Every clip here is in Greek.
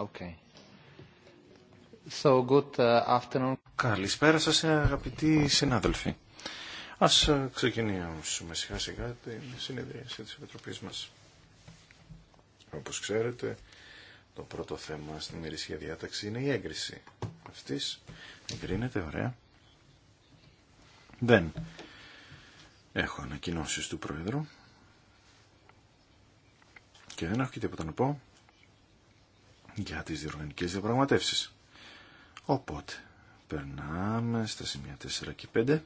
Okay. So good uh, afternoon. Καλησπέρα σας αγαπητοί συνάδελφοι. Ας ε, ξεκινήσουμε σιγά σιγά την συνεδρίαση της Επιτροπής μας. Όπως ξέρετε, το πρώτο θέμα στην ημερήσια διάταξη είναι η έγκριση αυτής. Εγκρίνεται, ωραία. Δεν έχω ανακοινώσεις του Πρόεδρου και δεν έχω και τίποτα να πω για τις διοργανικές διαπραγματεύσεις. Οπότε, περνάμε στα σημεία 4 και 5.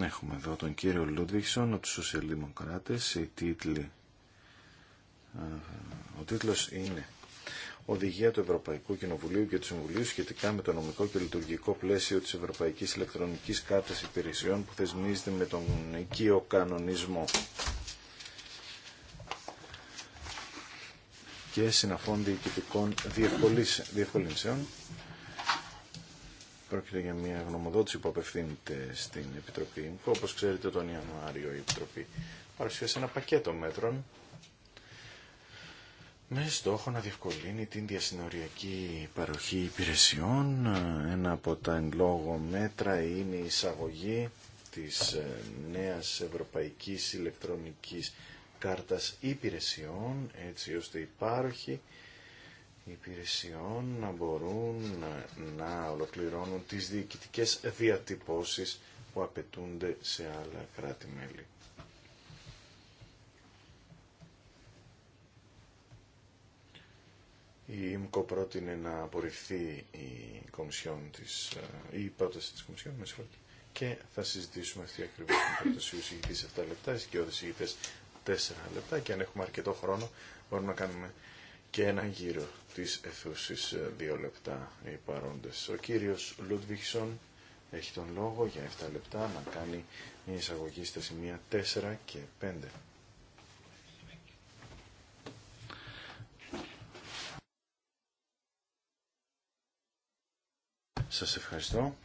Έχουμε εδώ τον κύριο Λούντβιχσον από του Σοσιαλδημοκράτε. τίτλοι... Ε, ο τίτλος είναι Οδηγία του Ευρωπαϊκού Κοινοβουλίου και του Συμβουλίου σχετικά με το νομικό και λειτουργικό πλαίσιο της Ευρωπαϊκής Ηλεκτρονικής Κάρτας Υπηρεσιών που θεσμίζεται με τον οικείο κανονισμό. και συναφών διοικητικών διευκολύνσεων. Πρόκειται για μια γνωμοδότηση που απευθύνεται στην Επιτροπή Όπως ξέρετε τον Ιανουάριο η Επιτροπή παρουσίασε ένα πακέτο μέτρων με στόχο να διευκολύνει την διασυνοριακή παροχή υπηρεσιών. Ένα από τα εν λόγω μέτρα είναι η εισαγωγή της ε, νέας ευρωπαϊκής ηλεκτρονικής κάρτας υπηρεσιών, έτσι ώστε οι πάροχοι υπηρεσιών να μπορούν να ολοκληρώνουν τις διοικητικές διατυπώσεις που απαιτούνται σε άλλα κράτη-μέλη. Η ΙΜΚΟ πρότεινε να απορριφθεί η, της, ε, η πρόταση της Κομισιόν και θα συζητήσουμε αυτή ακριβώς την πρόταση ο 7 λεπτά, οι τέσσερα λεπτά και αν έχουμε αρκετό χρόνο μπορούμε να κάνουμε και ένα γύρο της αιθούσης 2 ε, λεπτά οι παρόντες. Ο κύριος Λούντβιχσον έχει τον λόγο για 7 λεπτά να κάνει μια εισαγωγή στα σημεία 4 και 5. Σας ευχαριστώ.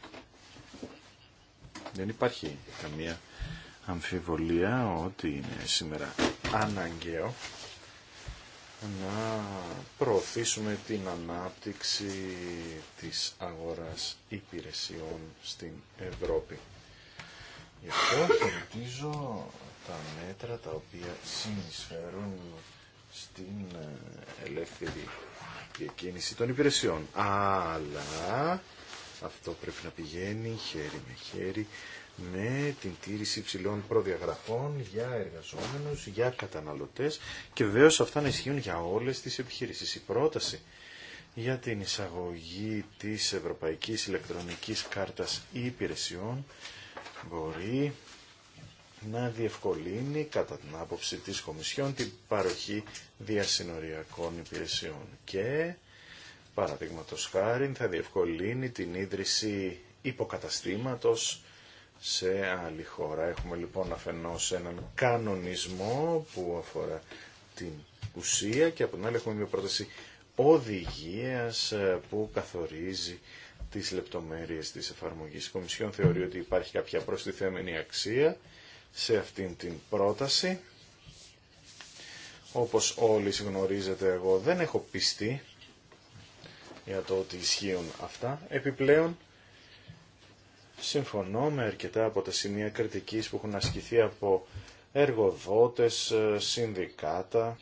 Δεν υπάρχει καμία αμφιβολία ότι είναι σήμερα αναγκαίο να προωθήσουμε την ανάπτυξη της αγοράς υπηρεσιών στην Ευρώπη. Γι' αυτό χαιρετίζω τα μέτρα τα οποία συνεισφέρουν στην ε, ελεύθερη διακίνηση των υπηρεσιών. Αλλά αυτό πρέπει να πηγαίνει χέρι με χέρι με την τήρηση υψηλών προδιαγραφών για εργαζόμενους, για καταναλωτές και βεβαίω αυτά να ισχύουν για όλες τις επιχειρήσεις. Η πρόταση για την εισαγωγή της Ευρωπαϊκής Ηλεκτρονικής Κάρτας Υπηρεσιών μπορεί να διευκολύνει κατά την άποψη της Κομισιόν την παροχή διασυνοριακών υπηρεσιών και παραδείγματο χάρη θα διευκολύνει την ίδρυση υποκαταστήματος σε άλλη χώρα. Έχουμε λοιπόν αφενός έναν κανονισμό που αφορά την ουσία και από την άλλη έχουμε μια πρόταση οδηγίας ε, που καθορίζει τις λεπτομέρειες της εφαρμογής. Η Κομισιόν θεωρεί ότι υπάρχει κάποια προστιθέμενη αξία σε αυτήν την πρόταση. Όπως όλοι γνωρίζετε εγώ δεν έχω πιστεί για το ότι ισχύουν αυτά. Επιπλέον συμφωνώ με αρκετά από τα σημεία κριτικής που έχουν ασκηθεί από εργοδότες, ε, συνδικάτα,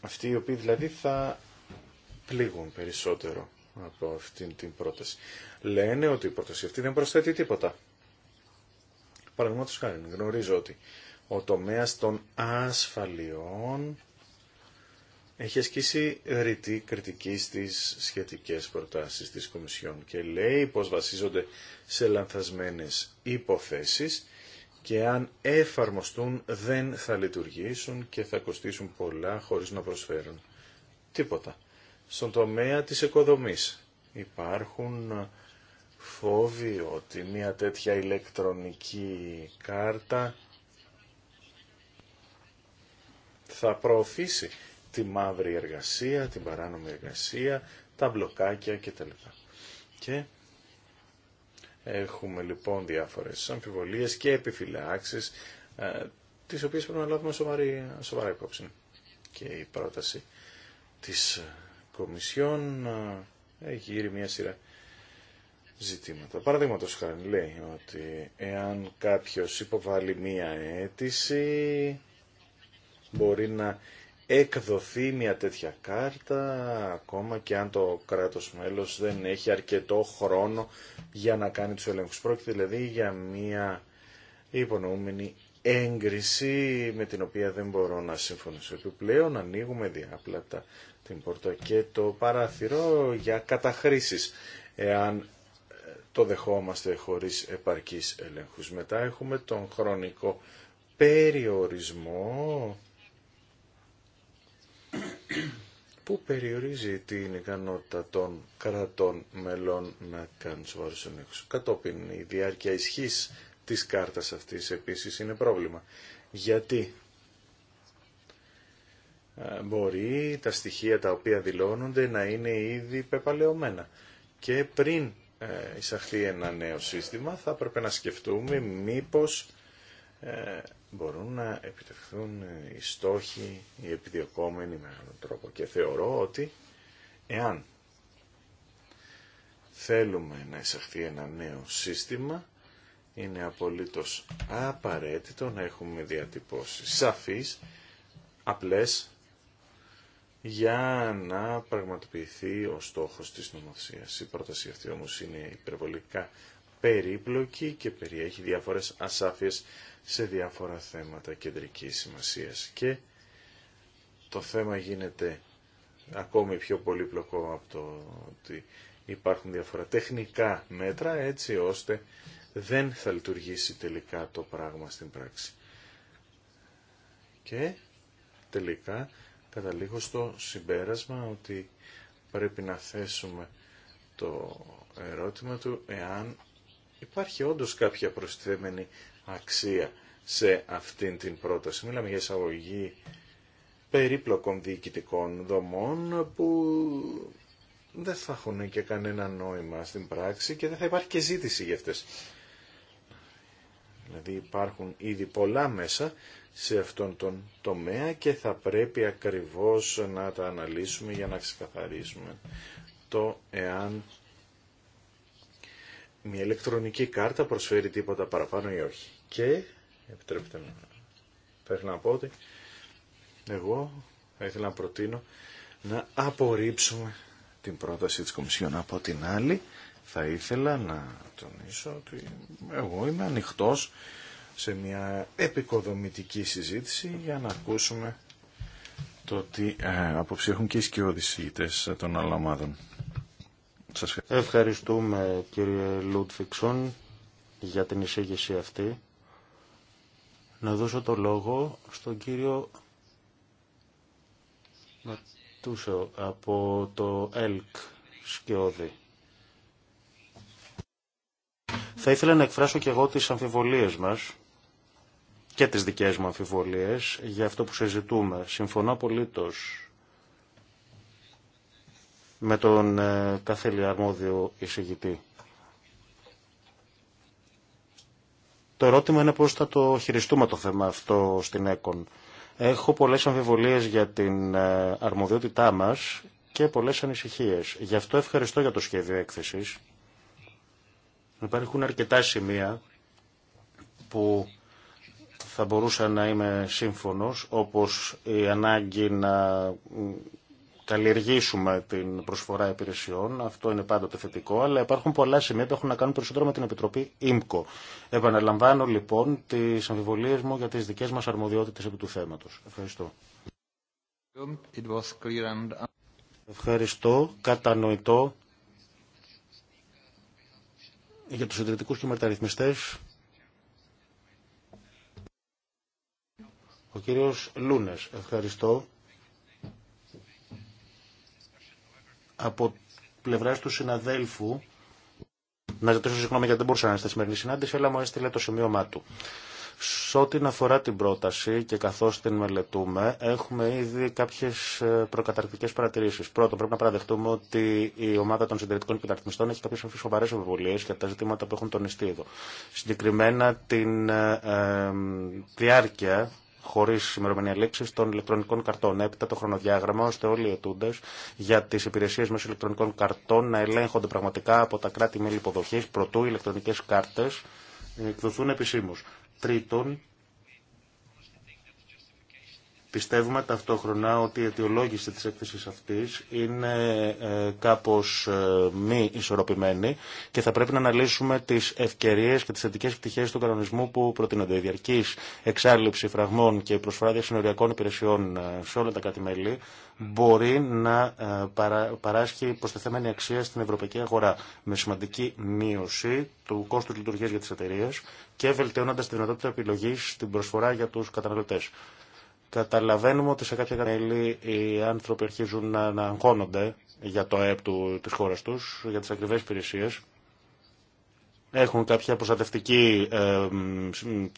αυτοί οι οποίοι δηλαδή θα πλήγουν περισσότερο από αυτήν την πρόταση. Λένε ότι η πρόταση αυτή δεν προσθέτει τίποτα. Παραδείγματο χάρη, γνωρίζω ότι ο τομέας των ασφαλιών έχει ασκήσει ρητή κριτική στις σχετικές προτάσεις της Κομισιόν και λέει πως βασίζονται σε λανθασμένες υποθέσεις και αν εφαρμοστούν δεν θα λειτουργήσουν και θα κοστίσουν πολλά χωρίς να προσφέρουν τίποτα. Στον τομέα της οικοδομής υπάρχουν φόβοι ότι μια τέτοια ηλεκτρονική κάρτα θα προωθήσει τη μαύρη εργασία, την παράνομη εργασία, τα μπλοκάκια κτλ. Και έχουμε λοιπόν διάφορες αμφιβολίες και επιφυλάξεις, ε, τις οποίες πρέπει να λάβουμε σοβαρή, σοβαρά υπόψη. Και η πρόταση της Κομισιόν ε, έχει γύρει μια σειρά ζητήματα. Παραδείγματο χάρη λέει ότι εάν κάποιος υποβάλει μία αίτηση μπορεί να εκδοθεί μια τέτοια κάρτα ακόμα και αν το κράτος μέλος δεν έχει αρκετό χρόνο για να κάνει τους ελέγχους. Πρόκειται δηλαδή για μια υπονοούμενη έγκριση με την οποία δεν μπορώ να συμφωνήσω. Επιπλέον ανοίγουμε διάπλατα την πόρτα και το παράθυρο για καταχρήσεις εάν ε, το δεχόμαστε χωρίς επαρκής ελέγχους. Μετά έχουμε τον χρονικό περιορισμό που περιορίζει την ικανότητα των κρατών μελών να κάνουν σοβαρούς Κατόπιν η διάρκεια ισχύς της κάρτας αυτής επίσης είναι πρόβλημα. Γιατί ε, μπορεί τα στοιχεία τα οποία δηλώνονται να είναι ήδη πεπαλαιωμένα και πριν ε, εισαχθεί ένα νέο σύστημα θα πρέπει να σκεφτούμε μήπως ε, μπορούν να επιτευχθούν οι στόχοι, οι επιδιωκόμενοι με έναν τρόπο. Και θεωρώ ότι εάν θέλουμε να εισαχθεί ένα νέο σύστημα, είναι απολύτως απαραίτητο να έχουμε διατυπώσεις σαφείς, απλές, για να πραγματοποιηθεί ο στόχος της νομοθεσίας. Η πρόταση αυτή όμως είναι υπερβολικά περίπλοκη και περιέχει διάφορες ασάφειες σε διάφορα θέματα κεντρικής σημασίας. Και το θέμα γίνεται ακόμη πιο πολύπλοκο από το ότι υπάρχουν διάφορα τεχνικά μέτρα έτσι ώστε δεν θα λειτουργήσει τελικά το πράγμα στην πράξη. Και τελικά καταλήγω στο συμπέρασμα ότι πρέπει να θέσουμε το ερώτημα του εάν υπάρχει όντως κάποια προστιθέμενη αξία σε αυτήν την πρόταση. Μιλάμε για εισαγωγή περίπλοκων διοικητικών δομών που δεν θα έχουν και κανένα νόημα στην πράξη και δεν θα υπάρχει και ζήτηση για αυτές. Δηλαδή υπάρχουν ήδη πολλά μέσα σε αυτόν τον τομέα και θα πρέπει ακριβώς να τα αναλύσουμε για να ξεκαθαρίσουμε το εάν μια ηλεκτρονική κάρτα προσφέρει τίποτα παραπάνω ή όχι. Και, επιτρέπετε μου, πρέπει να πω ότι εγώ θα ήθελα να προτείνω να απορρίψουμε την πρόταση της Κομισιόν. Από την άλλη, θα ήθελα να τονίσω ότι εγώ είμαι ανοιχτός σε μια επικοδομητική συζήτηση για να ακούσουμε το ότι ε, έχουν και οι σκιώδησίτες των άλλων ομάδων. ευχαριστούμε κύριε Λούτφιξον για την εισήγηση αυτή να δώσω το λόγο στον κύριο Ματούσο από το ΕΛΚ Σκιώδη. Θα ήθελα να εκφράσω και εγώ τις αμφιβολίες μας και τις δικές μου αμφιβολίες για αυτό που συζητούμε. Συμφωνώ απολύτως με τον ε, καθελή αρμόδιο εισηγητή. Το ερώτημα είναι πώς θα το χειριστούμε το θέμα αυτό στην ΕΚΟΝ. Έχω πολλές αμφιβολίες για την ε, αρμοδιότητά μας και πολλές ανησυχίες. Γι' αυτό ευχαριστώ για το σχέδιο έκθεσης. Υπάρχουν αρκετά σημεία που θα μπορούσα να είμαι σύμφωνος, όπως η ανάγκη να καλλιεργήσουμε την προσφορά υπηρεσιών. Αυτό είναι πάντοτε θετικό, αλλά υπάρχουν πολλά σημεία που έχουν να κάνουν περισσότερο με την Επιτροπή ΙΜΚΟ. Επαναλαμβάνω λοιπόν τι αμφιβολίε μου για τι δικέ μα αρμοδιότητε επί του θέματο. Ευχαριστώ. Ευχαριστώ. Κατανοητό. Για τους συντηρητικού και μεταρρυθμιστές, ο κύριος Λούνες. Ευχαριστώ. από πλευρά του συναδέλφου να ζητήσω συγγνώμη γιατί δεν μπορούσα να είναι στη σημερινή συνάντηση, αλλά μου έστειλε το σημείωμά του. Σε ό,τι αφορά την πρόταση και καθώ την μελετούμε, έχουμε ήδη κάποιε προκαταρκτικέ παρατηρήσει. Πρώτον, πρέπει να παραδεχτούμε ότι η ομάδα των συντηρητικών μεταρρυθμιστών έχει κάποιε σοβαρέ αμφιβολίε για τα ζητήματα που έχουν τονιστεί εδώ. Συγκεκριμένα την ε, ε, διάρκεια χωρί ημερομηνία λήξη των ηλεκτρονικών καρτών. Έπειτα το χρονοδιάγραμμα ώστε όλοι οι ετούντε για τι υπηρεσίε μέσω ηλεκτρονικών καρτών να ελέγχονται πραγματικά από τα κράτη-μέλη υποδοχή πρωτού, οι ηλεκτρονικέ κάρτε εκδοθούν επισήμω. Τρίτον, Πιστεύουμε ταυτόχρονα ότι η αιτιολόγηση της έκθεσης αυτής είναι ε, κάπως ε, μη ισορροπημένη και θα πρέπει να αναλύσουμε τις ευκαιρίες και τις θετικές πτυχές του κανονισμού που προτείνονται. Η διαρκής εξάλληψη φραγμών και προσφορά διασυνοριακών υπηρεσιών ε, σε όλα τα κατημέλη μπορεί να παράσχει προσθεθέμενη αξία στην ευρωπαϊκή αγορά με σημαντική μείωση του κόστου λειτουργίας για τις εταιρείε και βελτιώνοντας τη δυνατότητα επιλογής στην προσφορά για τους καταναλωτές. Καταλαβαίνουμε ότι σε κάποια μέλη οι άνθρωποι αρχίζουν να, να αγχώνονται για το ΕΠ του, της χώρας τους, για τις ακριβές υπηρεσίε. Έχουν κάποια προστατευτική ε,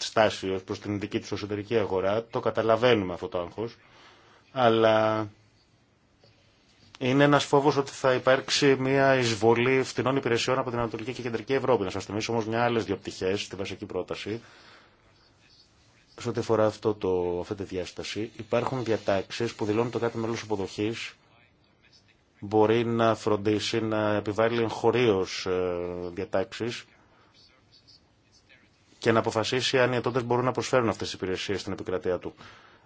στάση ως προς την δική τους εσωτερική αγορά. Το καταλαβαίνουμε αυτό το άγχος. Αλλά είναι ένας φόβος ότι θα υπάρξει μια εισβολή φτηνών υπηρεσιών από την Ανατολική και Κεντρική Ευρώπη. Να σας θυμίσω όμως μια άλλες δύο πτυχές στη βασική πρόταση σε ό,τι αφορά αυτό το, αυτή τη διάσταση, υπάρχουν διατάξεις που δηλώνουν το κάθε μέλος αποδοχής μπορεί να φροντίσει να επιβάλλει εγχωρίως ε, διατάξεις και να αποφασίσει αν οι ετώντες μπορούν να προσφέρουν αυτές τις υπηρεσίες στην επικρατεία του.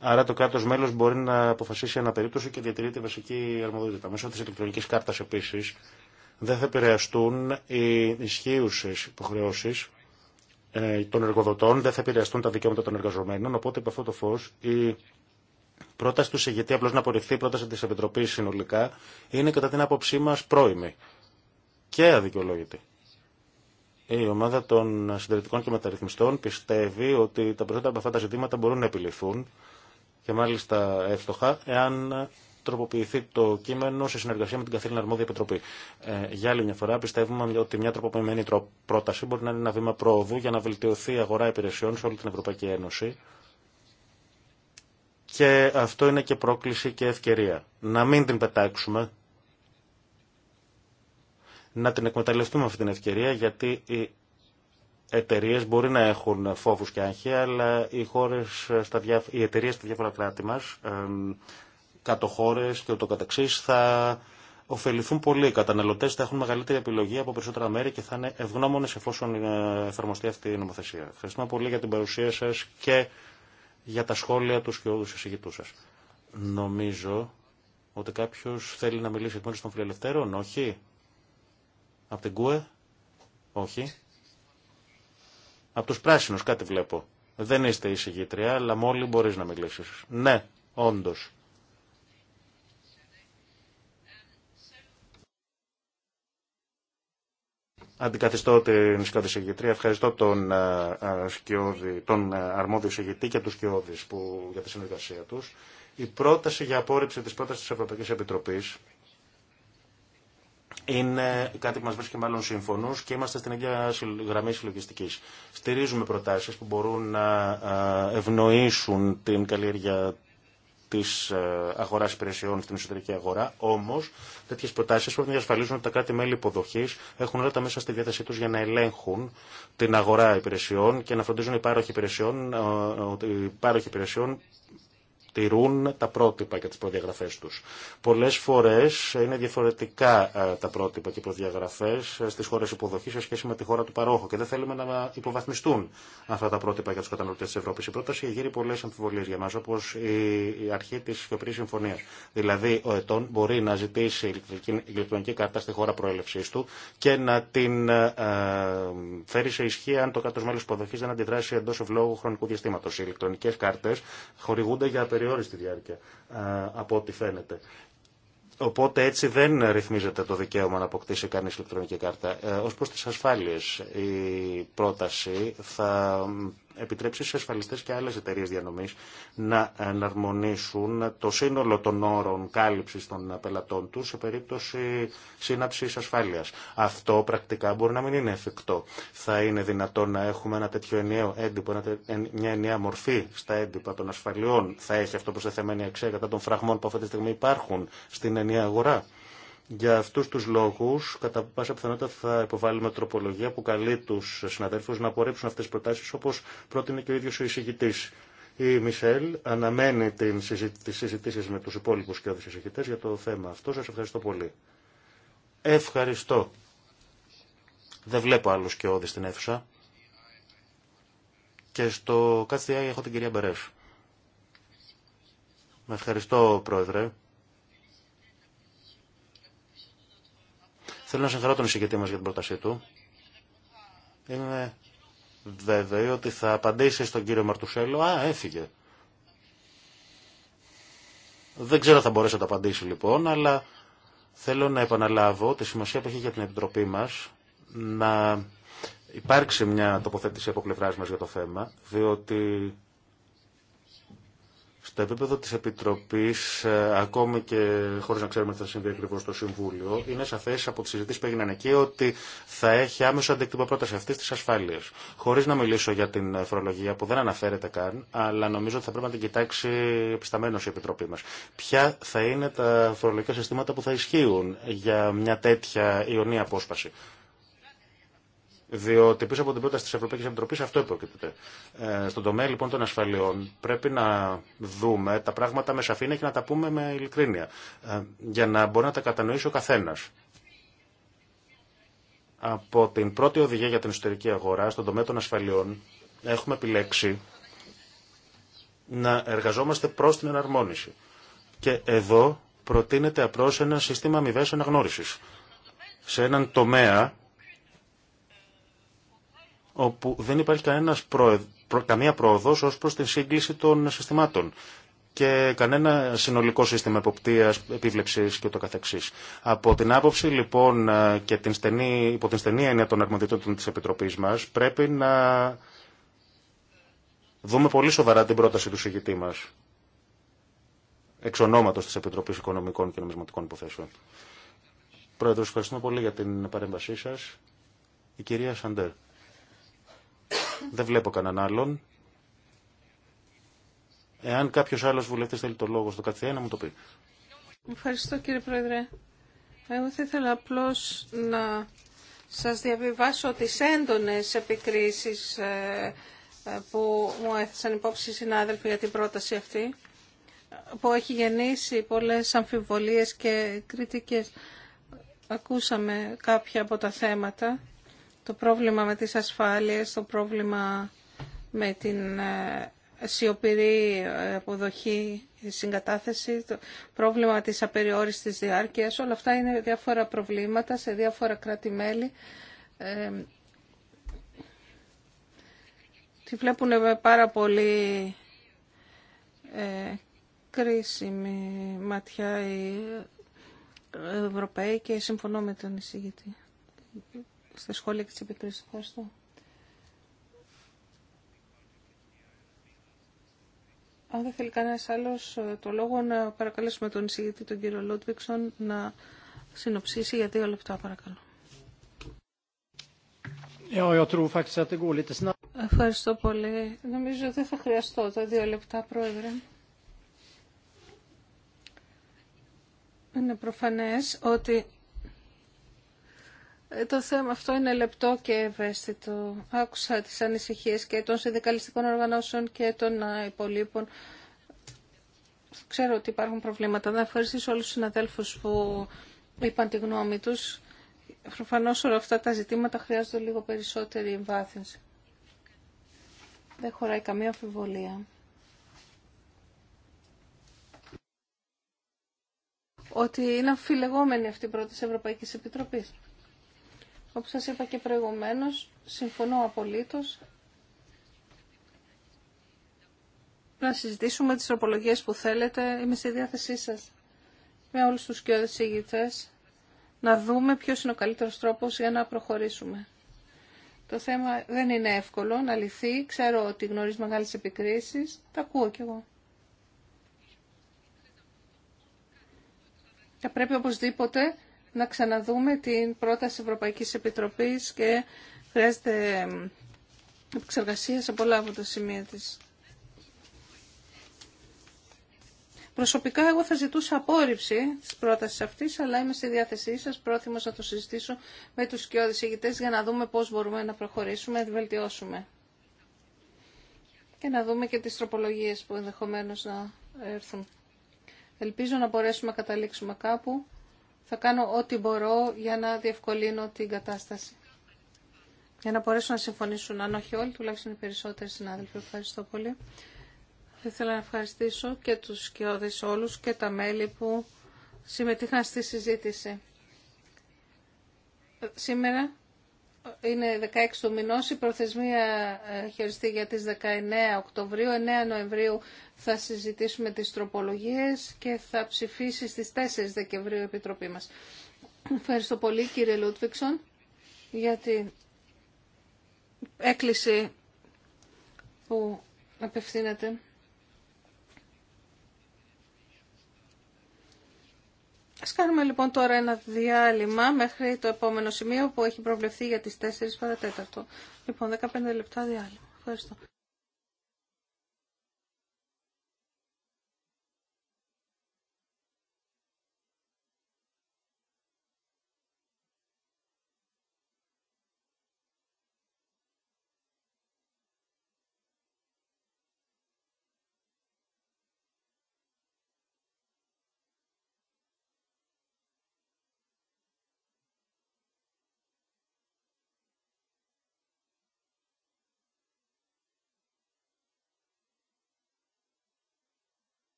Άρα το κάτω μέλος μπορεί να αποφασίσει ένα περίπτωση και διατηρεί τη βασική αρμοδότητα. Μέσω τη ηλεκτρονική κάρτα επίση δεν θα επηρεαστούν οι ισχύουσες υποχρεώσει ε, των εργοδοτών, δεν θα επηρεαστούν τα δικαιώματα των εργαζομένων, οπότε από αυτό το φω η πρόταση του ηγετή απλώς να απορριφθεί η πρόταση τη επιτροπή συνολικά είναι κατά την άποψή μα πρόημη και αδικαιολόγητη. Η ομάδα των συντηρητικών και μεταρρυθμιστών πιστεύει ότι τα περισσότερα από αυτά τα ζητήματα μπορούν να επιληθούν και μάλιστα εύστοχα εάν τροποποιηθεί το κείμενο σε συνεργασία με την καθήλυνα αρμόδια επιτροπή. Ε, για άλλη μια φορά, πιστεύουμε ότι μια τροποποιημένη πρόταση μπορεί να είναι ένα βήμα πρόοδου για να βελτιωθεί η αγορά υπηρεσιών σε όλη την Ευρωπαϊκή Ένωση. Και αυτό είναι και πρόκληση και ευκαιρία. Να μην την πετάξουμε, να την εκμεταλλευτούμε αυτή την ευκαιρία γιατί οι εταιρείε μπορεί να έχουν φόβους και άγχη αλλά οι, χώρες στα οι εταιρείε στα διάφορα κράτη μας κατοχώρες και ούτω καταξή θα ωφεληθούν πολύ. Οι καταναλωτές θα έχουν μεγαλύτερη επιλογή από περισσότερα μέρη και θα είναι ευγνώμονε εφόσον ε, εφαρμοστεί αυτή η νομοθεσία. Ευχαριστούμε πολύ για την παρουσία σα και για τα σχόλια του και του εισηγητούς σα. Νομίζω ότι κάποιο θέλει να μιλήσει εκ μέρου των φιλελευθέρων, όχι. Από την ΚΟΕ, όχι. Από του πράσινου κάτι βλέπω. Δεν είστε εισηγήτρια, αλλά μόλι μπορεί να μιλήσει. Ναι, όντω. Αντικαθιστώ την σκιώδη συγγητρία. Ευχαριστώ τον, ε, ε, σκιώδη, τον ε, αρμόδιο συγγητή και τους σκιώδης που, για τη συνεργασία τους. Η πρόταση για απόρριψη της πρότασης της Ευρωπαϊκής Επιτροπής είναι κάτι που μας βρίσκει μάλλον σύμφωνο και είμαστε στην ίδια γραμμή συλλογιστική. Στηρίζουμε προτάσεις που μπορούν να ευνοήσουν την καλλιέργεια τη ε, αγορά υπηρεσιών στην εσωτερική αγορά. Όμω, τέτοιε προτάσει πρέπει να διασφαλίζουν ότι τα κράτη-μέλη υποδοχή έχουν όλα τα μέσα στη διάθεσή του για να ελέγχουν την αγορά υπηρεσιών και να φροντίζουν οι πάροχοι υπηρεσιών, ε, οι πάροχοι υπηρεσιών τηρούν τα πρότυπα και τις προδιαγραφές τους. Πολλές φορές είναι διαφορετικά ε, τα πρότυπα και οι προδιαγραφές ε, στις χώρες υποδοχής σε σχέση με τη χώρα του παρόχου και δεν θέλουμε να υποβαθμιστούν αυτά τα πρότυπα για τους καταναλωτές της Ευρώπης. Η πρόταση γύρει πολλές αμφιβολίες για μας, όπως η αρχή της Σιωπηρής Συμφωνίας. Δηλαδή, ο ετών μπορεί να ζητήσει ηλεκτρονική κάρτα στη χώρα προέλευσής του και να την ε, φέρει σε ισχύ αν το κράτος μέλος υποδοχής δεν αντιδράσει εντός ευλόγου χρονικού διαστήματος. Οι ηλεκτρονικές κάρτες χορηγούνται για απεριόριστη διάρκεια από ό,τι φαίνεται. Οπότε έτσι δεν ρυθμίζεται το δικαίωμα να αποκτήσει κανεί ηλεκτρονική κάρτα. Ε, Ω προ τι η πρόταση θα επιτρέψει σε ασφαλιστές και άλλες εταιρείες διανομής να εναρμονίσουν το σύνολο των όρων κάλυψης των πελατών τους σε περίπτωση σύναψης ασφάλειας. Αυτό πρακτικά μπορεί να μην είναι εφικτό. Θα είναι δυνατό να έχουμε ένα τέτοιο ενιαίο έντυπο, μια ενιαία μορφή στα έντυπα των ασφαλιών. Θα έχει αυτό προστεθεμένη αξία κατά των φραγμών που αυτή τη στιγμή υπάρχουν στην ενιαία αγορά. Για αυτού του λόγου, κατά πάσα πιθανότητα θα υποβάλουμε τροπολογία που καλεί του συναδέλφου να απορρίψουν αυτέ τι προτάσει όπω πρότεινε και ο ίδιο ο εισηγητή. Η Μισελ αναμένει τι συζητήσει με του υπόλοιπου και όλου για το θέμα αυτό. Σα ευχαριστώ πολύ. Ευχαριστώ. Δεν βλέπω άλλου και στην αίθουσα. Και στο ΚΑΤΣΤΙΑΙ έχω την κυρία Μπερέφ. Με ευχαριστώ, Πρόεδρε. Θέλω να συγχαρώ τον εισηγητή μας για την πρότασή του. Είναι βέβαιο ότι θα απαντήσει στον κύριο Μαρτουσέλο. Α, έφυγε. Δεν ξέρω αν θα μπορέσει να το απαντήσει, λοιπόν, αλλά θέλω να επαναλάβω τη σημασία που έχει για την Επιτροπή μας να υπάρξει μια τοποθέτηση από πλευρά μας για το θέμα, διότι στο επίπεδο της Επιτροπής, ε, ακόμη και χωρίς να ξέρουμε τι θα συμβεί ακριβώς στο Συμβούλιο, είναι σαφές από τις συζητήσεις που έγιναν εκεί ότι θα έχει άμεσο αντίκτυπο πρόταση αυτή της ασφάλειας. Χωρίς να μιλήσω για την φορολογία που δεν αναφέρεται καν, αλλά νομίζω ότι θα πρέπει να την κοιτάξει επισταμένως η Επιτροπή μας. Ποια θα είναι τα φορολογικά συστήματα που θα ισχύουν για μια τέτοια ιονή απόσπαση. Διότι πίσω από την πρόταση τη Ευρωπαϊκή Επιτροπή αυτό υπόκειται. Ε, στον τομέα λοιπόν των ασφαλιών πρέπει να δούμε τα πράγματα με σαφήνεια και να τα πούμε με ειλικρίνεια. Ε, για να μπορεί να τα κατανοήσει ο καθένα. Από την πρώτη οδηγία για την εσωτερική αγορά στον τομέα των ασφαλιών έχουμε επιλέξει να εργαζόμαστε προ την εναρμόνιση. Και εδώ προτείνεται απλώ ένα σύστημα αμοιβέ αναγνώριση. Σε έναν τομέα όπου δεν υπάρχει κανένας προεδ... καμία πρόοδος ως προς την σύγκληση των συστημάτων και κανένα συνολικό σύστημα εποπτείας, επίβλεψης και το καθεξής. Από την άποψη λοιπόν ε, και την στενή, υπό την στενή έννοια των αρμοδιοτήτων της Επιτροπής μας πρέπει να δούμε πολύ σοβαρά την πρόταση του συγητή μας εξ ονόματος της Επιτροπής Οικονομικών και Νομισματικών Υποθέσεων. Πρόεδρος, ευχαριστούμε πολύ για την παρέμβασή σας. Η κυρία Σαντέρ. Δεν βλέπω κανέναν άλλον. Εάν κάποιος άλλος βουλευτής θέλει το λόγο στο καθένα μου το πει. Ευχαριστώ κύριε Πρόεδρε. Εγώ θα ήθελα απλώς να σας διαβιβάσω τις έντονες επικρίσεις ε, ε, που μου έθεσαν υπόψη οι συνάδελφοι για την πρόταση αυτή που έχει γεννήσει πολλές αμφιβολίες και κριτικές. Ακούσαμε κάποια από τα θέματα το πρόβλημα με τις ασφάλειες, το πρόβλημα με την ε, σιωπηρή ε, αποδοχή, συγκατάθεση, το πρόβλημα της απεριόριστης διάρκειας. Όλα αυτά είναι διάφορα προβλήματα σε διάφορα κράτη-μέλη. Ε, τη βλέπουν με πάρα πολύ ε, κρίσιμη ματιά οι Ευρωπαίοι και συμφωνώ με τον εισηγητή στα σχόλια και τις Ευχαριστώ. Αν δεν θέλει κανένα άλλο ε, το λόγο, να παρακαλέσουμε τον εισηγητή, τον κύριο Λότβιξον, να συνοψίσει για δύο λεπτά, παρακαλώ. Ε, Ευχαριστώ πολύ. Νομίζω δεν θα χρειαστώ τα δύο λεπτά, Πρόεδρε. Είναι προφανές ότι ε, το θέμα αυτό είναι λεπτό και ευαίσθητο. Άκουσα τις ανησυχίες και των συνδικαλιστικών οργανώσεων και των υπολείπων. Ξέρω ότι υπάρχουν προβλήματα. Να ευχαριστήσω όλους τους συναδέλφους που είπαν τη γνώμη τους. Προφανώ όλα αυτά τα ζητήματα χρειάζονται λίγο περισσότερη εμβάθυνση. Δεν χωράει καμία αμφιβολία. Ότι είναι αμφιλεγόμενη αυτή η πρώτη Ευρωπαϊκής Επιτροπής. Όπως σας είπα και προηγουμένως, συμφωνώ απολύτως να συζητήσουμε τις τροπολογίες που θέλετε. Είμαι στη διάθεσή σας με όλους τους κοιόδες ηγητές να δούμε ποιος είναι ο καλύτερος τρόπος για να προχωρήσουμε. Το θέμα δεν είναι εύκολο να λυθεί. Ξέρω ότι γνωρίζει μεγάλες επικρίσεις. Τα ακούω κι εγώ. Θα πρέπει οπωσδήποτε να ξαναδούμε την πρόταση Ευρωπαϊκής Επιτροπής και χρειάζεται επεξεργασία σε πολλά από τα σημεία της. Προσωπικά εγώ θα ζητούσα απόρριψη της πρότασης αυτής, αλλά είμαι στη διάθεσή σας πρόθυμος να το συζητήσω με τους σκιώδεις ηγητές για να δούμε πώς μπορούμε να προχωρήσουμε, να βελτιώσουμε. Και να δούμε και τις τροπολογίες που ενδεχομένως να έρθουν. Ελπίζω να μπορέσουμε να καταλήξουμε κάπου θα κάνω ό,τι μπορώ για να διευκολύνω την κατάσταση. Για να μπορέσουν να συμφωνήσουν, αν όχι όλοι, τουλάχιστον οι περισσότεροι συνάδελφοι. Ευχαριστώ πολύ. Θα ήθελα να ευχαριστήσω και τους σκιώδες όλους και τα μέλη που συμμετείχαν στη συζήτηση. Σήμερα είναι 16 του μηνός, η προθεσμία ε, χειριστεί για τις 19 Οκτωβρίου, 9 Νοεμβρίου θα συζητήσουμε τις τροπολογίες και θα ψηφίσει στις 4 Δεκεμβρίου η Επιτροπή μας. Ευχαριστώ πολύ κύριε Λούτβιξον για την έκκληση που απευθύνεται. Ας κάνουμε λοιπόν τώρα ένα διάλειμμα μέχρι το επόμενο σημείο που έχει προβλεφθεί για τις 4 παρατέταρτο. Λοιπόν, 15 λεπτά διάλειμμα. Ευχαριστώ.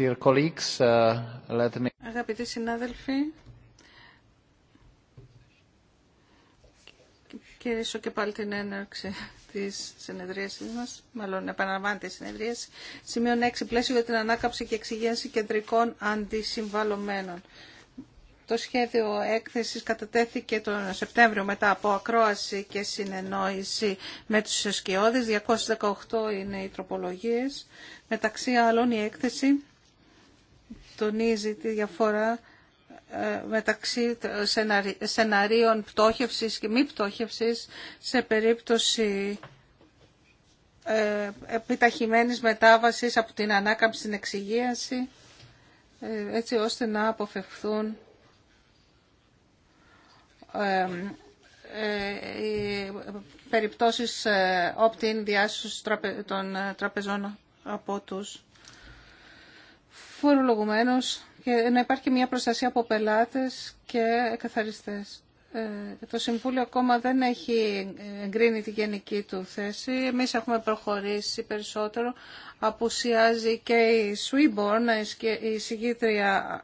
Uh, Αγαπητοί συνάδελφοι, κηρύσω και πάλι την έναρξη της συνεδρίασης μας, μάλλον επαναλαμβάνεται η συνεδρίαση, σημείο 6, πλαίσιο για την ανάκαψη και εξηγένση κεντρικών αντισυμβαλωμένων. Το σχέδιο έκθεσης κατατέθηκε τον Σεπτέμβριο μετά από ακρόαση και συνεννόηση με τους σκιώδεις. 218 είναι οι τροπολογίε, Μεταξύ άλλων η έκθεση τονίζει τη διαφορά ε, μεταξύ σεναρίων πτώχευσης και μη πτώχευσης σε περίπτωση ε, επιταχυμένης μετάβασης από την ανάκαμψη στην εξυγίαση ε, έτσι ώστε να αποφευχθούν οι περιπτώσεις opt-in διάσωσης των τραπεζών από τους φορολογουμένος και να υπάρχει μια προστασία από πελάτες και καθαριστές. Ε, το Συμβούλιο ακόμα δεν έχει εγκρίνει τη γενική του θέση. Εμείς έχουμε προχωρήσει περισσότερο. Απουσιάζει και η Σουίμπορν, η συγκήτρια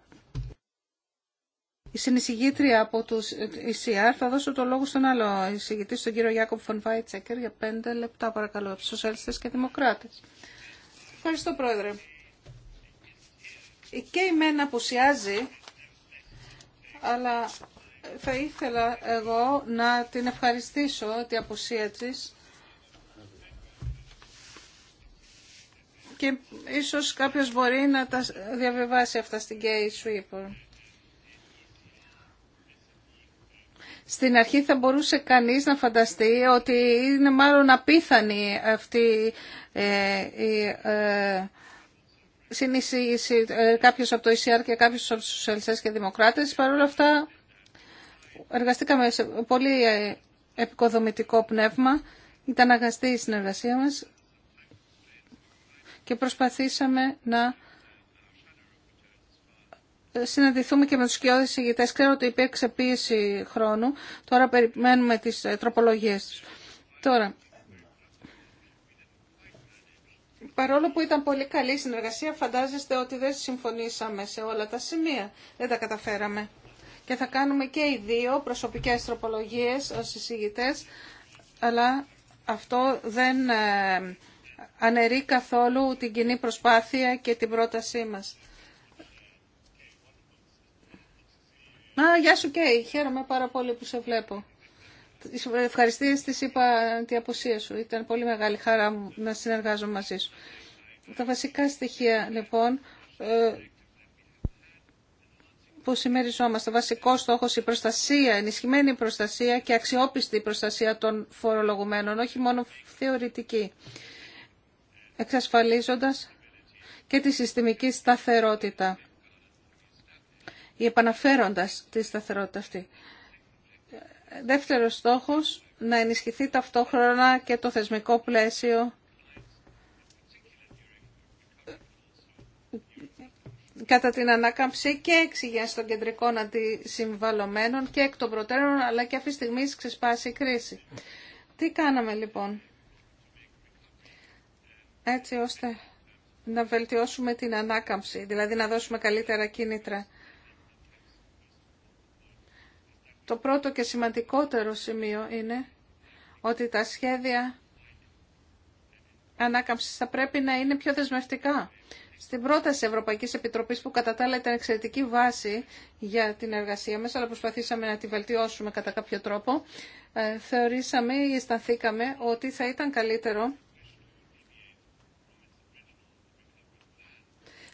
η συνεισηγήτρια από του ECR. Θα δώσω το λόγο στον άλλο εισηγητή, στον κύριο Ιάκωβ Φον Βάιτσεκερ, για πέντε λεπτά παρακαλώ, από του Σοσιαλιστέ και Δημοκράτε. Ευχαριστώ, Πρόεδρε και η ΚΕΙΜΕΝ απουσιάζει, αλλά θα ήθελα εγώ να την ευχαριστήσω την απουσία της και ίσως κάποιος μπορεί να τα διαβεβάσει αυτά στην Gay Sweeper. Στην αρχή θα μπορούσε κανείς να φανταστεί ότι είναι μάλλον απίθανη αυτή ε, η ε, συνεισήγηση ε, κάποιος από το ECR και κάποιος από τους σοσιαλιστές και δημοκράτες. Παρ' όλα αυτά εργαστήκαμε σε πολύ ε, επικοδομητικό πνεύμα. Ήταν αγαστή η συνεργασία μας και προσπαθήσαμε να ε, συναντηθούμε και με τους κοιόδες ηγητές. Ξέρω ότι υπήρξε πίεση χρόνου. Τώρα περιμένουμε τις τροπολογίες τους. Τώρα, Παρόλο που ήταν πολύ καλή η συνεργασία, φαντάζεστε ότι δεν συμφωνήσαμε σε όλα τα σημεία. Δεν τα καταφέραμε. Και θα κάνουμε και οι δύο προσωπικές τροπολογίες ως εισηγητές, αλλά αυτό δεν ε, αναιρεί καθόλου την κοινή προσπάθεια και την πρότασή μας. Α, γεια σου Κέι, χαίρομαι πάρα πολύ που σε βλέπω ευχαριστίες της είπα την αποσία σου. Ήταν πολύ μεγάλη χαρά να συνεργάζομαι μαζί σου. Τα βασικά στοιχεία λοιπόν ε, που συμμεριζόμαστε. Βασικό στόχο η προστασία, ενισχυμένη προστασία και αξιόπιστη προστασία των φορολογουμένων, όχι μόνο θεωρητική. Εξασφαλίζοντας και τη συστημική σταθερότητα ή επαναφέροντας τη σταθερότητα αυτή. Δεύτερος στόχος, να ενισχυθεί ταυτόχρονα και το θεσμικό πλαίσιο κατά την ανάκαμψη και εξηγένση των κεντρικών αντισυμβαλωμένων και εκ των προτέρων, αλλά και αυτή τη στιγμή ξεσπάσει η κρίση. Τι κάναμε λοιπόν, έτσι ώστε να βελτιώσουμε την ανάκαμψη, δηλαδή να δώσουμε καλύτερα κίνητρα το πρώτο και σημαντικότερο σημείο είναι ότι τα σχέδια ανάκαμψης θα πρέπει να είναι πιο δεσμευτικά. Στην πρόταση Ευρωπαϊκής Επιτροπής που κατά τα άλλα ήταν εξαιρετική βάση για την εργασία μας, αλλά προσπαθήσαμε να τη βελτιώσουμε κατά κάποιο τρόπο, ε, θεωρήσαμε ή αισθανθήκαμε ότι θα ήταν καλύτερο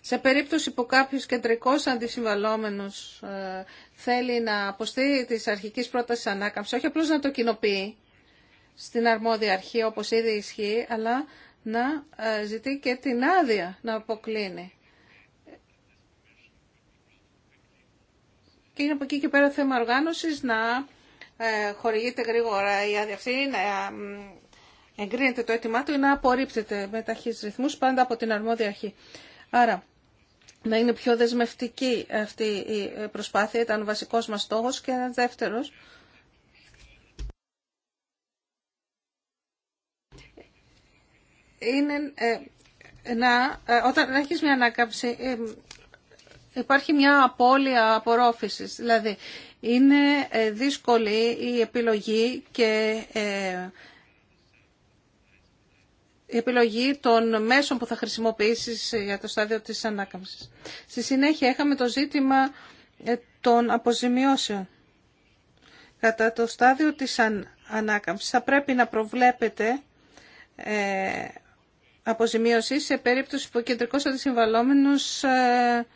Σε περίπτωση που κάποιος κεντρικός αντισυμβαλόμενος ε, θέλει να αποστεί της αρχικής πρότασης ανάκαμψη, όχι απλώς να το κοινοποιεί στην αρμόδια αρχή όπως ήδη ισχύει, αλλά να ε, ζητεί και την άδεια να αποκλίνει. Και είναι από εκεί και πέρα θέμα οργάνωσης να ε, χορηγείται γρήγορα η άδεια αυτή, να εγκρίνεται το αίτημά του ή να απορρίπτεται με ταχύς ρυθμούς πάντα από την αρμόδια αρχή. Άρα, να είναι πιο δεσμευτική αυτή η προσπάθεια, ήταν ο βασικός μας στόχος και δεύτερος. Είναι ε, να, ε, όταν έχεις μια ανάκαμψη ε, υπάρχει μια απώλεια απορρόφησης. Δηλαδή είναι ε, δύσκολη η επιλογή και η επιλογή των μέσων που θα χρησιμοποιήσεις για το στάδιο της ανάκαμψης. Στη συνέχεια είχαμε το ζήτημα ε, των αποζημιώσεων. Κατά το στάδιο της ανάκαμψης θα πρέπει να προβλέπετε αποζημίωση σε περίπτωση που ο κεντρικός αντισυμβαλόμενος ε,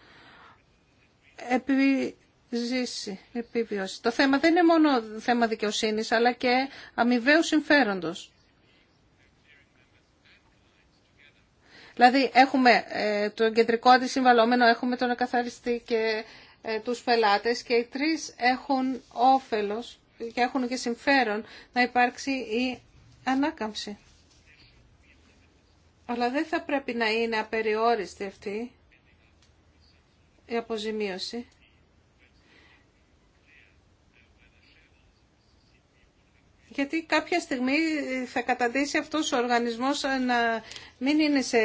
επιζήσει, επιβιώσει. Το θέμα δεν είναι μόνο θέμα δικαιοσύνης, αλλά και αμοιβαίου συμφέροντος. Δηλαδή έχουμε ε, το κεντρικό αντισυμβαλόμενο, έχουμε τον εκαθαριστή και ε, τους πελάτες και οι τρεις έχουν όφελος και έχουν και συμφέρον να υπάρξει η ανάκαμψη. Αλλά δεν θα πρέπει να είναι απεριόριστη αυτή η αποζημίωση. γιατί κάποια στιγμή θα καταντήσει αυτός ο οργανισμός να μην είναι σε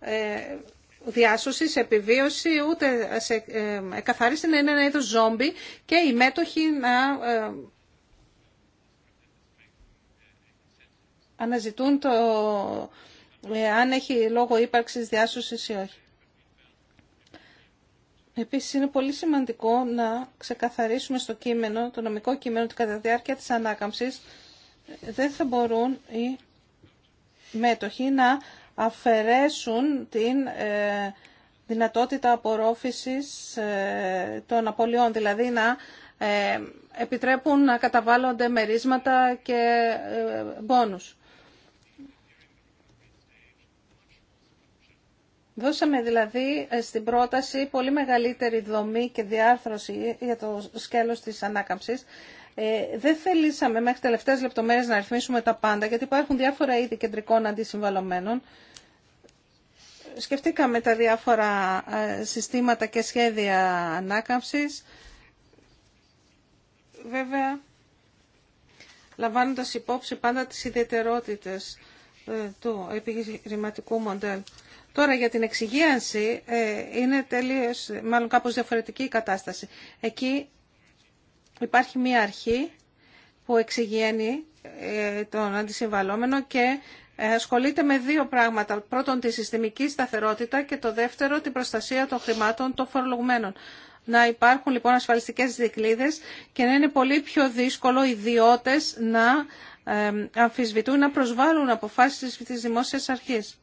ε, διάσωση, σε επιβίωση, ούτε σε ε, καθαρίστη να είναι ένα είδος ζόμπι και οι μέτοχοι να ε, αναζητούν το αν έχει λόγο ύπαρξης διάσωσης ή όχι. Επίσης είναι πολύ σημαντικό να ξεκαθαρίσουμε στο κείμενο, το νομικό κείμενο, ότι κατά τη διάρκεια της ανάκαμψης δεν θα μπορούν οι μέτοχοι να αφαιρέσουν την ε, δυνατότητα απορρόφησης ε, των απολειών, δηλαδή να ε, επιτρέπουν να καταβάλλονται μερίσματα και μπόνους. Δώσαμε δηλαδή ε, στην πρόταση πολύ μεγαλύτερη δομή και διάρθρωση για το σκέλος της ανάκαμψης. Ε, δεν θελήσαμε μέχρι τελευταίες λεπτομέρειες να αριθμίσουμε τα πάντα, γιατί υπάρχουν διάφορα είδη κεντρικών αντισυμβαλωμένων. Σκεφτήκαμε τα διάφορα ε, συστήματα και σχέδια ανάκαμψης. Βέβαια, λαμβάνοντας υπόψη πάντα τις ιδιαιτερότητες του επιχειρηματικού μοντέλου. Τώρα για την εξυγίανση ε, είναι τελείως, μάλλον κάπως διαφορετική η κατάσταση. Εκεί υπάρχει μία αρχή που εξηγεί ε, τον αντισυμβαλόμενο και ε, ασχολείται με δύο πράγματα. Πρώτον, τη συστημική σταθερότητα και το δεύτερο, την προστασία των χρημάτων των φορολογουμένων. Να υπάρχουν λοιπόν ασφαλιστικές δικλείδες και να είναι πολύ πιο δύσκολο οι ιδιώτες να αμφισβητούν, να προσβάλλουν αποφάσεις της δημόσιας αρχής.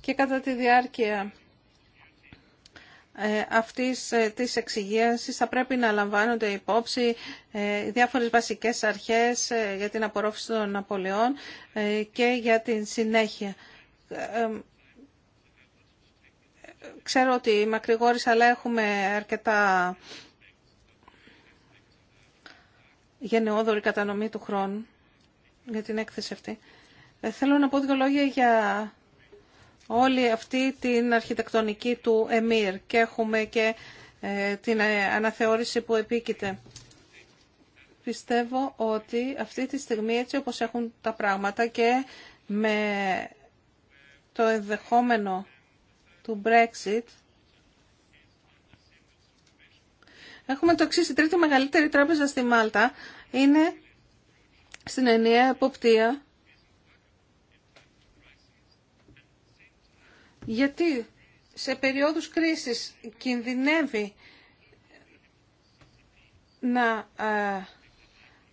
και κατά τη διάρκεια ε, αυτής ε, της εξηγίασης θα πρέπει να λαμβάνονται υπόψη ε, διάφορες βασικές αρχές για την απορρόφηση των απολειών και για την συνέχεια. Ξέρω ότι μακρηγόρησα, αλλά έχουμε αρκετά γενναιόδορη κατανομή του χρόνου για την έκθεση αυτή. Θέλω να πω δύο λόγια για όλη αυτή την αρχιτεκτονική του ΕΜΙΡ και έχουμε και ε, την ε, αναθεώρηση που επίκειται. Πιστεύω ότι αυτή τη στιγμή έτσι όπως έχουν τα πράγματα και με το ενδεχόμενο του Brexit έχουμε το εξής, η τρίτη μεγαλύτερη τράπεζα στη Μάλτα είναι στην ενιαία εποπτεία Γιατί σε περίοδους κρίσης κινδυνεύει να ε,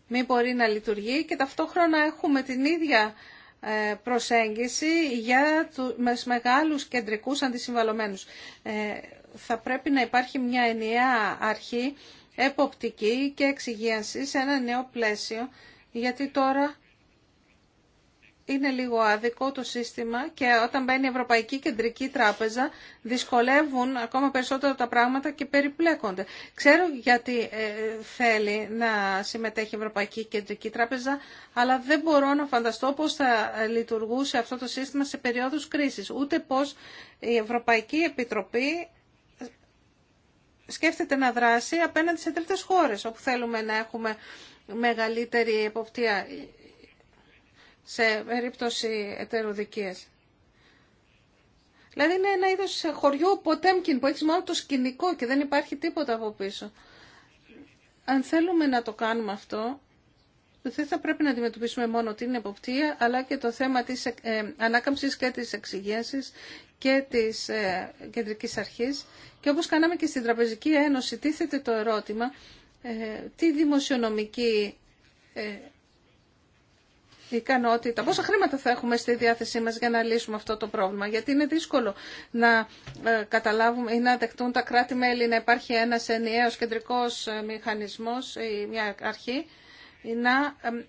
μην μπορεί να λειτουργεί και ταυτόχρονα έχουμε την ίδια ε, προσέγγιση για τους μεγάλους κεντρικούς αντισυμβαλωμένους. Ε, θα πρέπει να υπάρχει μια ενιαία αρχή εποπτική και εξυγίανση σε ένα νέο πλαίσιο, γιατί τώρα είναι λίγο άδικο το σύστημα και όταν μπαίνει η Ευρωπαϊκή Κεντρική Τράπεζα δυσκολεύουν ακόμα περισσότερο τα πράγματα και περιπλέκονται. Ξέρω γιατί ε, θέλει να συμμετέχει η Ευρωπαϊκή Κεντρική Τράπεζα, αλλά δεν μπορώ να φανταστώ πώς θα λειτουργούσε αυτό το σύστημα σε περίοδους κρίσης, ούτε πώς η Ευρωπαϊκή Επιτροπή σκέφτεται να δράσει απέναντι σε τρίτες χώρες όπου θέλουμε να έχουμε μεγαλύτερη εποπτεία σε περίπτωση ετεροδικίας. Δηλαδή είναι ένα είδος χωριού ποτέμκιν που έχεις μόνο το σκηνικό και δεν υπάρχει τίποτα από πίσω. Αν θέλουμε να το κάνουμε αυτό, δεν θα πρέπει να αντιμετωπίσουμε μόνο την εποπτεία, αλλά και το θέμα της ε, ε, ανάκαμψης και της εξυγένσης και της ε, κεντρικής αρχής. Και όπως κάναμε και στην Τραπεζική Ένωση, τίθεται το ερώτημα τι δημοσιονομική ικανότητα, πόσα χρήματα θα έχουμε στη διάθεσή μας για να λύσουμε αυτό το πρόβλημα. Γιατί είναι δύσκολο να ε, καταλάβουμε ή να δεχτούν τα κράτη-μέλη να υπάρχει ένας ενιαίος κεντρικός ε, μηχανισμός ή μια αρχή να, ε,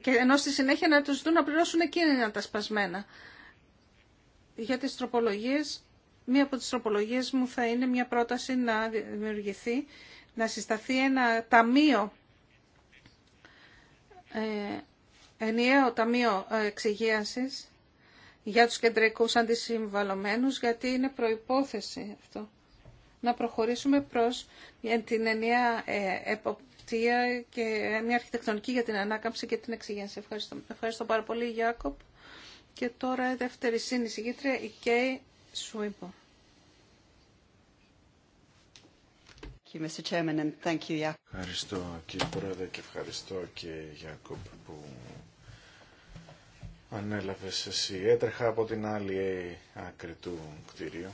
και ενώ στη συνέχεια να τους δουν να πληρώσουν εκείνα τα σπασμένα. Για τις τροπολογίες, μία από τις τροπολογίες μου θα είναι μια πρόταση να δημιουργηθεί, να συσταθεί ένα ταμείο ενιαίο ταμείο ε, εξυγίασης για τους κεντρικούς αντισυμβαλωμένους, γιατί είναι προϋπόθεση αυτό. Να προχωρήσουμε προς την ενιαία ε, εποπτεία και μια αρχιτεκτονική για την ανάκαμψη και την εξυγίαση. Ευχαριστώ, Ευχαριστώ πάρα πολύ, Γιάκοπ. Και τώρα η δεύτερη συνεισηγήτρια, η Κέι Σουίμπο. Ευχαριστώ κύριε Πρόεδρε και ευχαριστώ και Γιάκοπ που ανέλαβες εσύ. Έτρεχα από την άλλη άκρη του κτηρίου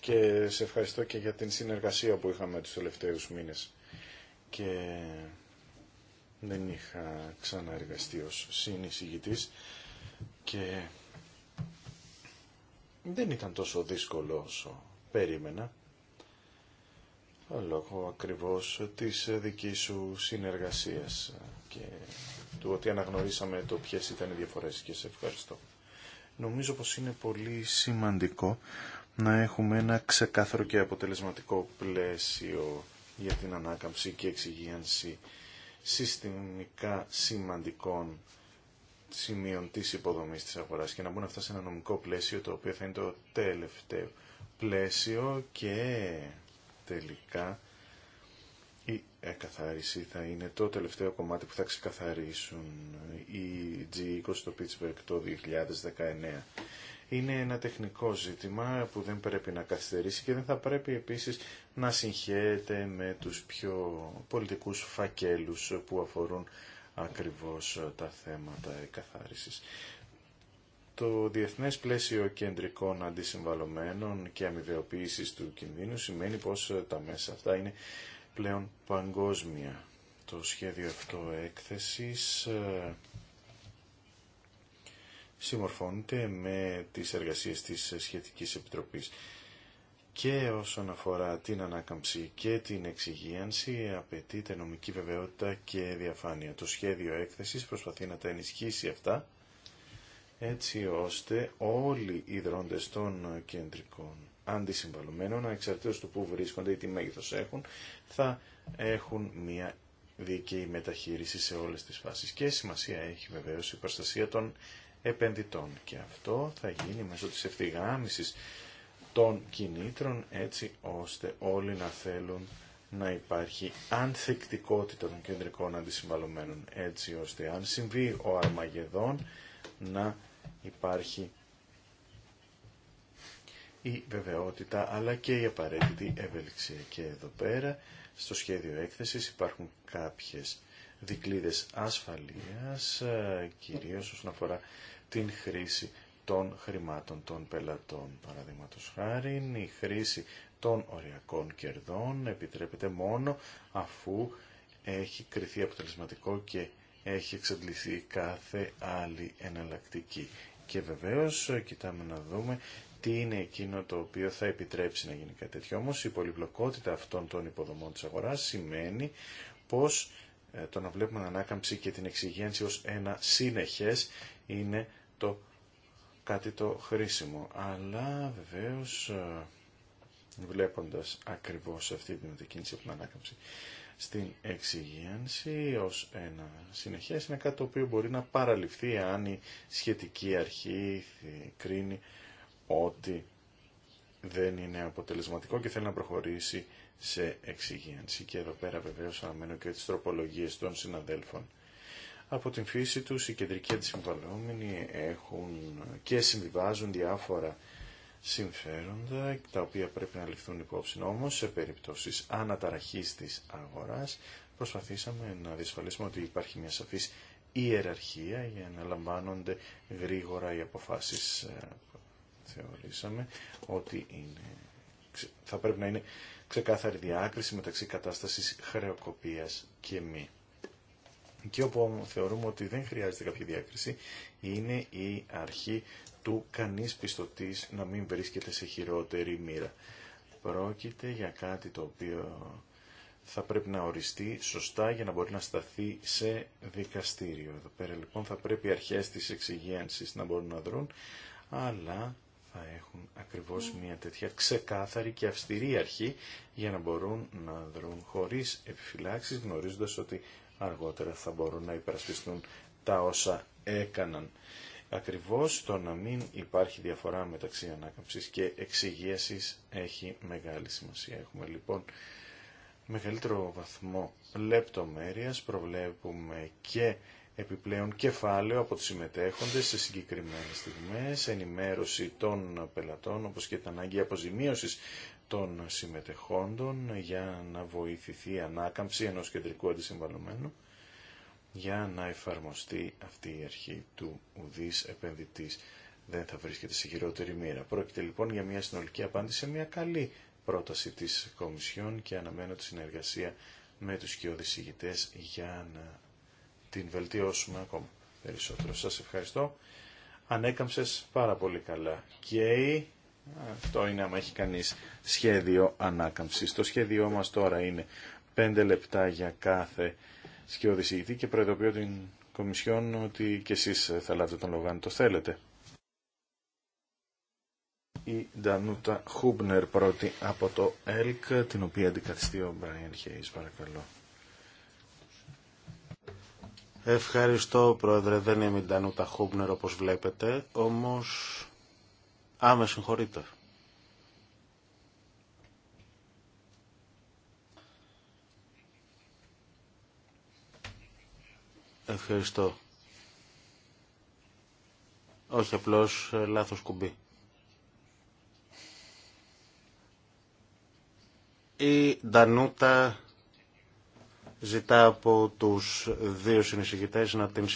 και σε ευχαριστώ και για την συνεργασία που είχαμε τους τελευταίους μήνες και δεν είχα ξαναεργαστεί ως συνεισηγητής και δεν ήταν τόσο δύσκολο όσο περίμενα λόγω ακριβώς της δικής σου συνεργασίας και του ότι αναγνωρίσαμε το ποιες ήταν οι διαφορές και σε ευχαριστώ. Νομίζω πως είναι πολύ σημαντικό να έχουμε ένα ξεκάθαρο και αποτελεσματικό πλαίσιο για την ανάκαμψη και εξυγίανση συστημικά σημαντικών σημείων της υποδομής της αγοράς και να μπουν αυτά σε ένα νομικό πλαίσιο το οποίο θα είναι το τελευταίο πλαίσιο και τελικά η εκαθάριση θα είναι το τελευταίο κομμάτι που θα ξεκαθαρίσουν οι G20 στο Pittsburgh το 2019. Είναι ένα τεχνικό ζήτημα που δεν πρέπει να καθυστερήσει και δεν θα πρέπει επίσης να συγχέεται με τους πιο πολιτικούς φακέλους που αφορούν ακριβώς τα θέματα εκαθάρισης το διεθνέ πλαίσιο κεντρικών αντισυμβαλωμένων και αμοιβαιοποίηση του κινδύνου σημαίνει πως ε, τα μέσα αυτά είναι πλέον παγκόσμια. Το σχέδιο αυτό έκθεσης ε, συμμορφώνεται με τις εργασίες της σχετικής επιτροπής. Και όσον αφορά την ανάκαμψη και την εξυγίανση, απαιτείται νομική βεβαιότητα και διαφάνεια. Το σχέδιο έκθεσης προσπαθεί να τα ενισχύσει αυτά έτσι ώστε όλοι οι δρόντες των κεντρικών αντισυμβαλωμένων, ανεξαρτήτως του που βρίσκονται ή τι μέγεθος έχουν, θα έχουν μια δίκαιη μεταχείριση σε όλες τις φάσεις. Και σημασία έχει βεβαίως η προστασία των επενδυτών. Και αυτό θα γίνει μέσω της ευθυγράμμισης των κινήτρων, έτσι ώστε όλοι να θέλουν να υπάρχει ανθεκτικότητα των κεντρικών αντισυμβαλωμένων, έτσι ώστε αν συμβεί ο Αρμαγεδόν να υπάρχει η βεβαιότητα αλλά και η απαραίτητη ευελιξία. Και εδώ πέρα στο σχέδιο έκθεσης υπάρχουν κάποιες δικλίδες ασφαλείας, ε, κυρίως όσον αφορά την χρήση των χρημάτων των πελατών. Παραδείγματο χάρη, η χρήση των οριακών κερδών επιτρέπεται μόνο αφού έχει κριθεί αποτελεσματικό και έχει εξαντληθεί κάθε άλλη εναλλακτική. Και βεβαίως ε, κοιτάμε να δούμε τι είναι εκείνο το οποίο θα επιτρέψει να γίνει κάτι τέτοιο. Όμως η πολυπλοκότητα αυτών των υποδομών της αγοράς σημαίνει πως ε, το να βλέπουμε την ανάκαμψη και την εξυγένση ως ένα σύνεχες είναι το κάτι το χρήσιμο. Αλλά βεβαίως ε, βλέποντας ακριβώς αυτή την μετακίνηση από την ανάκαμψη στην εξυγίανση ως ένα συνεχές είναι κάτι το οποίο μπορεί να παραλυφθεί αν η σχετική αρχή κρίνει ότι δεν είναι αποτελεσματικό και θέλει να προχωρήσει σε εξυγίανση. Και εδώ πέρα βεβαίως αναμένω και τις τροπολογίες των συναδέλφων. Από την φύση τους οι κεντρικοί αντισυμβαλόμενοι έχουν και συμβιβάζουν διάφορα συμφέροντα, τα οποία πρέπει να ληφθούν υπόψη. Όμως, σε περιπτώσεις αναταραχής της αγοράς, προσπαθήσαμε να διασφαλίσουμε ότι υπάρχει μια σαφής ιεραρχία για να λαμβάνονται γρήγορα οι αποφάσεις. Ε, θεωρήσαμε ότι είναι, θα πρέπει να είναι ξεκάθαρη διάκριση μεταξύ κατάστασης χρεοκοπίας και μη. Και όπου θεωρούμε ότι δεν χρειάζεται κάποια διάκριση είναι η αρχή του κανείς πιστωτής να μην βρίσκεται σε χειρότερη μοίρα. Πρόκειται για κάτι το οποίο θα πρέπει να οριστεί σωστά για να μπορεί να σταθεί σε δικαστήριο. Εδώ πέρα λοιπόν θα πρέπει οι αρχές της εξυγένσης να μπορούν να δρουν, αλλά θα έχουν ακριβώς μια τέτοια ξεκάθαρη και αυστηρή αρχή για να μπορούν να δρουν χωρίς επιφυλάξεις, γνωρίζοντας ότι αργότερα θα μπορούν να υπερασπιστούν τα όσα έκαναν. Ακριβώς το να μην υπάρχει διαφορά μεταξύ ανάκαμψης και εξυγίασης έχει μεγάλη σημασία. Έχουμε λοιπόν μεγαλύτερο βαθμό λεπτομέρειας, προβλέπουμε και επιπλέον κεφάλαιο από τους συμμετέχοντες σε συγκεκριμένες στιγμές, ενημέρωση των πελατών όπως και την ανάγκη αποζημίωσης των συμμετεχόντων για να βοηθηθεί η ανάκαμψη ενός κεντρικού αντισυμβαλωμένου για να εφαρμοστεί αυτή η αρχή του ουδής επενδυτής δεν θα βρίσκεται σε χειρότερη μοίρα. Πρόκειται λοιπόν για μια συνολική απάντηση σε μια καλή πρόταση της Κομισιόν και αναμένω τη συνεργασία με τους κοιοδησηγητές για να την βελτιώσουμε ακόμα περισσότερο. Σας ευχαριστώ. Ανέκαμψες πάρα πολύ καλά και αυτό είναι άμα έχει κανείς σχέδιο ανάκαμψης. Το σχέδιό μας τώρα είναι 5 λεπτά για κάθε σκιώδη και προειδοποιώ την Κομισιόν ότι και εσείς θα λάβετε τον λόγο αν το θέλετε. Η Ντανούτα Χούμπνερ πρώτη από το ΕΛΚ, την οποία αντικαθιστεί ο Μπραιν Χέις, παρακαλώ. Ευχαριστώ πρόεδρε, δεν είμαι η Ντανούτα Χούμπνερ όπως βλέπετε, όμως... άμεσα Ευχαριστώ. Όχι απλώς ε, λάθος κουμπί. Η Ντανούτα ζητά από τους δύο συνεισηγητές να, την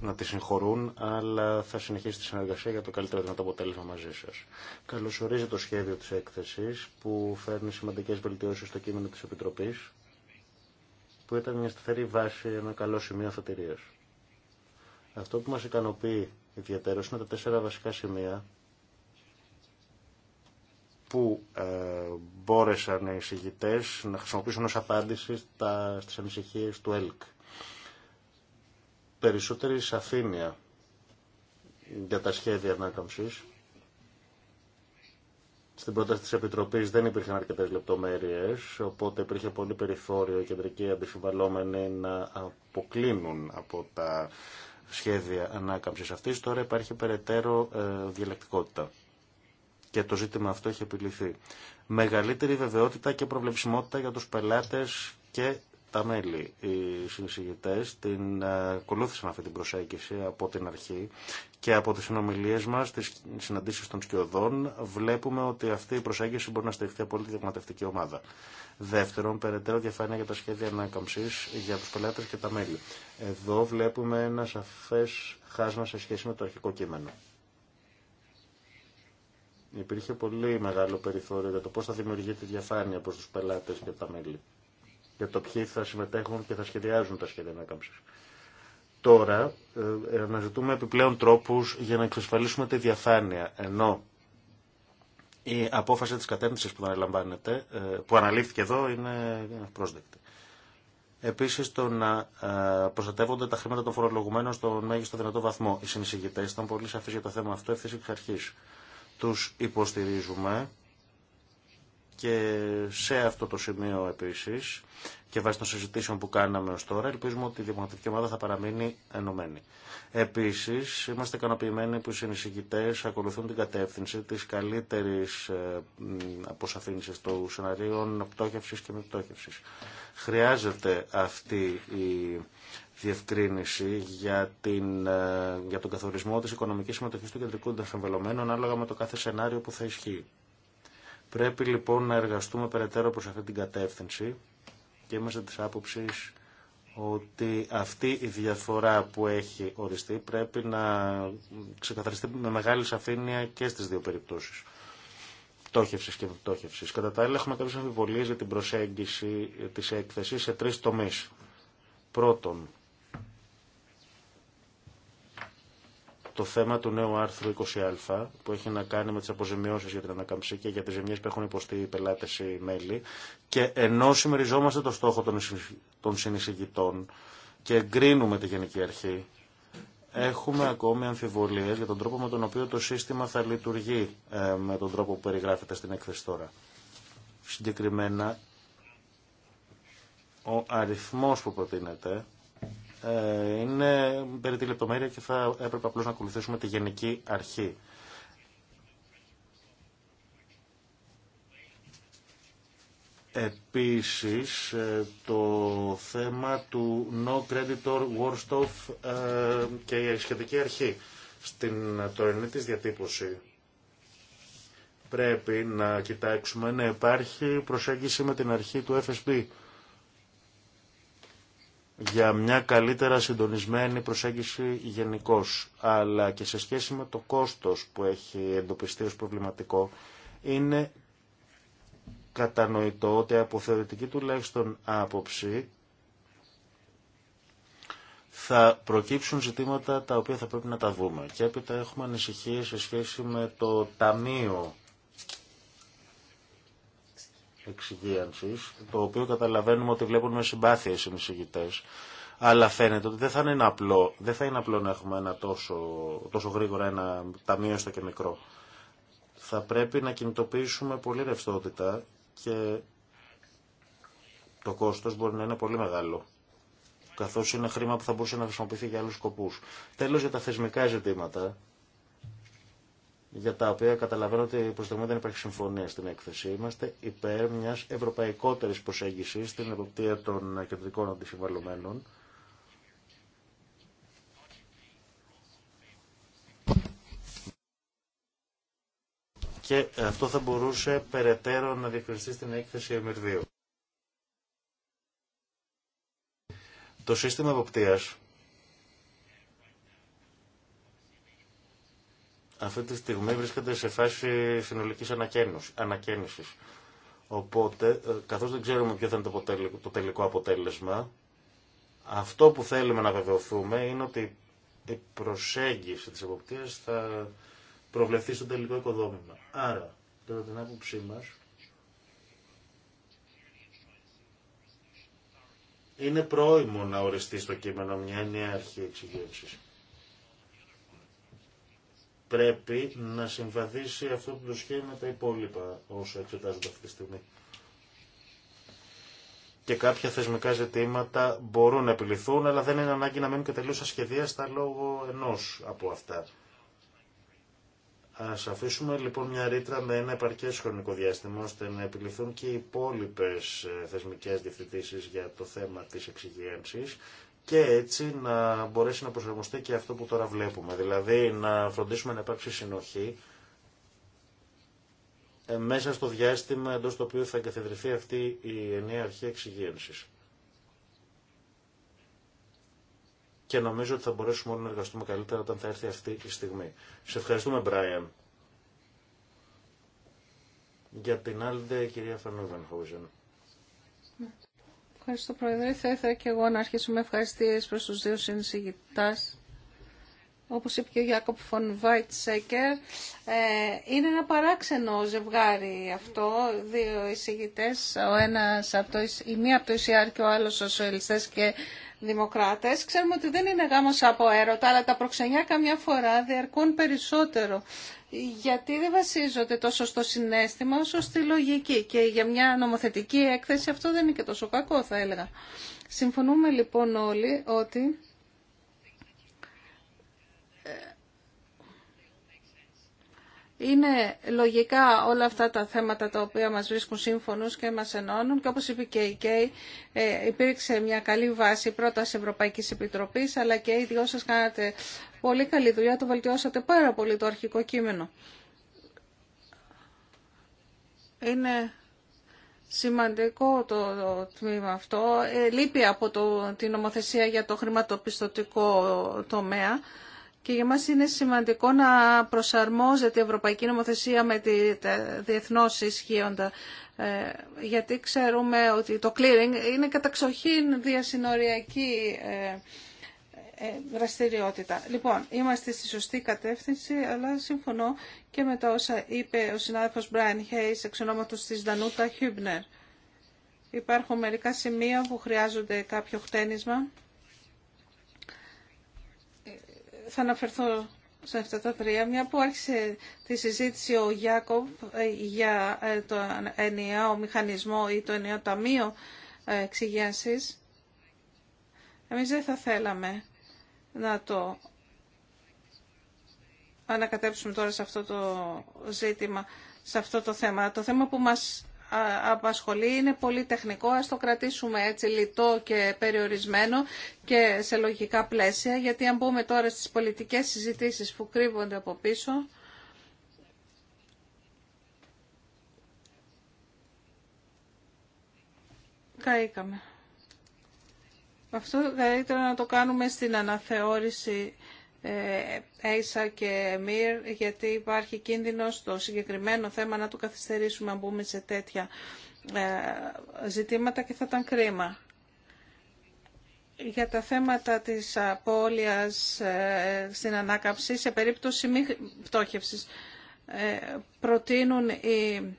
να τη συγχωρούν, αλλά θα συνεχίσει τη συνεργασία για το καλύτερο δυνατό αποτέλεσμα μαζί σας. Καλωσορίζει το σχέδιο της έκθεσης που φέρνει σημαντικές βελτιώσεις στο κείμενο της Επιτροπής που ήταν μια σταθερή βάση, ένα καλό σημείο αφετηρίας. Αυτό που μας ικανοποιεί ιδιαίτερα είναι τα τέσσερα βασικά σημεία που ε, μπόρεσαν οι εισηγητές να χρησιμοποιήσουν ως απάντηση στα, στις του ΕΛΚ. Περισσότερη σαφήνεια για τα σχέδια ανάκαμψης, στην πρόταση της Επιτροπής δεν υπήρχαν αρκετές λεπτομέρειες, οπότε υπήρχε πολύ περιθώριο οι κεντρικοί αντισυμβαλόμενοι να αποκλίνουν από τα σχέδια ανάκαμψης αυτής. Τώρα υπάρχει περαιτέρω ε, διαλεκτικότητα και το ζήτημα αυτό έχει επιληθεί. Μεγαλύτερη βεβαιότητα και προβλεψιμότητα για τους πελάτες και τα μέλη, οι συνεισηγητές, την ε, ακολούθησαν αυτή την προσέγγιση από την αρχή και από τις συνομιλίες μας, τις συναντήσεις των σκιωδών, βλέπουμε ότι αυτή η προσέγγιση μπορεί να στηριχθεί από όλη τη διαγματευτική ομάδα. Δεύτερον, περαιτέρω διαφάνεια για τα σχέδια ανάκαμψη για τους πελάτε και τα μέλη. Εδώ βλέπουμε ένα σαφέ χάσμα σε σχέση με το αρχικό κείμενο. Υπήρχε πολύ μεγάλο περιθώριο για το πώ θα δημιουργείται διαφάνεια προς τους πελάτες και τα μέλη για το ποιοι θα συμμετέχουν και θα σχεδιάζουν τα σχέδια ανάκαμψη. Τώρα ε, αναζητούμε επιπλέον τρόπους για να εξασφαλίσουμε τη διαφάνεια, ενώ η απόφαση της κατέρνηση που, αναλαμβάνεται, ε, που αναλήφθηκε εδώ είναι πρόσδεκτη. Επίση, το να ε, προστατεύονται τα χρήματα των φορολογουμένων στον μέγιστο δυνατό βαθμό. Οι συνεισηγητέ ήταν πολύ σαφεί για το θέμα αυτό ευθύ εξ αρχή. Του υποστηρίζουμε και σε αυτό το σημείο επίση, και βάσει των συζητήσεων που κάναμε ω τώρα, ελπίζουμε ότι η Δημοκρατική Ομάδα θα παραμείνει ενωμένη. Επίση, είμαστε ικανοποιημένοι που οι συνεισηγητέ ακολουθούν την κατεύθυνση τη καλύτερη ε, αποσαφήνιση των σεναρίων πτώχευση και μη πτώχευση. Χρειάζεται αυτή η διευκρίνηση για, την, ε, για τον καθορισμό τη οικονομική συμμετοχή του κεντρικού αντασυμβελωμένου ανάλογα με το κάθε σενάριο που θα ισχύει. Πρέπει λοιπόν να εργαστούμε περαιτέρω προς αυτή την κατεύθυνση και είμαστε της άποψης ότι αυτή η διαφορά που έχει οριστεί πρέπει να ξεκαθαριστεί με μεγάλη σαφήνεια και στις δύο περιπτώσεις. Πτώχευση και πτώχευση. Κατά τα άλλα έχουμε κάποιε αμφιβολίε για την προσέγγιση της έκθεση σε τρει τομεί. Πρώτον, το θέμα του νέου άρθρου 20α που έχει να κάνει με τις αποζημιώσει για την ανακαμψή και για τις ζημιές που έχουν υποστεί οι πελάτε ή οι μέλη και ενώ συμμεριζόμαστε το στόχο των συνεισηγητών και εγκρίνουμε τη Γενική Αρχή έχουμε ακόμη αμφιβολίε για τον τρόπο με τον οποίο το σύστημα θα λειτουργεί ε, με τον τρόπο που περιγράφεται στην έκθεση τώρα. Συγκεκριμένα ο αριθμός που προτείνεται ε, είναι περί τη λεπτομέρεια και θα έπρεπε απλώς να ακολουθήσουμε τη γενική αρχή. Επίσης, ε, το θέμα του No Creditor of ε, και η σχετική αρχή στην τωρινή της διατύπωση. Πρέπει να κοιτάξουμε να υπάρχει προσέγγιση με την αρχή του FSB για μια καλύτερα συντονισμένη προσέγγιση γενικώ, αλλά και σε σχέση με το κόστος που έχει εντοπιστεί ως προβληματικό, είναι κατανοητό ότι από θεωρητική τουλάχιστον άποψη θα προκύψουν ζητήματα τα οποία θα πρέπει να τα δούμε. Και έπειτα έχουμε ανησυχίες σε σχέση με το Ταμείο εξυγίανση, το οποίο καταλαβαίνουμε ότι βλέπουν με συμπάθεια οι συνεισηγητέ. αλλά φαίνεται ότι δεν θα είναι απλό, δεν θα είναι να έχουμε ένα τόσο, τόσο γρήγορα ένα ταμείο στο και μικρό. Θα πρέπει να κινητοποιήσουμε πολύ ρευστότητα και το κόστος μπορεί να είναι πολύ μεγάλο καθώ είναι χρήμα που θα μπορούσε να χρησιμοποιηθεί για άλλου σκοπού. Τέλο, για τα θεσμικά ζητήματα, για τα οποία καταλαβαίνω ότι προς το δεν υπάρχει συμφωνία στην έκθεση. Είμαστε υπέρ μιας ευρωπαϊκότερης προσέγγισης στην εποπτεία των κεντρικών αντισυμβαλλομένων. Και αυτό θα μπορούσε περαιτέρω να διευκριστεί στην έκθεση ΕΜΕΡΔΙΟ. Το σύστημα εποπτείας αυτή τη στιγμή βρίσκεται σε φάση συνολικής ανακαίνησης. Οπότε, ε, καθώς δεν ξέρουμε ποιο θα είναι το τελικό αποτέλεσμα, αυτό που θέλουμε να βεβαιωθούμε είναι ότι η προσέγγιση της εποπτείας θα προβλεφθεί στο τελικό οικοδόμημα. Άρα, κατά την άποψή μας, είναι πρόημο να οριστεί στο κείμενο μια νέα αρχή εξηγήσεως πρέπει να συμβαδίσει αυτό το σχέδιο με τα υπόλοιπα όσα εξετάζονται αυτή τη στιγμή. Και κάποια θεσμικά ζητήματα μπορούν να επιληθούν, αλλά δεν είναι ανάγκη να μείνουν και τελείως ασχεδίαστα λόγω ενός από αυτά. Α αφήσουμε λοιπόν μια ρήτρα με ένα επαρκέ χρονικό διάστημα, ώστε να επιληθούν και οι υπόλοιπε θεσμικέ διευθυντήσει για το θέμα τη εξυγίανση και έτσι να μπορέσει να προσαρμοστεί και αυτό που τώρα βλέπουμε. Δηλαδή να φροντίσουμε να υπάρξει συνοχή ε, μέσα στο διάστημα εντό του οποίου θα εγκαθιδρυθεί αυτή η ενιαία αρχή εξυγίανση. Και νομίζω ότι θα μπορέσουμε όλοι να εργαστούμε καλύτερα όταν θα έρθει αυτή η στιγμή. Σε ευχαριστούμε, Μπράιαν. Για την άλλη, κυρία Φανούβεν Χόζεν. Ευχαριστώ, Πρόεδρε. Θα ήθελα και εγώ να αρχίσω με ευχαριστίες προς τους δύο συνεισηγητάς. Όπως είπε και ο Γιάκοπ Φον Βάιτσέκερ, ε, είναι ένα παράξενο ζευγάρι αυτό, δύο εισηγητές, ο ένας από το, η μία από το ΙΣΙΑΡ και ο άλλος σοσιαλιστές και δημοκράτες. Ξέρουμε ότι δεν είναι γάμος από έρωτα, αλλά τα προξενιά καμιά φορά διαρκούν περισσότερο γιατί δεν βασίζονται τόσο στο συνέστημα όσο στη λογική και για μια νομοθετική έκθεση αυτό δεν είναι και τόσο κακό θα έλεγα. Συμφωνούμε λοιπόν όλοι ότι ε, είναι λογικά όλα αυτά τα θέματα τα οποία μας βρίσκουν σύμφωνους και μας ενώνουν και όπως είπε και η ΚΕΙ ε, υπήρξε μια καλή βάση πρώτα Ευρωπαϊκής Επιτροπής αλλά και οι δυο σας κάνατε Πολύ καλή δουλειά, το βελτιώσατε πάρα πολύ το αρχικό κείμενο. Είναι σημαντικό το, τμήμα αυτό. Ε, λείπει από το, την νομοθεσία για το χρηματοπιστωτικό τομέα. Και για μας είναι σημαντικό να προσαρμόζεται η Ευρωπαϊκή Νομοθεσία με τη, διεθνώς ισχύοντα. Ε, γιατί ξέρουμε ότι το clearing είναι καταξοχήν διασυνοριακή ε, ε, δραστηριότητα. Λοιπόν, είμαστε στη σωστή κατεύθυνση, αλλά συμφωνώ και με τα όσα είπε ο συνάδελφος Μπράιν Χέις, εξ ονόματος της Δανούτα Χιούμπνερ. Υπάρχουν μερικά σημεία που χρειάζονται κάποιο χτένισμα. Ε, θα αναφερθώ σε αυτά τα τρία. Μια που άρχισε τη συζήτηση ο Γιάκοβ ε, για το ενιαίο μηχανισμό ή το ενιαίο ταμείο εξηγένσης. εμείς δεν θα θέλαμε να το ανακατέψουμε τώρα σε αυτό το ζήτημα, σε αυτό το θέμα. Το θέμα που μας απασχολεί είναι πολύ τεχνικό, ας το κρατήσουμε έτσι λιτό και περιορισμένο και σε λογικά πλαίσια, γιατί αν μπούμε τώρα στις πολιτικές συζητήσεις που κρύβονται από πίσω, καήκαμε. Αυτό καλύτερα δηλαδή να το κάνουμε στην αναθεώρηση ε, και Mir, γιατί υπάρχει κίνδυνος στο συγκεκριμένο θέμα να το καθυστερήσουμε αν μπούμε σε τέτοια ε, ζητήματα και θα ήταν κρίμα. Για τα θέματα της απώλειας ε, στην ανάκαμψη σε περίπτωση μη πτώχευσης ε, προτείνουν οι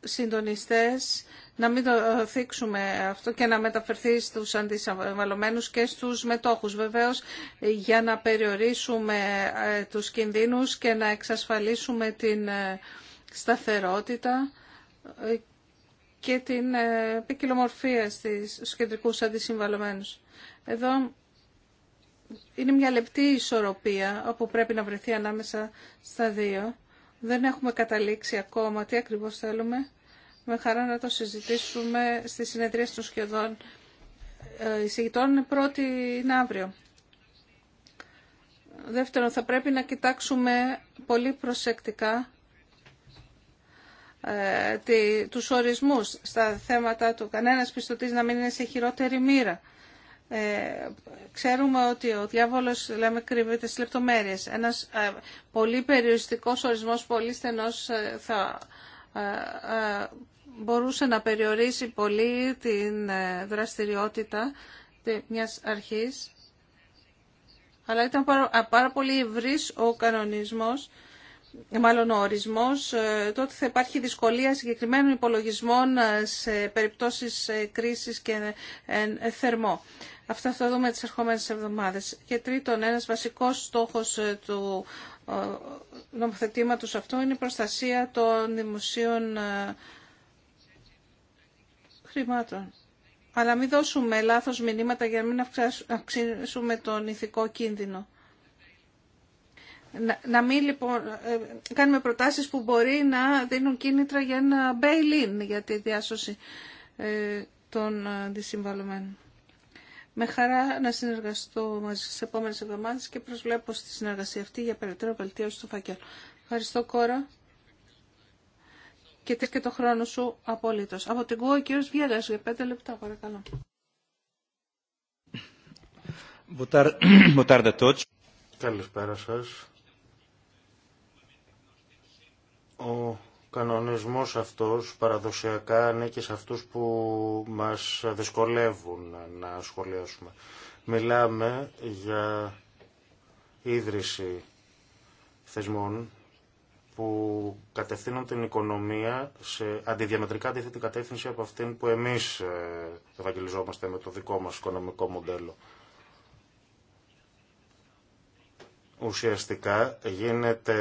συντονιστές να μην το θίξουμε αυτό και να μεταφερθεί στους αντισαβαλωμένους και στους μετόχους. Βεβαίως, για να περιορίσουμε ε, τους κινδύνους και να εξασφαλίσουμε την ε, σταθερότητα ε, και την ποικιλομορφία στους κεντρικούς αντισυμβαλωμένους. Εδώ είναι μια λεπτή ισορροπία όπου πρέπει να βρεθεί ανάμεσα στα δύο. Δεν έχουμε καταλήξει ακόμα τι ακριβώς θέλουμε με χαρά να το συζητήσουμε στη συνεδρία των σχεδόν ε, εισηγητών πρώτη είναι αύριο. Δεύτερον, θα πρέπει να κοιτάξουμε πολύ προσεκτικά ε, τη, τους ορισμούς στα θέματα του. Κανένας πιστωτής να μην είναι σε χειρότερη μοίρα. Ε, ξέρουμε ότι ο διάβολος λέμε, κρύβεται στις λεπτομέρειες. Ένας ε, πολύ περιοριστικός ορισμός, πολύ στενός ε, θα μπορούσε να περιορίσει πολύ την ε, δραστηριότητα μιας αρχής, αλλά ήταν πάρα πολύ ευρύ ο κανονισμός, μάλλον ο ορισμός, ε, τότε θα υπάρχει δυσκολία συγκεκριμένων υπολογισμών ε, σε περιπτώσεις κρίσης και θερμό. Αυτά θα δούμε τις ερχόμενες εβδομάδες. Και τρίτον, ένας βασικός στόχος του νομοθετήματος αυτού είναι η προστασία των δημοσίων χρημάτων. Αλλά μην δώσουμε λάθος μηνύματα για να μην αυξήσουμε τον ηθικό κίνδυνο. Να μην λοιπόν ε, κάνουμε προτάσεις που μπορεί να δίνουν κίνητρα για ένα bail-in για τη διάσωση ε, των αντισυμβαλωμένων. Ε, Με χαρά να συνεργαστώ μαζί στις επόμενες εβδομάδες και προσβλέπω στη συνεργασία αυτή για περαιτέρω βελτίωση του φακέλου. Ευχαριστώ κόρα και και το χρόνο σου απολύτως. Από την ΚΟΟ, ο κύριος Βιέγας, για πέντε λεπτά, παρακαλώ. Καλησπέρα σας. Ο κανονισμός αυτός παραδοσιακά είναι και σε αυτούς που μας δυσκολεύουν να σχολιάσουμε. Μιλάμε για ίδρυση θεσμών που κατευθύνουν την οικονομία σε αντιδιαμετρικά αντίθετη κατεύθυνση από αυτήν που εμείς ε, ευαγγελιζόμαστε με το δικό μας οικονομικό μοντέλο. Ουσιαστικά γίνεται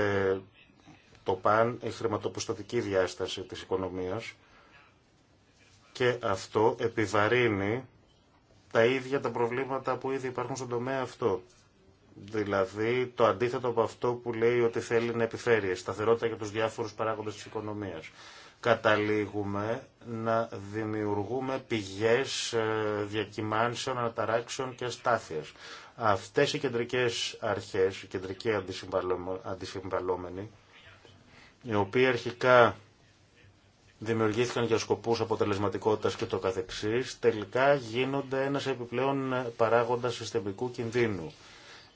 το παν η χρηματοπιστωτική διάσταση της οικονομίας και αυτό επιβαρύνει τα ίδια τα προβλήματα που ήδη υπάρχουν στον τομέα αυτό. Δηλαδή το αντίθετο από αυτό που λέει ότι θέλει να επιφέρει σταθερότητα για τους διάφορους παράγοντες της οικονομίας. Καταλήγουμε να δημιουργούμε πηγές ε, διακυμάνσεων, αναταράξεων και αστάθειας. Αυτές οι κεντρικές αρχές, οι κεντρικοί αντισυμβαλόμενοι, οι οποίοι αρχικά δημιουργήθηκαν για σκοπούς αποτελεσματικότητας και το καθεξής, τελικά γίνονται ένας επιπλέον παράγοντας συστημικού κινδύνου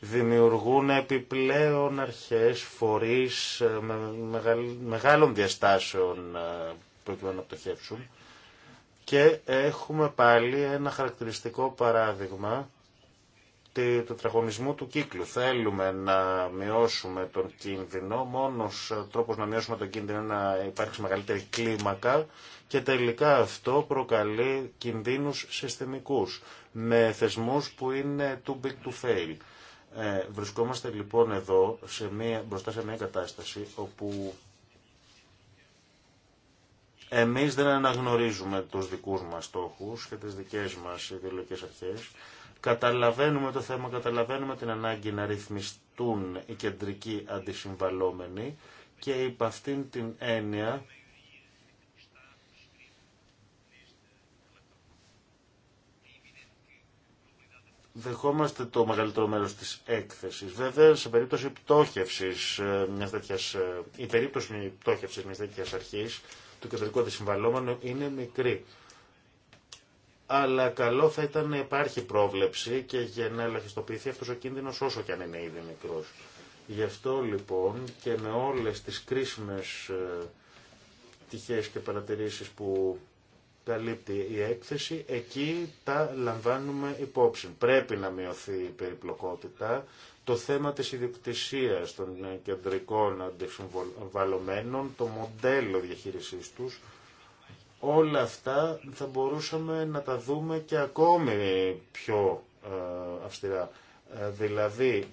δημιουργούν επιπλέον αρχές, φορείς ε, μεγάλων διαστάσεων ε, προκειμένου να πτωχεύσουν. Και έχουμε πάλι ένα χαρακτηριστικό παράδειγμα του τραγωνισμού του κύκλου. Θέλουμε να μειώσουμε τον κίνδυνο. Μόνος τρόπος να μειώσουμε τον κίνδυνο είναι να υπάρξει μεγαλύτερη κλίμακα και τελικά αυτό προκαλεί κινδύνους συστημικούς με θεσμούς που είναι too big to fail. Ε, βρισκόμαστε λοιπόν εδώ σε μια, μπροστά σε μια κατάσταση όπου εμείς δεν αναγνωρίζουμε τους δικούς μας στόχους και τις δικές μας ιδεολογικές αρχές. Καταλαβαίνουμε το θέμα, καταλαβαίνουμε την ανάγκη να ρυθμιστούν οι κεντρικοί αντισυμβαλόμενοι και υπ' αυτήν την έννοια Δεχόμαστε το μεγαλύτερο μέρο της έκθεσης. Βέβαια, σε περίπτωση πτώχευση ε, μιας τέτοια, ε, η περίπτωση πτώχευσης μιας τέτοιας αρχής, του κεντρικού αντισυμβαλόμενου είναι μικρή. Αλλά καλό θα ήταν να υπάρχει πρόβλεψη και για να ελαχιστοποιηθεί αυτό ο κίνδυνο όσο και αν είναι ήδη μικρό. Γι' αυτό λοιπόν και με όλε τι κρίσιμε ε, τυχαίε και παρατηρήσει που καλύπτει η έκθεση, εκεί τα λαμβάνουμε υπόψη. Πρέπει να μειωθεί η περιπλοκότητα. Το θέμα της ιδιοκτησίας των κεντρικών αντισυμβαλωμένων, το μοντέλο διαχείρισής τους, όλα αυτά θα μπορούσαμε να τα δούμε και ακόμη πιο ε, αυστηρά. Ε, δηλαδή,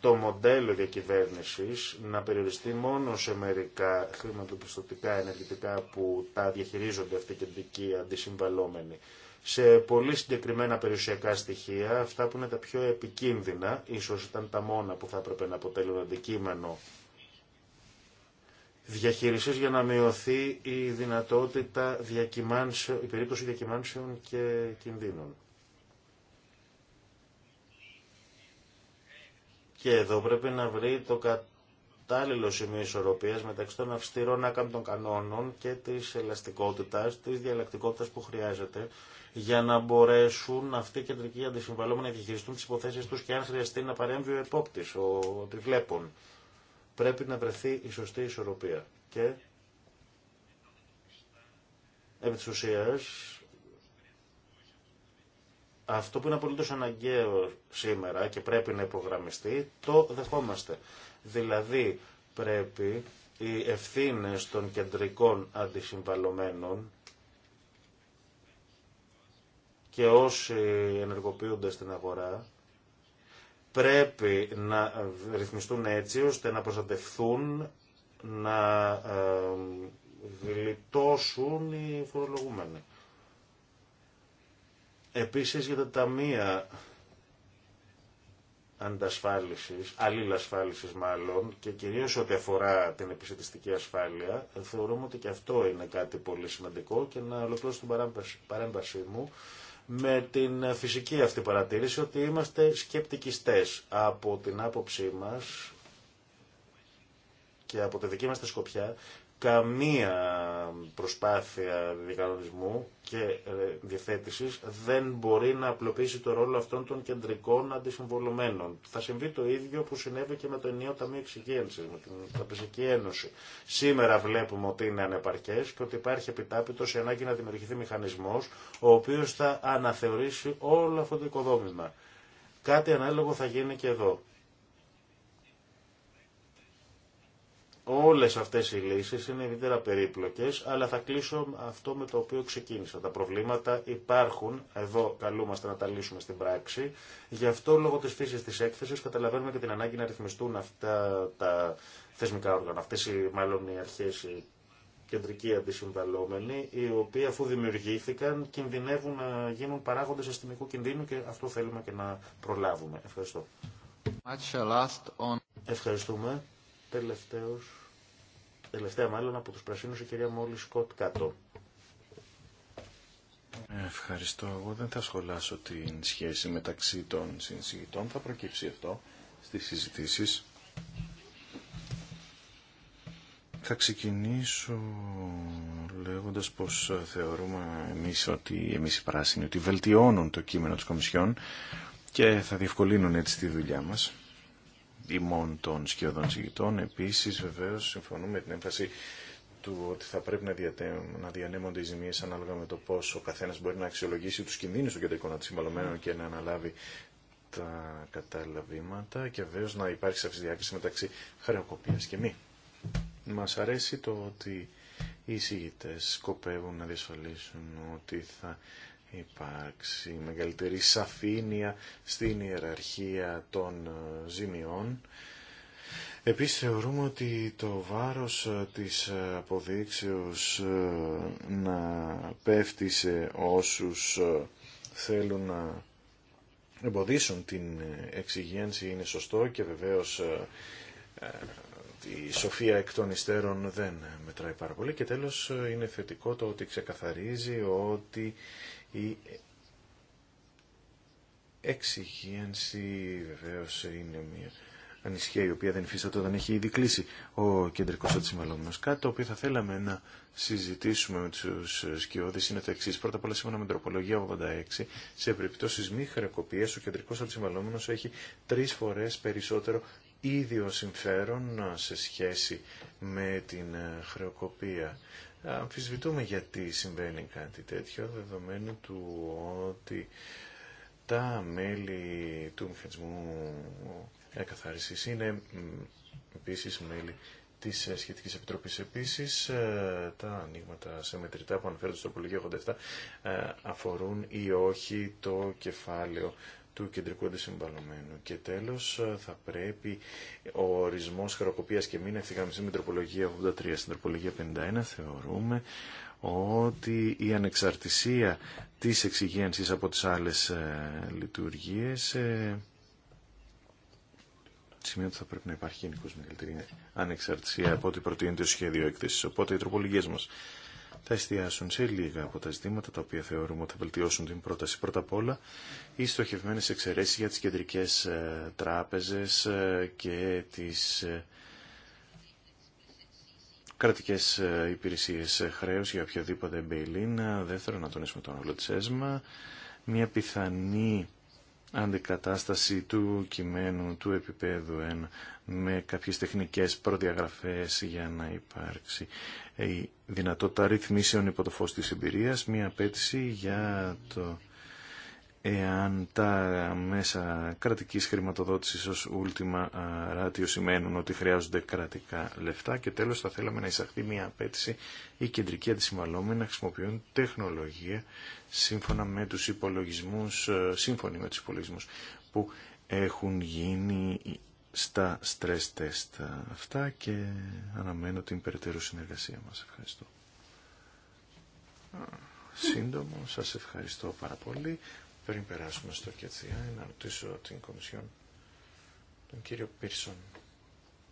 το μοντέλο διακυβέρνησης να περιοριστεί μόνο σε μερικά χρηματοπιστωτικά ενεργητικά που τα διαχειρίζονται αυτοί οι αντισυμβαλόμενοι σε πολύ συγκεκριμένα περιουσιακά στοιχεία, αυτά που είναι τα πιο επικίνδυνα, ίσως ήταν τα μόνα που θα έπρεπε να αποτελούν αντικείμενο διαχείρισης για να μειωθεί η δυνατότητα η περίπτωση διακυμάνσεων και κινδύνων. Και εδώ πρέπει να βρει το κατάλληλο σημείο ισορροπία μεταξύ των αυστηρών άκαμπτων κανόνων και τη ελαστικότητα, τη διαλλακτικότητα που χρειάζεται για να μπορέσουν αυτοί οι κεντρικοί αντισυμβαλόμενοι να διαχειριστούν τι υποθέσει τους και αν χρειαστεί να παρέμβει ο επόπτης, ο βλέπουν. Πρέπει να βρεθεί η σωστή ισορροπία. Και επί της ουσίας, αυτό που είναι απολύτως αναγκαίο σήμερα και πρέπει να υπογραμμιστεί, το δεχόμαστε. Δηλαδή πρέπει οι ευθύνε των κεντρικών αντισυμβαλωμένων και όσοι ενεργοποιούνται στην αγορά πρέπει να ρυθμιστούν έτσι ώστε να προστατευθούν, να ε, γλιτώσουν οι φορολογούμενοι. Επίσης για τα ταμεία αντασφάλισης, αλληλασφάλισης μάλλον, και κυρίως ό,τι αφορά την επιστημιστική ασφάλεια, θεωρούμε ότι και αυτό είναι κάτι πολύ σημαντικό και να ολοκληρώσω την παρέμβασή μου με την φυσική αυτή παρατήρηση ότι είμαστε σκεπτικιστές από την άποψή μας και από τη δική μας σκοπιά καμία προσπάθεια διακανονισμού και ε, διευθέτησης δεν μπορεί να απλοποιήσει το ρόλο αυτών των κεντρικών αντισυμβολωμένων. Θα συμβεί το ίδιο που συνέβη και με το ενίο Ταμείο Εξυγένσης, με την Τραπεζική Ένωση. Σήμερα βλέπουμε ότι είναι ανεπαρκές και ότι υπάρχει επιτάπητο η ανάγκη να δημιουργηθεί μηχανισμός ο οποίος θα αναθεωρήσει όλο αυτό το οικοδόμημα. Κάτι ανάλογο θα γίνει και εδώ. Όλες αυτές οι λύσεις είναι ιδιαίτερα περίπλοκες, αλλά θα κλείσω αυτό με το οποίο ξεκίνησα. Τα προβλήματα υπάρχουν, εδώ καλούμαστε να τα λύσουμε στην πράξη. Γι' αυτό λόγω της φύσης της έκθεσης καταλαβαίνουμε και την ανάγκη να ρυθμιστούν αυτά τα θεσμικά όργανα, αυτές οι, μάλλον οι αρχές, οι κεντρικοί αντισυμβαλόμενοι, οι οποίοι αφού δημιουργήθηκαν κινδυνεύουν να γίνουν παράγοντες αστυνομικού κινδύνου και αυτό θέλουμε και να προλάβουμε. Ευχαριστώ. Uh, Ευχαριστούμε τελευταίος, τελευταία μάλλον από τους Πρασίνους η κυρία Μόλι Σκοτ Κάτω. Ευχαριστώ. Εγώ δεν θα σχολάσω την σχέση μεταξύ των συνσηγητών. Θα προκύψει αυτό στις συζητήσεις. Θα ξεκινήσω λέγοντας πως θεωρούμε εμείς ότι εμείς οι πράσινοι ότι βελτιώνουν το κείμενο της Κομισιόν και θα διευκολύνουν έτσι τη δουλειά μας ημών των σχεδόν συγκητών. Επίσης, βεβαίως, συμφωνούμε με την έμφαση του ότι θα πρέπει να, να διανέμονται οι ζημίε ανάλογα με το πώ ο καθένα μπορεί να αξιολογήσει του κινδύνου να κεντρικών αντισυμβαλωμένων και να αναλάβει τα κατάλληλα βήματα και βεβαίω να υπάρχει σαφή διάκριση μεταξύ χρεοκοπία και μη. Μα αρέσει το ότι οι εισηγητέ σκοπεύουν να διασφαλίσουν ότι θα υπάρξει μεγαλύτερη σαφήνεια στην ιεραρχία των ε, ζημιών. Επίσης θεωρούμε ότι το βάρος ε, της ε, αποδείξεως να πέφτει σε όσους θέλουν να εμποδίσουν την εξυγένση είναι σωστό και βεβαίως η σοφία εκ των υστέρων δεν μετράει πάρα πολύ και τέλος είναι θετικό το ότι ξεκαθαρίζει ότι η εξυγίανση βεβαίω είναι μια ανησυχία η οποία δεν υφίσταται όταν έχει ήδη κλείσει ο κεντρικός αντισυμβαλόμενος. Κάτι το οποίο θα θέλαμε να συζητήσουμε με τους σκιώδει είναι το εξή. Πρώτα απ' όλα σύμφωνα με την τροπολογία 86, σε περιπτώσει μη χρεοκοπία, ο κεντρικός αντισυμβαλόμενος έχει τρεις φορές περισσότερο ίδιο συμφέρον σε σχέση με την χρεοκοπία αμφισβητούμε γιατί συμβαίνει κάτι τέτοιο, δεδομένου του ότι τα μέλη του μηχανισμού εκαθάρισης είναι επίσης μέλη της Σχετικής Επιτροπής. Επίσης, ε, τα ανοίγματα σε μετρητά που αναφέρονται στο Πολυγείο 87 ε, αφορούν ή όχι το κεφάλαιο του κεντρικού αντισυμβαλωμένου. Και τέλος θα πρέπει ο ορισμός χαροκοπίας και μήνα ευθυγραμμιστεί με τροπολογία 83. Στην τροπολογία 51 θεωρούμε ότι η ανεξαρτησία της εξυγένσης από τις άλλες ε, λειτουργίες ε, σημαίνει ότι θα πρέπει να υπάρχει γενικώ μεγαλύτερη ανεξαρτησία από ό,τι προτείνεται το σχέδιο έκθεση. Οπότε οι τροπολογίε μα θα εστιάσουν σε λίγα από τα ζητήματα τα οποία θεωρούμε ότι θα βελτιώσουν την πρόταση. Πρώτα απ' όλα, οι στοχευμένε εξαιρέσει για τι κεντρικέ ε, τράπεζε ε, και τι ε, κρατικές υπηρεσίες χρέους για οποιοδήποτε μπέιλιν. θέλω να τονίσουμε τον ρόλο της ΕΣΜΑ. Μια πιθανή αντικατάσταση του κειμένου του επίπεδου 1 με κάποιες τεχνικές προδιαγραφές για να υπάρξει η δυνατότητα ρυθμίσεων υπό το φως της εμπειρίας, μία απέτηση για το εάν τα μέσα κρατικής χρηματοδότησης ως última ratio σημαίνουν ότι χρειάζονται κρατικά λεφτά και τέλος θα θέλαμε να εισαχθεί μια απέτηση η κεντρική αντισυμβαλόμενοι να χρησιμοποιούν τεχνολογία σύμφωνα με τους υπολογισμούς, ε, με τους υπολογισμούς που έχουν γίνει στα stress test αυτά και αναμένω την περαιτέρω συνεργασία μας. Ευχαριστώ. Σύντομο, σας ευχαριστώ πάρα πολύ. Πριν περάσουμε στο ΚΕΤΣΙΑ, να ρωτήσω την Κομισιόν, τον κύριο Πίρσον,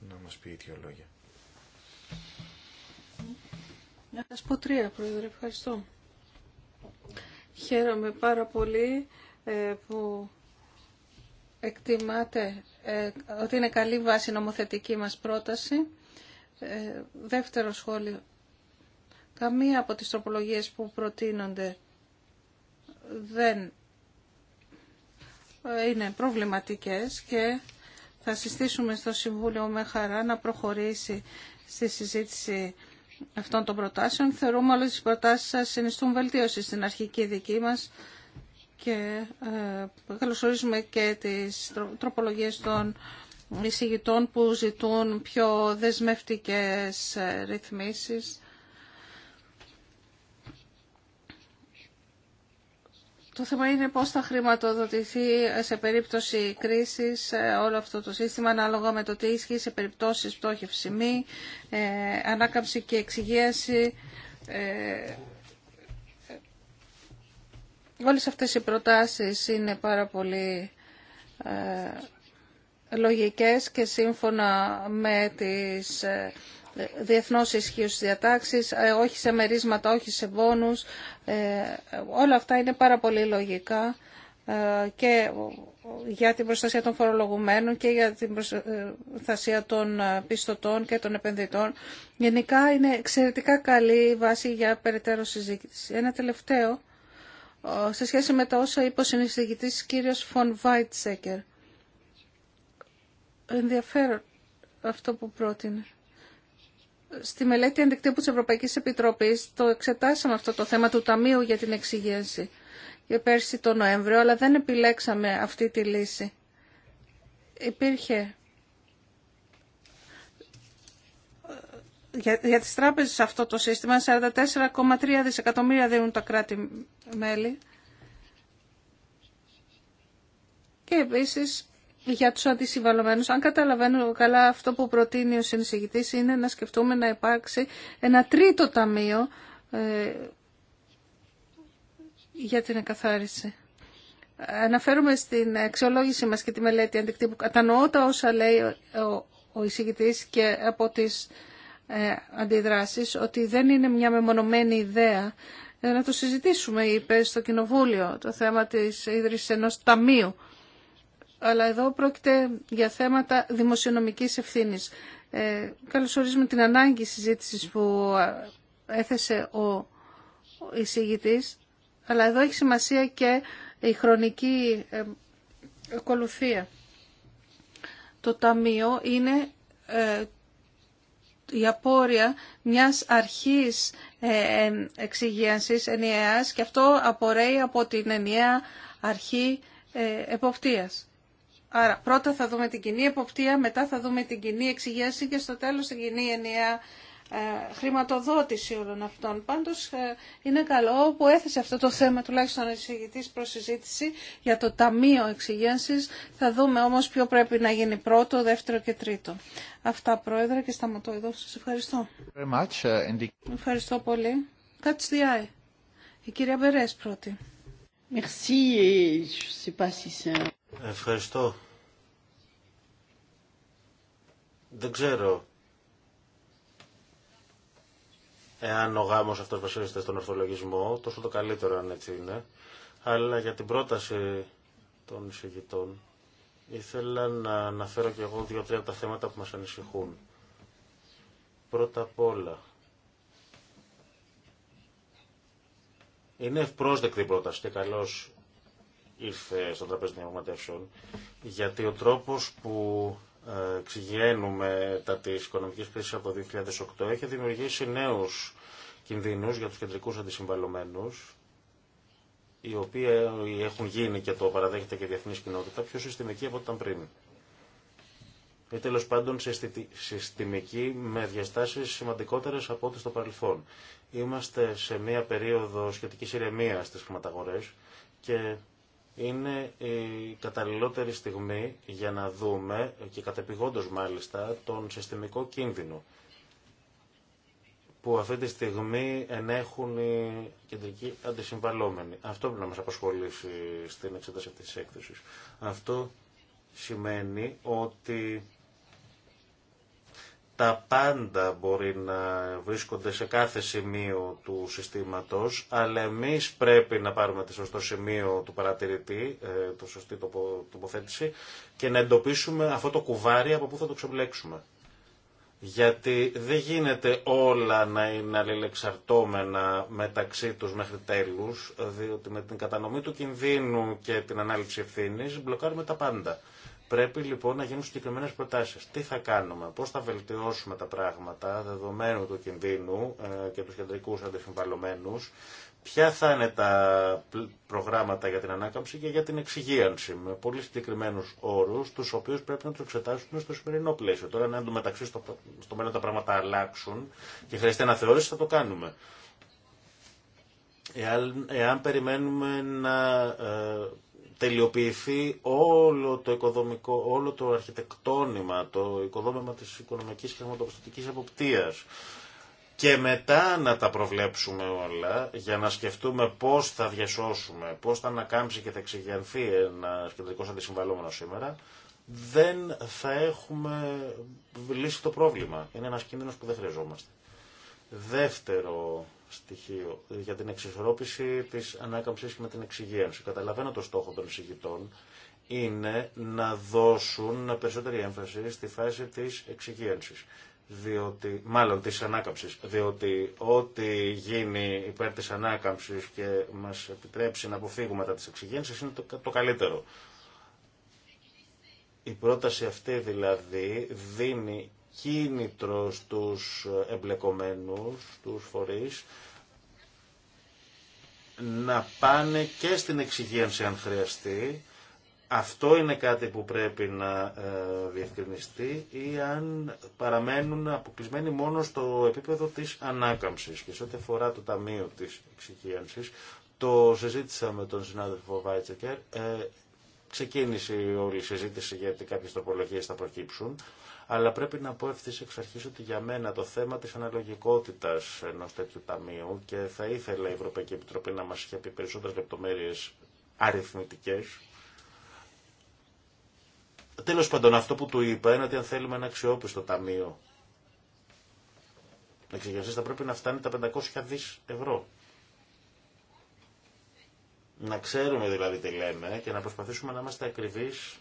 να μας πει δύο λόγια. Να σας πω τρία, Πρόεδρε. Ευχαριστώ. Χαίρομαι πάρα πολύ ε, που Εκτιμάται ε, ότι είναι καλή βάση νομοθετική μας πρόταση. Ε, δεύτερο σχόλιο. Καμία από τις τροπολογίες που προτείνονται δεν ε, είναι προβληματικές και θα συστήσουμε στο Συμβούλιο με χαρά να προχωρήσει στη συζήτηση αυτών των προτάσεων. Θεωρούμε όλες τις προτάσεις σας συνιστούν βελτίωση στην αρχική δική μας και ε, καλωσορίζουμε και τις τροπολογίες των εισηγητών που ζητούν πιο δεσμευτικές ε, ρυθμίσεις. Το θέμα είναι πώς θα χρηματοδοτηθεί σε περίπτωση κρίσης ε, όλο αυτό το σύστημα ανάλογα με το τι ισχύει σε περιπτώσεις πτώχευση μη, ε, ανάκαμψη και εξυγίαση, Όλες αυτές οι προτάσεις είναι πάρα πολύ ε, λογικές και σύμφωνα με τις ε, διεθνώς ισχύους διατάξεις, ε, όχι σε μερίσματα, όχι σε βόνους. Όλα αυτά είναι πάρα πολύ λογικά και για την προστασία των φορολογουμένων και για την προστασία των πιστωτών και των επενδυτών. Γενικά είναι εξαιρετικά καλή βάση για περαιτέρω συζήτηση. Ένα τελευταίο σε σχέση με τα όσα είπε ο συνεισηγητής κύριος Φων Βάιτσέκερ. Ενδιαφέρον αυτό που πρότεινε. Στη μελέτη αντικτύπου της Ευρωπαϊκής Επιτροπής το εξετάσαμε αυτό το θέμα του Ταμείου για την Εξυγένση για πέρσι το Νοέμβριο, αλλά δεν επιλέξαμε αυτή τη λύση. Υπήρχε για, για τις τράπεζες αυτό το σύστημα 44,3 δισεκατομμύρια δίνουν τα κράτη-μέλη και επίσης για τους αντισυμβαλωμένους. Αν καταλαβαίνω καλά αυτό που προτείνει ο συνεισηγητής είναι να σκεφτούμε να υπάρξει ένα τρίτο ταμείο ε, για την εκαθάριση. Αναφέρουμε στην αξιολόγηση μας και τη μελέτη αντικτύπου. Κατανοώ τα όσα λέει ο, ο εισηγητής και από τις ε, αντιδράσεις ότι δεν είναι μια μεμονωμένη ιδέα ε, να το συζητήσουμε, είπε στο Κοινοβούλιο, το θέμα της ίδρυσης ενός ταμείου. Αλλά εδώ πρόκειται για θέματα δημοσιονομικής ευθύνης. Ε, καλωσορίζουμε την ανάγκη συζήτησης που ε, έθεσε ο εισηγητής, αλλά εδώ έχει σημασία και η χρονική ακολουθία. Το ταμείο είναι η απόρρεια μιας αρχής ε, εξυγίανσης ενιαίας και αυτό απορρέει από την ενιαία αρχή ε, εποπτείας. Άρα πρώτα θα δούμε την κοινή εποπτεία, μετά θα δούμε την κοινή εξυγίανση και στο τέλος την κοινή ενιαία ε, χρηματοδότηση όλων αυτών. Πάντως ε, είναι καλό που έθεσε αυτό το θέμα τουλάχιστον εισηγητής προς συζήτηση για το Ταμείο Εξηγένσης. Θα δούμε όμως ποιο πρέπει να γίνει πρώτο, δεύτερο και τρίτο. Αυτά Πρόεδρε και σταματώ εδώ. Σας ευχαριστώ. Uh, ευχαριστώ πολύ. Κάτσε τη Η κυρία Μπερές πρώτη. Ευχαριστώ. Δεν ξέρω Εάν ο γάμος αυτό βασίζεται στον ορθολογισμό, τόσο το καλύτερο αν έτσι είναι. Αλλά για την πρόταση των εισηγητών, ήθελα να αναφέρω και εγώ δύο-τρία από τα θέματα που μα ανησυχούν. Πρώτα απ' όλα, είναι ευπρόσδεκτη η πρόταση και καλώ ήρθε στον τραπέζι των διαπραγματεύσεων, γιατί ο τρόπο που Ξηγαίνουμε τα της οικονομικής κρίσης από 2008 έχει δημιουργήσει νέους κινδύνους για τους κεντρικούς αντισυμβαλλομένους οι οποίοι ε, έχουν γίνει και το παραδέχεται και η διεθνής κοινότητα πιο συστημική από ήταν πριν. Ή τέλο πάντων συστημική με διαστάσεις σημαντικότερες από ό,τι στο παρελθόν. Είμαστε σε μια περίοδο σχετικής ηρεμίας στις χρηματαγορές και είναι η καταλληλότερη στιγμή για να δούμε και κατεπηγόντως μάλιστα τον συστημικό κίνδυνο που αυτή τη στιγμή ενέχουν οι κεντρικοί αντισυμβαλόμενοι. Αυτό πρέπει να μας απασχολήσει στην εξέταση αυτής της έκθεσης. Αυτό σημαίνει ότι τα πάντα μπορεί να βρίσκονται σε κάθε σημείο του συστήματος, αλλά εμείς πρέπει να πάρουμε το σωστό σημείο του παρατηρητή, ε, το σωστή τοποθέτηση και να εντοπίσουμε αυτό το κουβάρι από πού θα το ξεμπλέξουμε. Γιατί δεν γίνεται όλα να είναι αλληλεξαρτώμενα μεταξύ τους μέχρι τέλους, διότι με την κατανομή του κινδύνου και την ανάληψη ευθύνης μπλοκάρουμε τα πάντα. Πρέπει λοιπόν να γίνουν συγκεκριμένε προτάσει. Τι θα κάνουμε, πώ θα βελτιώσουμε τα πράγματα δεδομένου του κινδύνου ε, και του κεντρικού αντισυμβαλωμένου, ποια θα είναι τα προγράμματα για την ανάκαμψη και για την εξυγίανση με πολύ συγκεκριμένου όρου, του οποίου πρέπει να του εξετάσουμε στο σημερινό πλαίσιο. Τώρα, αν ναι, εντωμεταξύ στο, στο μέλλον τα πράγματα αλλάξουν και χρειαστεί θεώρηση, θα το κάνουμε. Εάν, εάν περιμένουμε να ε, τελειοποιηθεί όλο το οικοδομικό, όλο το αρχιτεκτόνημα, το οικοδόμημα της οικονομικής και χρηματοπιστωτικής εποπτείας. Και μετά να τα προβλέψουμε όλα για να σκεφτούμε πώς θα διασώσουμε, πώς θα ανακάμψει και θα εξηγιανθεί ένα κεντρικό αντισυμβαλόμενο σήμερα, δεν θα έχουμε λύσει το πρόβλημα. Είναι ένας κίνδυνος που δεν χρειαζόμαστε. Δεύτερο στοιχείο για την εξισορρόπηση της ανάκαμψης και με την εξυγίανση. Καταλαβαίνω το στόχο των εισηγητών είναι να δώσουν περισσότερη έμφαση στη φάση της εξυγίανση. Διότι, μάλλον της ανάκαμψης, διότι ό,τι γίνει υπέρ τη ανάκαμψη και μας επιτρέψει να αποφύγουμε τα τη εξυγίανση είναι το, το καλύτερο. Η πρόταση αυτή δηλαδή δίνει κίνητρο στους εμπλεκομένους, τους φορείς, να πάνε και στην εξυγίανση αν χρειαστεί. Αυτό είναι κάτι που πρέπει να ε, διευκρινιστεί ή αν παραμένουν αποκλεισμένοι μόνο στο επίπεδο της ανάκαμψης. Και σε ό,τι αφορά το Ταμείο της Εξυγίανσης, το συζήτησα με τον συνάδελφο Βάιτσεκερ, ε, ξεκίνησε όλη η συζήτηση γιατί κάποιες τροπολογίες θα προκύψουν. Αλλά πρέπει να πω ευθύ εξ αρχή ότι για μένα το θέμα τη αναλογικότητα ενό τέτοιου ταμείου και θα ήθελα η Ευρωπαϊκή Επιτροπή να μα είχε πει περισσότερε λεπτομέρειε αριθμητικέ. Τέλο πάντων, αυτό που του είπα είναι ότι αν θέλουμε ένα αξιόπιστο ταμείο εξηγιασίε θα πρέπει να φτάνει τα 500 δι ευρώ. Να ξέρουμε δηλαδή τι λέμε και να προσπαθήσουμε να είμαστε ακριβείς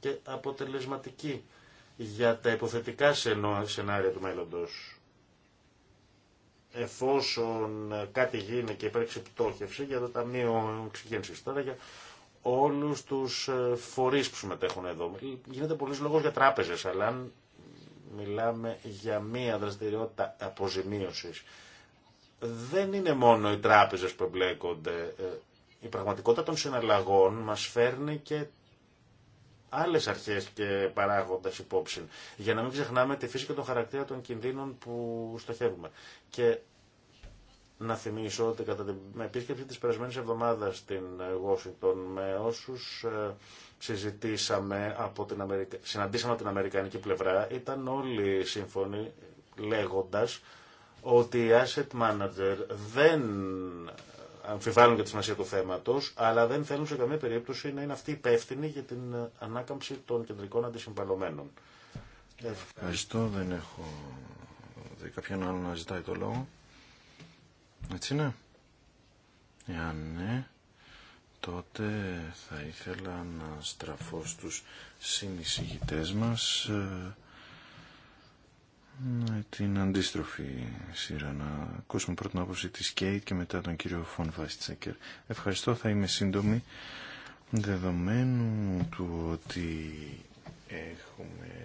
και αποτελεσματικοί για τα υποθετικά σενάρια του μέλλοντος. Εφόσον ε, κάτι γίνει και υπάρξει πτώχευση για το Ταμείο Ξηγένση, Τώρα για όλους τους ε, φορείς που συμμετέχουν εδώ. Γίνεται πολλής λόγος για τράπεζες, αλλά αν μιλάμε για μία δραστηριότητα αποζημίωσης, δεν είναι μόνο οι τράπεζες που εμπλέκονται. Ε, η πραγματικότητα των συναλλαγών μα φέρνει και άλλε αρχέ και παράγοντε υπόψη. Για να μην ξεχνάμε τη φύση και τον χαρακτήρα των κινδύνων που στοχεύουμε. Και να θυμίσω ότι κατά την επίσκεψη τη περασμένη εβδομάδα στην Washington με όσου ε, συζητήσαμε από την Αμερικα... συναντήσαμε από την Αμερικανική πλευρά ήταν όλοι σύμφωνοι λέγοντας ότι οι asset manager δεν αμφιβάλλουν για τη σημασία του θέματο, αλλά δεν θέλουν σε καμία περίπτωση να είναι αυτοί υπεύθυνοι για την ε, ανάκαμψη των κεντρικών αντισυμβαλωμένων. Ευχαριστώ, δεν έχω δει κάποιον άλλο να ζητάει το λόγο. Έτσι είναι. Εάν ναι, τότε θα ήθελα να στραφώ στους συνεισηγητές μας ε, με ναι, την αντίστροφη σειρά να ακούσουμε πρώτα την άποψη της Κέιτ και μετά τον κύριο Φων Βάστισεκερ. Ευχαριστώ, θα είμαι σύντομη. Δεδομένου του ότι έχουμε...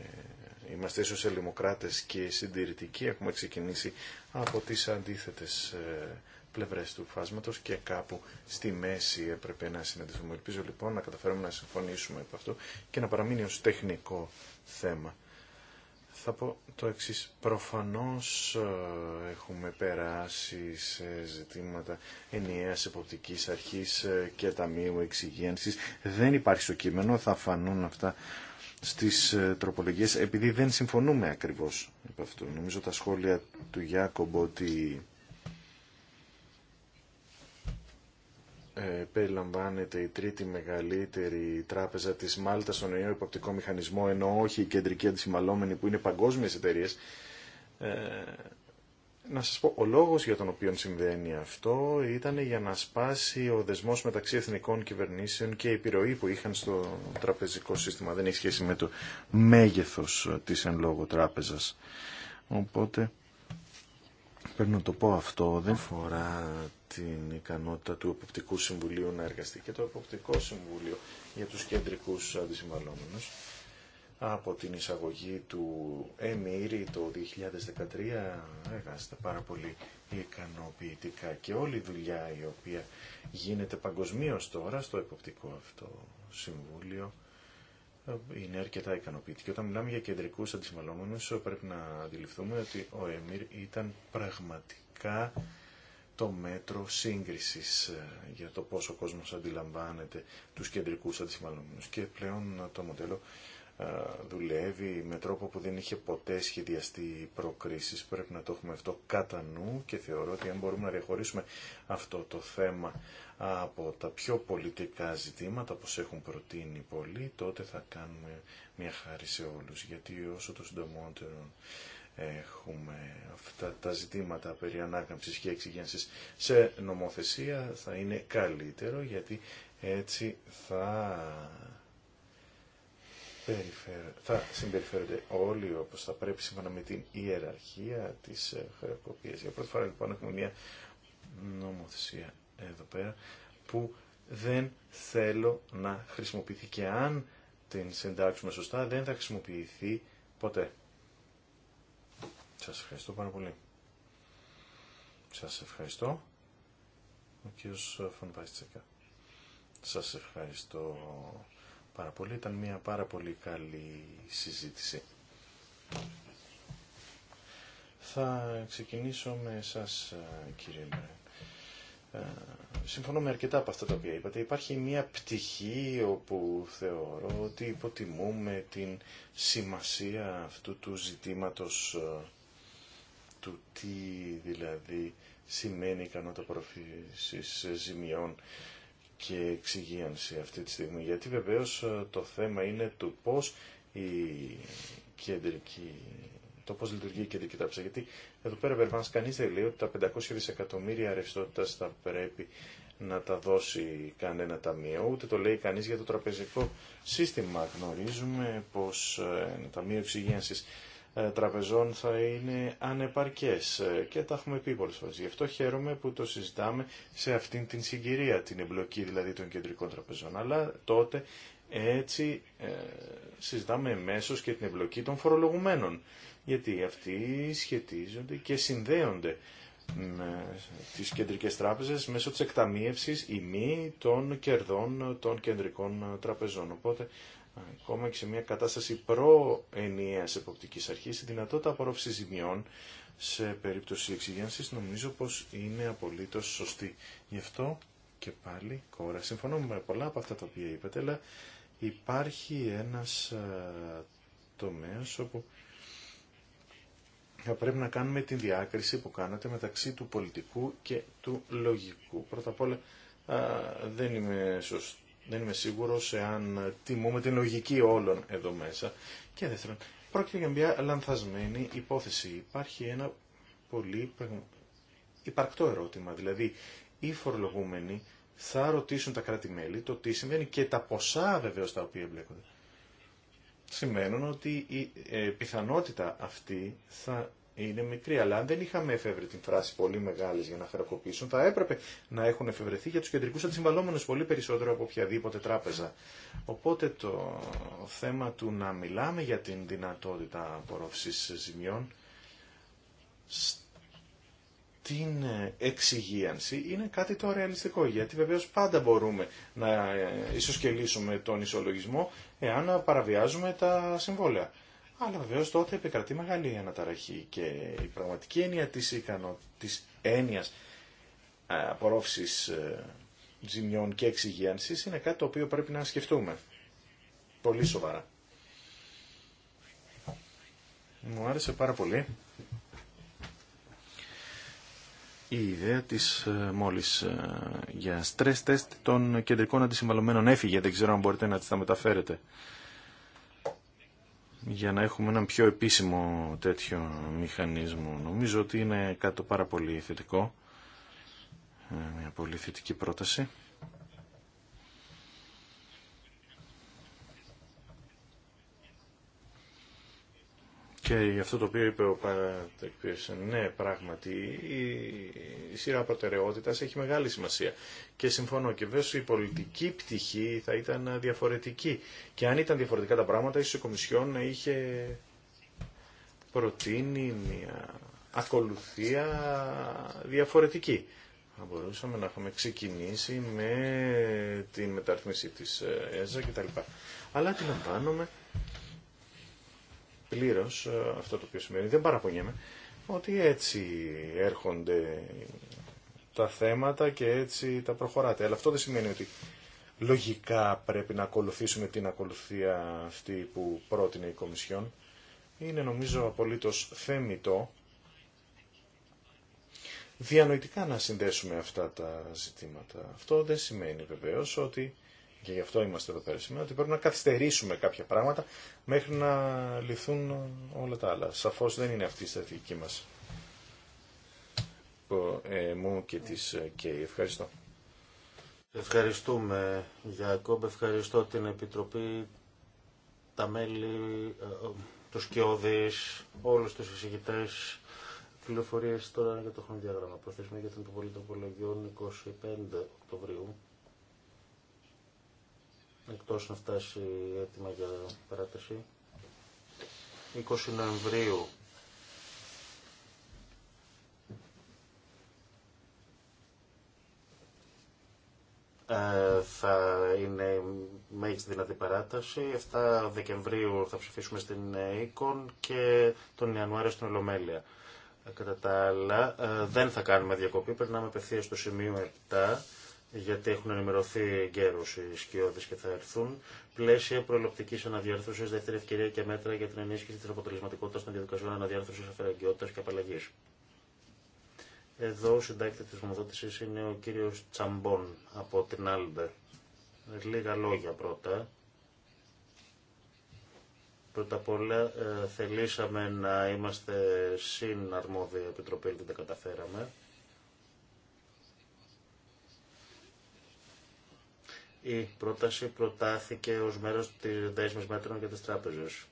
είμαστε σοσιαλδημοκράτες και συντηρητικοί, έχουμε ξεκινήσει από τις αντίθετες ε, πλευρές του φάσματος και κάπου στη μέση έπρεπε να συναντηθούμε. Ελπίζω λοιπόν να καταφέρουμε να συμφωνήσουμε από αυτό και να παραμείνει ως τεχνικό θέμα θα πω το εξή. Προφανώς ε, έχουμε περάσει σε ζητήματα ενιαίας εποπτικής αρχής ε, και ταμείου εξυγένσης. Δεν υπάρχει στο κείμενο, θα φανούν αυτά στις ε, τροπολογίες, επειδή δεν συμφωνούμε ακριβώς από Νομίζω τα σχόλια του Γιάκομπο ότι Ε, περιλαμβάνεται η τρίτη μεγαλύτερη τράπεζα της Μάλτας στον νέο υποπτικό μηχανισμό, ενώ όχι η κεντρική αντισυμβαλόμενη που είναι παγκόσμιες εταιρείε. Ε, να σας πω, ο λόγος για τον οποίο συμβαίνει αυτό ήταν για να σπάσει ο δεσμός μεταξύ εθνικών κυβερνήσεων και η επιρροή που είχαν στο τραπεζικό σύστημα. Δεν έχει σχέση με το μέγεθος της εν λόγω τράπεζας. Οπότε, πρέπει να το πω αυτό, δεν φορά την ικανότητα του Εποπτικού Συμβουλίου να εργαστεί και το Εποπτικό Συμβούλιο για τους κεντρικούς αντισυμβαλόμενους από την εισαγωγή του ΕΜΗΡΙ το 2013 εργάζεται πάρα πολύ ικανοποιητικά και όλη η δουλειά η οποία γίνεται παγκοσμίω τώρα στο εποπτικό αυτό συμβούλιο ε, είναι αρκετά ικανοποιητική. Όταν μιλάμε για κεντρικού αντισυμβαλόμενους πρέπει να αντιληφθούμε ότι ο ΕΜΗΡ ήταν πραγματικά το μέτρο σύγκρισης ε, για το πόσο ο κόσμος αντιλαμβάνεται τους κεντρικούς αντισυμβαλλόμενους και πλέον το μοντέλο ε, δουλεύει με τρόπο που δεν είχε ποτέ σχεδιαστεί προκρίσεις. Πρέπει να το έχουμε αυτό κατά νου και θεωρώ ότι αν μπορούμε να διαχωρίσουμε αυτό το θέμα από τα πιο πολιτικά ζητήματα που έχουν προτείνει πολλοί, τότε θα κάνουμε μια χάρη σε όλους. Γιατί όσο το συντομότερο έχουμε αυτά τα ζητήματα περί ανάκαμψης και εξηγένσης σε νομοθεσία θα είναι καλύτερο γιατί έτσι θα, θα συμπεριφέρονται όλοι όπως θα πρέπει σύμφωνα με την ιεραρχία της χρεοκοπίας. Για πρώτη φορά λοιπόν έχουμε μια νομοθεσία εδώ πέρα που δεν θέλω να χρησιμοποιηθεί και αν την συντάξουμε σωστά δεν θα χρησιμοποιηθεί ποτέ. Σας ευχαριστώ πάρα πολύ. Σας ευχαριστώ. Ο κύριος Φανβάιστσεκα. Σας ευχαριστώ πάρα πολύ. Ήταν μια πάρα πολύ καλή συζήτηση. Θα ξεκινήσω με εσάς κύριε Μπρέν. Ε, συμφωνώ με αρκετά από αυτά τα οποία είπατε. Υπάρχει μια πτυχή όπου θεωρώ ότι υποτιμούμε την σημασία αυτού του ζητήματος ε, του τι δηλαδή σημαίνει ικανότητα προφήσης ζημιών και εξυγίανση αυτή τη στιγμή. Γιατί βεβαίως ε, το θέμα είναι του πώς η κεντρική το πώς λειτουργεί η κεντρική τράπεζα. Γιατί εδώ πέρα βερβάνς κανείς δεν λέει ότι τα 500 δισεκατομμύρια ρευστότητα θα πρέπει να τα δώσει κανένα ταμείο, ούτε το λέει κανείς για το τραπεζικό σύστημα. Γνωρίζουμε πως ε, ένα ταμείο εξυγίανσης ε, τραπεζών θα είναι ανεπαρκές ε, και τα έχουμε πει πολλές φορές. Γι' αυτό χαίρομαι που το συζητάμε σε αυτήν την συγκυρία, την εμπλοκή δηλαδή των κεντρικών τραπεζών. Αλλά τότε έτσι ε, συζητάμε μέσως και την εμπλοκή των φορολογουμένων. Γιατί αυτοί σχετίζονται και συνδέονται με τις κεντρικές τράπεζες μέσω της εκταμίευσης ή των κερδών των κεντρικών τραπεζών. Οπότε ακόμα και σε μια κατάσταση εποπτική εποπτικής αρχής, η δυνατότητα απορρόφησης ζημιών σε περίπτωση εξυγένσης νομίζω πως είναι απολύτως σωστή. Γι' αυτό και πάλι, κόρα, συμφωνώ με πολλά από αυτά τα οποία είπατε, αλλά υπάρχει ένας τομέα ε, τομέας όπου θα πρέπει να κάνουμε την διάκριση που κάνατε μεταξύ του πολιτικού και του λογικού. Πρώτα απ' όλα, ε, δεν είμαι σωστή. Δεν είμαι σίγουρο εάν τιμούμε την λογική όλων εδώ μέσα. Και δεύτερον, πρόκειται για μια λανθασμένη υπόθεση. Υπάρχει ένα πολύ υπαρκτό ερώτημα. Δηλαδή, οι φορολογούμενοι θα ρωτήσουν τα κράτη-μέλη το τι σημαίνει και τα ποσά βεβαίω τα οποία εμπλέκονται. Σημαίνουν ότι η ε, πιθανότητα αυτή θα είναι μικρή. Αλλά αν δεν είχαμε εφεύρει την φράση πολύ μεγάλε για να χαρακοπήσουν, θα έπρεπε να έχουν εφευρεθεί για του κεντρικού αντισυμβαλόμενου πολύ περισσότερο από οποιαδήποτε τράπεζα. Οπότε το θέμα του να μιλάμε για την δυνατότητα απορρόφηση ζημιών στην εξυγίανση είναι κάτι το ρεαλιστικό, γιατί βεβαίω πάντα μπορούμε να ε, ισοσκελίσουμε τον ισολογισμό εάν παραβιάζουμε τα συμβόλαια. Αλλά βεβαίω τότε επικρατεί μεγάλη αναταραχή και η πραγματική έννοια της, της έννοιας ε, απορρόφησης ε, ζημιών και εξυγίανσης είναι κάτι το οποίο πρέπει να σκεφτούμε. Πολύ σοβαρά. Μου άρεσε πάρα πολύ η ιδέα της ε, μόλις για stress test των κεντρικών αντισυμβαλωμένων έφυγε. Δεν ξέρω αν μπορείτε να τις τα μεταφέρετε για να έχουμε έναν πιο επίσημο τέτοιο μηχανισμό. Νομίζω ότι είναι κάτι πάρα πολύ θετικό, ε, μια πολύ θετική πρόταση. Και για αυτό το οποίο είπε ο Παρατεκπίρσεν, ναι, πράγματι, η σειρά προτεραιότητας έχει μεγάλη σημασία. Και συμφωνώ και βέβαια η πολιτική πτυχή θα ήταν διαφορετική. Και αν ήταν διαφορετικά τα πράγματα, ίσως η Κομισιόν είχε προτείνει μια ακολουθία διαφορετική. Θα μπορούσαμε να έχουμε ξεκινήσει με την μεταρρύθμιση της ε, ΕΖΑ κτλ. Αλλά αντιλαμβάνομαι πλήρω ε, αυτό το οποίο σημαίνει. Δεν παραπονιέμαι ότι έτσι έρχονται τα θέματα και έτσι τα προχωράτε. Αλλά αυτό δεν σημαίνει ότι λογικά πρέπει να ακολουθήσουμε την ακολουθία αυτή που πρότεινε η Κομισιόν. Είναι νομίζω απολύτως θέμητο διανοητικά να συνδέσουμε αυτά τα ζητήματα. Αυτό δεν σημαίνει βεβαίως ότι και γι' αυτό είμαστε εδώ πέρα σήμερα, ότι πρέπει να καθυστερήσουμε κάποια πράγματα μέχρι να λυθούν όλα τα άλλα. Σαφώ δεν είναι αυτή η στρατηγική μα Ε, μου και ε, Ευχαριστώ. Ευχαριστούμε, Γιακόμπ. Ευχαριστώ την Επιτροπή, τα μέλη, ε, ε, τους Κιώδης, όλους τους εισηγητές. Πληροφορίες τώρα για το χρονοδιάγραμμα. Προθέσουμε για την υποβολή των υπολογιών 25 Οκτωβρίου εκτός να φτάσει έτοιμα για παράταση. 20 Νοεμβρίου ε, θα είναι μέγιστη δυνατή παράταση. 7 Δεκεμβρίου θα ψηφίσουμε στην ΕΚΟΝ και τον Ιανουάριο στην Ολομέλεια. Ε, κατά τα άλλα, ε, δεν θα κάνουμε διακοπή, περνάμε απευθεία στο σημείο 7 γιατί έχουν ενημερωθεί εγκαίρω οι σκιώδε και θα έρθουν. Πλαίσια προελοπτική αναδιάρθρωση, δεύτερη ευκαιρία και μέτρα για την ενίσχυση τη αποτελεσματικότητα των διαδικασιών αναδιάρθρωση, αφαιρεγκαιότητα και απαλλαγή. Εδώ ο συντάκτη τη νομοδότηση είναι ο κύριο Τσαμπόν από την Άλμπε. Λίγα λόγια πρώτα. Πρώτα απ' όλα ε, θελήσαμε να είμαστε συναρμόδια επιτροπή, δεν τα καταφέραμε. Η πρόταση προτάθηκε ως μέρος της δέσμης μέτρων για τις τράπεζες.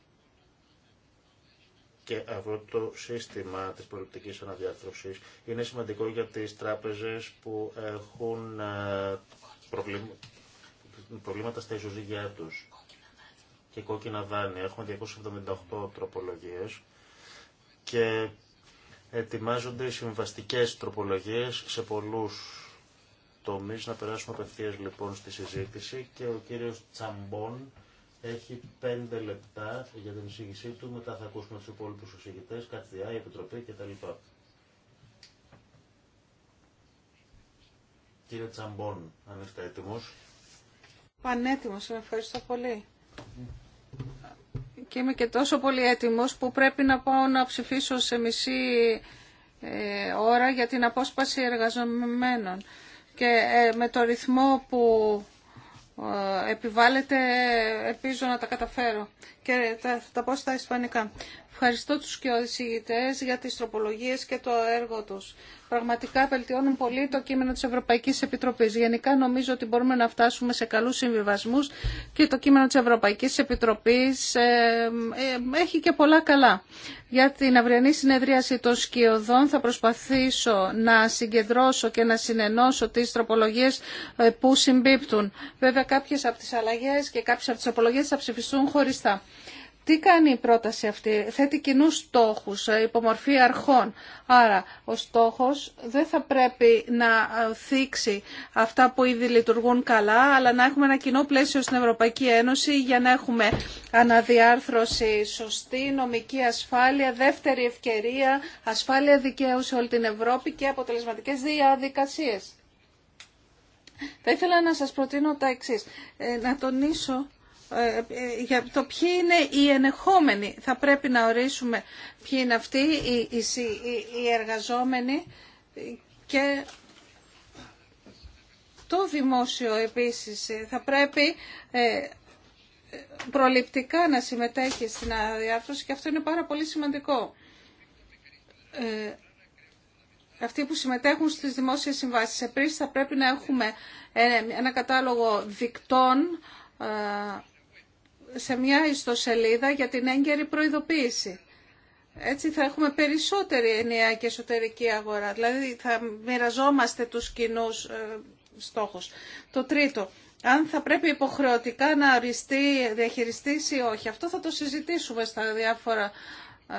Και αυτό το σύστημα της προληπτικής αναδιάρθρωσης είναι σημαντικό για τις τράπεζες που έχουν ε, προβλήματα στα ισοζύγια τους και κόκκινα δάνεια. Έχουμε 278 τροπολογίες και ετοιμάζονται συμβαστικές τροπολογίες σε πολλούς τομείς. Να περάσουμε απευθείας λοιπόν στη συζήτηση και ο κύριος Τσαμπόν έχει πέντε λεπτά για την εισήγησή του, μετά θα ακούσουμε τους υπόλοιπους εισηγητές, ΚΑΤΔΙΑ, η Επιτροπή κτλ. Κύριε Τσαμπόν, αν είστε έτοιμος. Πανέτοιμος, ευχαριστώ πολύ. Και είμαι και τόσο πολύ έτοιμος που πρέπει να πάω να ψηφίσω σε μισή ε, ώρα για την απόσπαση εργαζομένων και ε, με το ρυθμό που ε, επιβάλλεται ε, ελπίζω να τα καταφέρω και θα τα πω στα ισπανικά. Ευχαριστώ τους και οδησηγητές για τις τροπολογίες και το έργο τους. Πραγματικά βελτιώνουν πολύ το κείμενο της Ευρωπαϊκής Επιτροπής. Γενικά νομίζω ότι μπορούμε να φτάσουμε σε καλούς συμβιβασμούς και το κείμενο της Ευρωπαϊκής Επιτροπής ε, ε, έχει και πολλά καλά. Για την αυριανή συνεδρίαση των σκιωδών θα προσπαθήσω να συγκεντρώσω και να συνενώσω τις τροπολογίες ε, που συμπίπτουν. Βέβαια κάποιες από τις αλλαγές και κάποιες από τις απολογίες θα ψηφιστούν χωριστά. Τι κάνει η πρόταση αυτή, θέτει κοινούς στόχους, ε, υπομορφή αρχών. Άρα, ο στόχος δεν θα πρέπει να ε, θίξει αυτά που ήδη λειτουργούν καλά, αλλά να έχουμε ένα κοινό πλαίσιο στην Ευρωπαϊκή Ένωση για να έχουμε αναδιάρθρωση σωστή, νομική ασφάλεια, δεύτερη ευκαιρία, ασφάλεια δικαίου σε όλη την Ευρώπη και αποτελεσματικές διαδικασίες. Θα ήθελα να σας προτείνω τα εξής. Ε, να τονίσω ε, για το ποιοι είναι οι ενεχόμενοι. Θα πρέπει να ορίσουμε ποιοι είναι αυτοί οι, εργαζόμενοι και το δημόσιο επίσης θα πρέπει ε, προληπτικά να συμμετέχει στην αδιάρθρωση και αυτό είναι πάρα πολύ σημαντικό. Ε, αυτοί που συμμετέχουν στις δημόσιες συμβάσεις. Επίσης θα πρέπει να έχουμε ένα κατάλογο δικτών σε μια ιστοσελίδα για την έγκαιρη προειδοποίηση. Έτσι θα έχουμε περισσότερη ενιαία και εσωτερική αγορά. Δηλαδή θα μοιραζόμαστε τους κοινού ε, στόχους. Το τρίτο, αν θα πρέπει υποχρεωτικά να οριστεί διαχειριστεί ή όχι. Αυτό θα το συζητήσουμε στα διάφορα ε,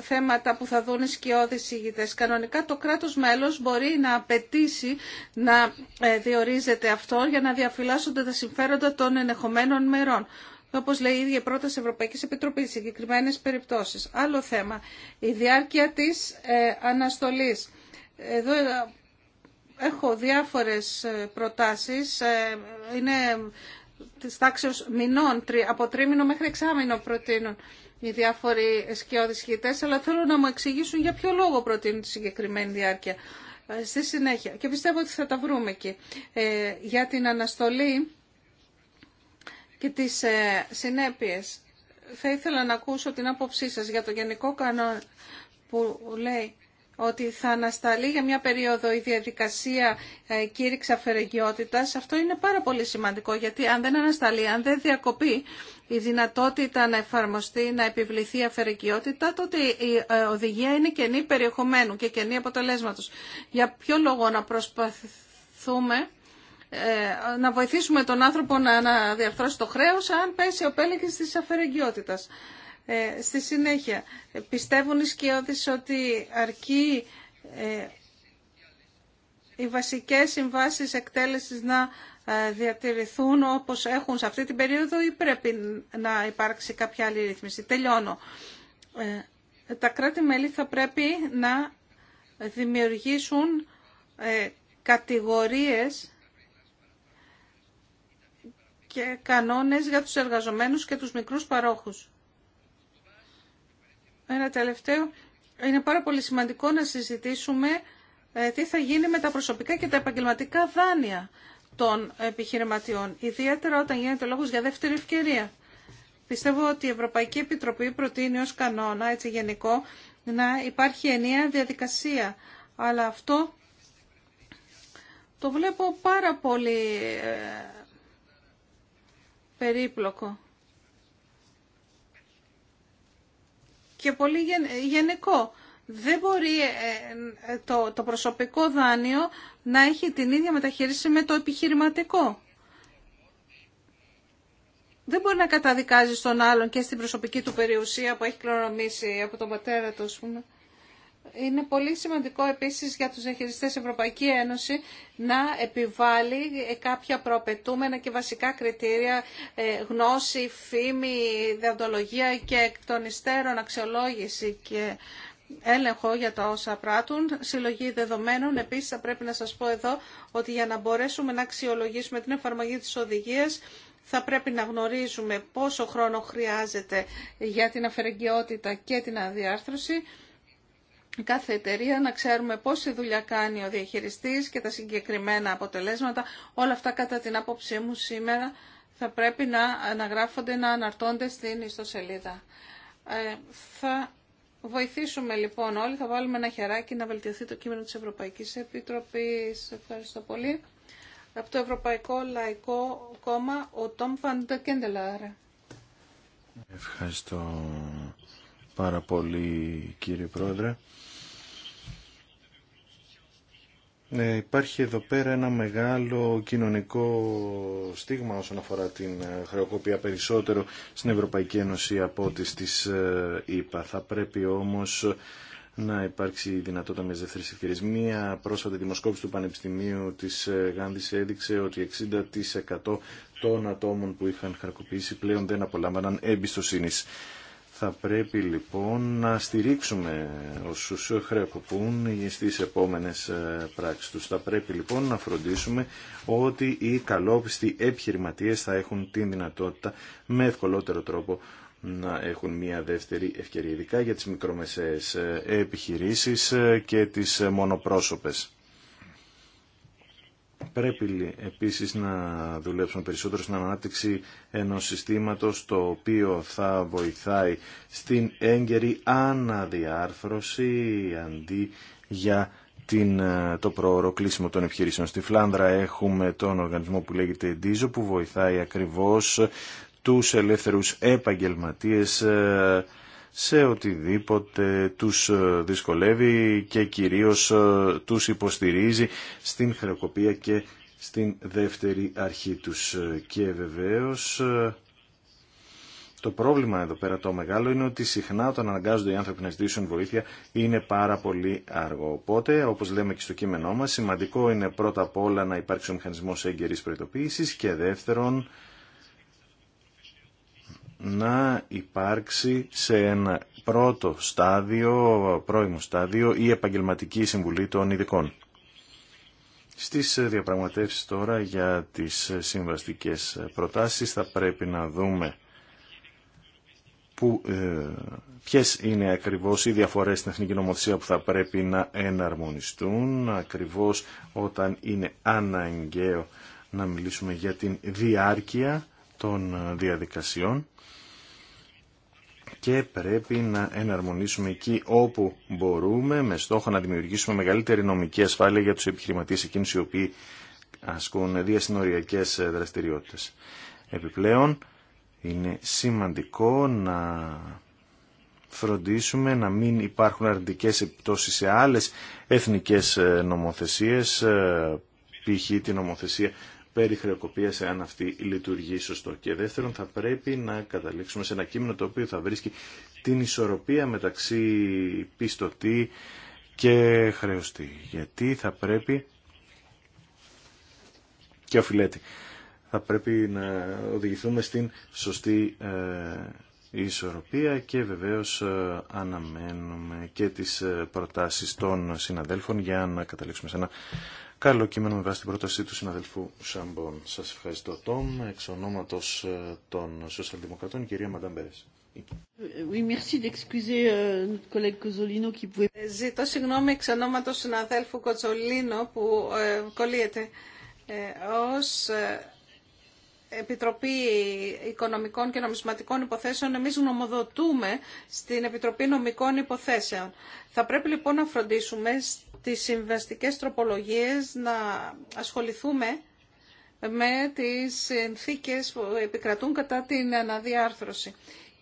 θέματα που θα δουν οι σκιώδεις ηγητές. Κανονικά το κράτος μέλος μπορεί να απαιτήσει να ε, διορίζεται αυτό για να διαφυλάσσονται τα συμφέροντα των ενεχομένων μερών. Όπως λέει η ίδια πρόταση Ευρωπαϊκής Επιτροπής, συγκεκριμένες περιπτώσεις. Άλλο θέμα, η διάρκεια της ε, αναστολής. Εδώ ε, έχω διάφορες προτάσεις. Είναι της τάξεως μηνών, από τρίμηνο μέχρι εξάμηνο προτείνουν οι διάφοροι σκιώδεις χιτές, αλλά θέλω να μου εξηγήσουν για ποιο λόγο προτείνουν τη συγκεκριμένη διάρκεια ε, στη συνέχεια. Και πιστεύω ότι θα τα βρούμε εκεί. Ε, για την αναστολή και τις ε, συνέπειες, θα ήθελα να ακούσω την άποψή σας για το γενικό κανόνα που λέει ότι θα ανασταλεί για μια περίοδο η διαδικασία ε, κήρυξη αφαιρεγιότητας. Αυτό είναι πάρα πολύ σημαντικό γιατί αν δεν ανασταλεί, αν δεν διακοπεί η δυνατότητα να εφαρμοστεί, να επιβληθεί η τότε η ε, οδηγία είναι κενή περιεχομένου και κενή αποτελέσματος. Για ποιο λόγο να προσπαθούμε ε, να βοηθήσουμε τον άνθρωπο να, να το χρέος αν πέσει ο πέλεγης της αφαιρεγγιότητας. Ε, στη συνέχεια, πιστεύουν οι σκιώδεις ότι αρκεί ε, οι βασικές συμβάσεις εκτέλεσης να ε, διατηρηθούν όπως έχουν σε αυτή την περίοδο ή πρέπει να υπάρξει κάποια άλλη ρύθμιση. Τελειώνω. Ε, τα κράτη-μέλη θα πρέπει να δημιουργήσουν ε, κατηγορίες και κανόνες για τους εργαζομένους και τους μικρούς παρόχους. Ένα τελευταίο. Είναι πάρα πολύ σημαντικό να συζητήσουμε ε, τι θα γίνει με τα προσωπικά και τα επαγγελματικά δάνεια των επιχειρηματιών, ιδιαίτερα όταν γίνεται λόγος για δεύτερη ευκαιρία. Πιστεύω ότι η Ευρωπαϊκή Επιτροπή προτείνει ως κανόνα, έτσι γενικό, να υπάρχει ενιαία διαδικασία. Αλλά αυτό το βλέπω πάρα πολύ ε, περίπλοκο. και πολύ γενικό. Δεν μπορεί ε, ε, το, το προσωπικό δάνειο να έχει την ίδια μεταχείριση με το επιχειρηματικό. Δεν μπορεί να καταδικάζει τον άλλον και στην προσωπική του περιουσία που έχει κληρονομήσει από τον πατέρα του, ας πούμε. Είναι πολύ σημαντικό επίσης για τους διαχειριστές Ευρωπαϊκή Ένωση να επιβάλλει ε, κάποια προαπαιτούμενα και βασικά κριτήρια ε, γνώση, φήμη, διοντολογία και εκ των υστέρων αξιολόγηση και έλεγχο για τα όσα πράττουν, συλλογή δεδομένων. Επίσης θα πρέπει να σας πω εδώ ότι για να μπορέσουμε να αξιολογήσουμε την εφαρμογή της οδηγίας θα πρέπει να γνωρίζουμε πόσο χρόνο χρειάζεται για την αφαιρεγκαιότητα και την αδιάρθρωση κάθε εταιρεία, να ξέρουμε πόση δουλειά κάνει ο διαχειριστής και τα συγκεκριμένα αποτελέσματα. Όλα αυτά κατά την άποψή μου σήμερα θα πρέπει να αναγράφονται, να αναρτώνται στην ιστοσελίδα. Ε, θα βοηθήσουμε λοιπόν όλοι, θα βάλουμε ένα χεράκι να βελτιωθεί το κείμενο της Ευρωπαϊκής Επιτροπής. Ευχαριστώ πολύ. Από το Ευρωπαϊκό Λαϊκό Κόμμα, ο Τόμ Φαντα Ευχαριστώ πάρα πολύ κύριε Πρόεδρε. Ναι, υπάρχει εδώ πέρα ένα μεγάλο κοινωνικό στίγμα όσον αφορά την ε, χρεοκοπία περισσότερο στην Ευρωπαϊκή Ένωση από ό,τι στις ε, ΗΠΑ. Θα πρέπει όμως να υπάρξει δυνατότητα με δεύτερες ευκαιρίες. Μία πρόσφατη δημοσκόπηση του Πανεπιστημίου της ε, Γάνδης έδειξε ότι 60% των ατόμων που είχαν χρεοκοπήσει πλέον δεν απολάμβαναν εμπιστοσύνης. Θα πρέπει λοιπόν να στηρίξουμε όσους χρεοκοπούν στις επόμενες ε, πράξεις τους. Θα πρέπει λοιπόν να φροντίσουμε ότι οι καλόπιστοι επιχειρηματίες θα έχουν την δυνατότητα με ευκολότερο τρόπο να έχουν μια δεύτερη ευκαιρία, ειδικά για τις μικρομεσαίες ε, επιχειρήσεις ε, και τις μονοπρόσωπες. Πρέπει επίσης να δουλέψουμε περισσότερο στην ανάπτυξη ενός συστήματος το οποίο θα βοηθάει στην έγκαιρη αναδιάρθρωση αντί για την, ε, το προώρο κλείσιμο των επιχειρήσεων. Στη Φλάνδρα έχουμε τον οργανισμό που λέγεται Εντίζο που βοηθάει ακριβώς τους ελεύθερους επαγγελματίες ε, σε οτιδήποτε τους ε, δυσκολεύει και κυρίως ε, τους υποστηρίζει στην χρεοκοπία και στην δεύτερη αρχή τους. Ε, και βεβαίως το πρόβλημα εδώ πέρα το μεγάλο είναι ότι συχνά όταν αναγκάζονται οι άνθρωποι να ζητήσουν βοήθεια είναι πάρα πολύ αργό. Οπότε, όπως λέμε και στο κείμενό μας, σημαντικό είναι πρώτα απ' όλα να υπάρξει ο μηχανισμός έγκαιρης προειδοποίησης και δεύτερον να υπάρξει σε ένα πρώτο στάδιο, πρώιμο στάδιο, η επαγγελματική συμβουλή των ειδικών. Στις διαπραγματεύσεις τώρα για τις συμβαστικές προτάσεις θα πρέπει να δούμε που, ε, ποιες είναι ακριβώς οι διαφορές στην εθνική νομοθεσία που θα πρέπει να εναρμονιστούν ακριβώς όταν είναι αναγκαίο να μιλήσουμε για την διάρκεια των διαδικασιών και πρέπει να εναρμονίσουμε εκεί όπου μπορούμε με στόχο να δημιουργήσουμε μεγαλύτερη νομική ασφάλεια για τους επιχειρηματίες εκείνους οι οποίοι ασκούν διασυνοριακές δραστηριότητες. Επιπλέον, είναι σημαντικό να φροντίσουμε να μην υπάρχουν αρνητικές επιπτώσεις σε άλλες εθνικές νομοθεσίες, ε, π.χ. την νομοθεσία περί χρεοκοπίας εάν αυτή λειτουργεί σωστό. Και δεύτερον θα πρέπει να καταλήξουμε σε ένα κείμενο το οποίο θα βρίσκει την ισορροπία μεταξύ πιστωτή και χρεωστή. Γιατί θα πρέπει και οφειλέτη. Θα πρέπει να οδηγηθούμε στην σωστή ε, ισορροπία και βεβαίως ε, αναμένουμε και τις ε, προτάσεις των συναδέλφων για να καταλήξουμε σε ένα καλό κείμενο με βάση την πρότασή του συναδελφού Σαμπον. Σα ευχαριστώ, Τόμ, εξ ονόματο ε, των Σοσιαλδημοκρατών, κυρία Μανταμπέρες. Euh, ε, ζητώ συγγνώμη εξ του συναδέλφου Κοτσολίνο που ε, κολλείται ως Επιτροπή Οικονομικών και Νομισματικών Υποθέσεων, εμείς γνωμοδοτούμε στην Επιτροπή Νομικών Υποθέσεων. Θα πρέπει λοιπόν να φροντίσουμε στις συμβαστικές τροπολογίες να ασχοληθούμε με τις συνθήκες που επικρατούν κατά την αναδιάρθρωση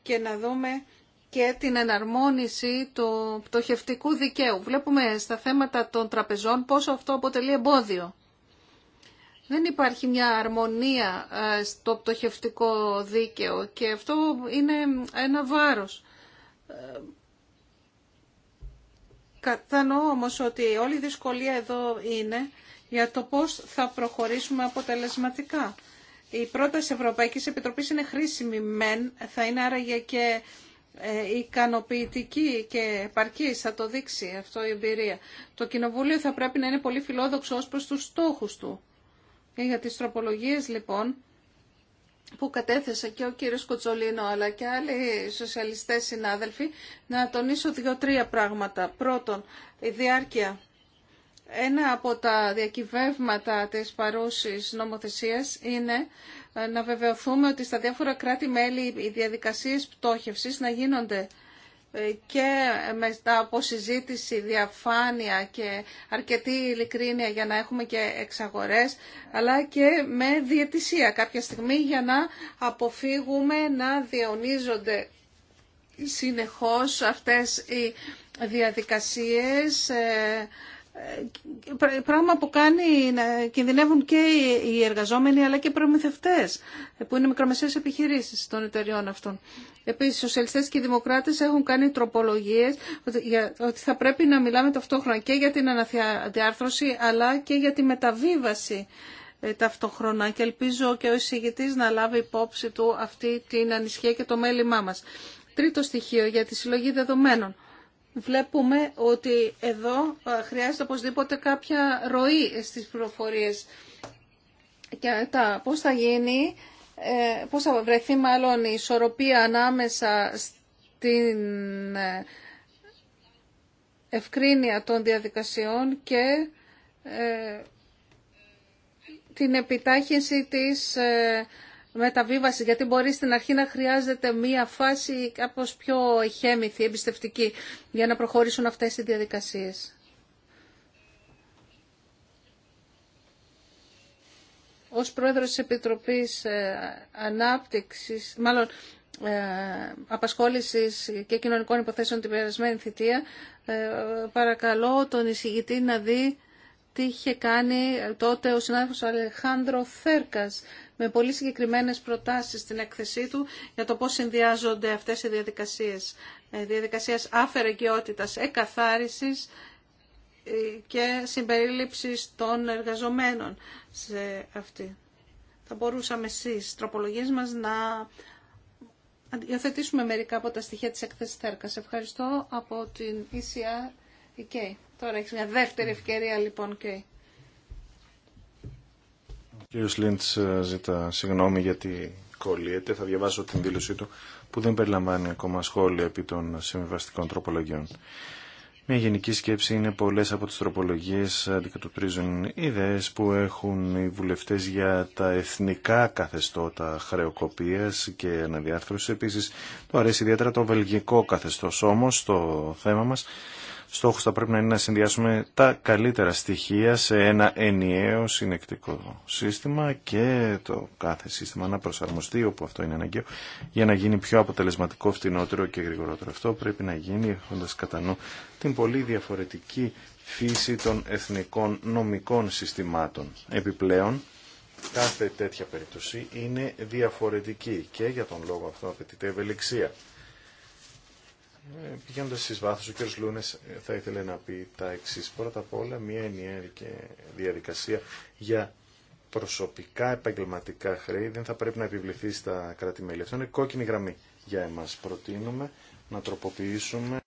και να δούμε και την εναρμόνιση του πτωχευτικού δικαίου. Βλέπουμε στα θέματα των τραπεζών πόσο αυτό αποτελεί εμπόδιο. Δεν υπάρχει μια αρμονία ε, στο πτωχευτικό δίκαιο και αυτό είναι ένα βάρος. Ε, κατανοώ όμως ότι όλη η δυσκολία εδώ είναι για το πώς θα προχωρήσουμε αποτελεσματικά. Η πρόταση Ευρωπαϊκής Επιτροπής είναι χρήσιμη μεν, θα είναι άραγε και ε, ικανοποιητική και επαρκή θα το δείξει αυτό η εμπειρία. Το Κοινοβούλιο θα πρέπει να είναι πολύ φιλόδοξο ως προς τους στόχους του. Ε, για τις τροπολογίες λοιπόν που κατέθεσε και ο κύριος Κοτσολίνο αλλά και άλλοι σοσιαλιστές συνάδελφοι να τονίσω δύο-τρία πράγματα. Πρώτον, η διάρκεια. Ένα από τα διακυβεύματα της παρούσης νομοθεσίας είναι ε, να βεβαιωθούμε ότι στα διάφορα κράτη-μέλη οι διαδικασίες πτώχευσης να γίνονται ε, και μετά από συζήτηση, διαφάνεια και αρκετή ειλικρίνεια για να έχουμε και εξαγορές, αλλά και με διαιτησία κάποια στιγμή για να αποφύγουμε να διαιωνίζονται συνεχώς αυτές οι διαδικασίες, ε, ε, πράγμα που κάνει να κινδυνεύουν και οι εργαζόμενοι αλλά και οι προμηθευτές που είναι μικρομεσαίες επιχειρήσεις των εταιριών αυτών. Επίσης, οι σοσιαλιστές και οι δημοκράτες έχουν κάνει τροπολογίες ότι θα πρέπει να μιλάμε ταυτόχρονα και για την αναδιάρθρωση αλλά και για τη μεταβίβαση ε, ταυτόχρονα και ελπίζω και ο εισηγητής να λάβει υπόψη του αυτή την ανησυχία και το μέλημά μας. Τρίτο στοιχείο για τη συλλογή δεδομένων. Βλέπουμε ότι εδώ ε, χρειάζεται οπωσδήποτε κάποια ροή στις πληροφορίες και τα πώς θα γίνει ε, πώς θα βρεθεί μάλλον η ισορροπία ανάμεσα στην ε, ευκρίνεια των διαδικασιών και ε, την επιτάχυνση της μεταβίβασης, γιατί μπορεί στην αρχή να χρειάζεται μία φάση κάπως πιο εχέμηθη, εμπιστευτική, για να προχωρήσουν αυτές οι διαδικασίες. ως πρόεδρος της Επιτροπής ε, Ανάπτυξης, μάλλον ε, απασχόλησης και κοινωνικών υποθέσεων την περασμένη θητεία, ε, παρακαλώ τον εισηγητή να δει τι είχε κάνει τότε ο συνάδελφος Αλεχάνδρο Θέρκας με πολύ συγκεκριμένες προτάσεις στην έκθεσή του για το πώς συνδυάζονται αυτές οι διαδικασίες. Διαδικασίες αφαιρεγκαιότητας, εκαθάρισης και συμπερίληψης των εργαζομένων σε αυτή. Θα μπορούσαμε εσείς, τροπολογίες μας, να υιοθετήσουμε μερικά από τα στοιχεία της έκθεσης τέρκα. Ευχαριστώ από την ECR και Τώρα έχεις μια δεύτερη ευκαιρία λοιπόν ΚΕΙ. Ο κύριος Λίντς ε, ζητά συγγνώμη γιατί κολλείεται. Θα διαβάσω την δήλωσή του που δεν περιλαμβάνει ακόμα σχόλια επί των συμβιβαστικών τροπολογιών. Μια γενική σκέψη είναι πολλές από τις τροπολογίες αντικατοπτρίζουν ιδέες που έχουν οι βουλευτές για τα εθνικά καθεστώτα χρεοκοπίας και αναδιάρθρωση. Επίσης, το αρέσει ιδιαίτερα το βελγικό καθεστώς όμως, το θέμα μας στόχος θα πρέπει να είναι να συνδυάσουμε τα καλύτερα στοιχεία σε ένα ενιαίο συνεκτικό σύστημα και το κάθε σύστημα να προσαρμοστεί όπου αυτό είναι αναγκαίο για να γίνει πιο αποτελεσματικό, φτηνότερο και γρηγορότερο. Αυτό πρέπει να γίνει έχοντα κατά νου την πολύ διαφορετική φύση των εθνικών νομικών συστημάτων. Επιπλέον, κάθε τέτοια περίπτωση είναι διαφορετική και για τον λόγο αυτό απαιτείται ευελιξία. Ε, Πηγαίνοντα στι βάθο, ο κ. Λούνε ε, θα ήθελε να πει τα εξή. Πρώτα απ' όλα, μια ενιαία διαδικασία για προσωπικά επαγγελματικά χρέη δεν θα πρέπει να επιβληθεί στα κράτη-μέλη. Αυτό είναι κόκκινη γραμμή για εμά. Προτείνουμε να τροποποιήσουμε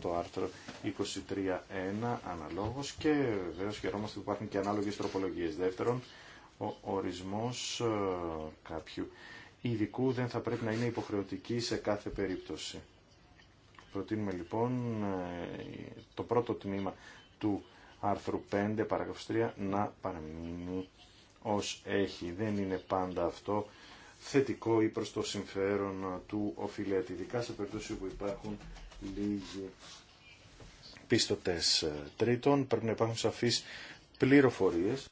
το άρθρο 23.1 αναλόγως και βεβαίως χαιρόμαστε που υπάρχουν και ανάλογες τροπολογίες. Δεύτερον, ο ορισμός ε, κάποιου ειδικού δεν θα πρέπει να είναι υποχρεωτική σε κάθε περίπτωση. Προτείνουμε λοιπόν ε, το πρώτο τμήμα του άρθρου 5 παραγραφής 3 να παραμείνει ως έχει. Δεν είναι πάντα αυτό θετικό ή προς το συμφέρον του οφειλέτη, ειδικά σε περίπτωση που υπάρχουν λίγοι πίστοτες. τρίτων, πρέπει να υπάρχουν σαφείς πληροφορίες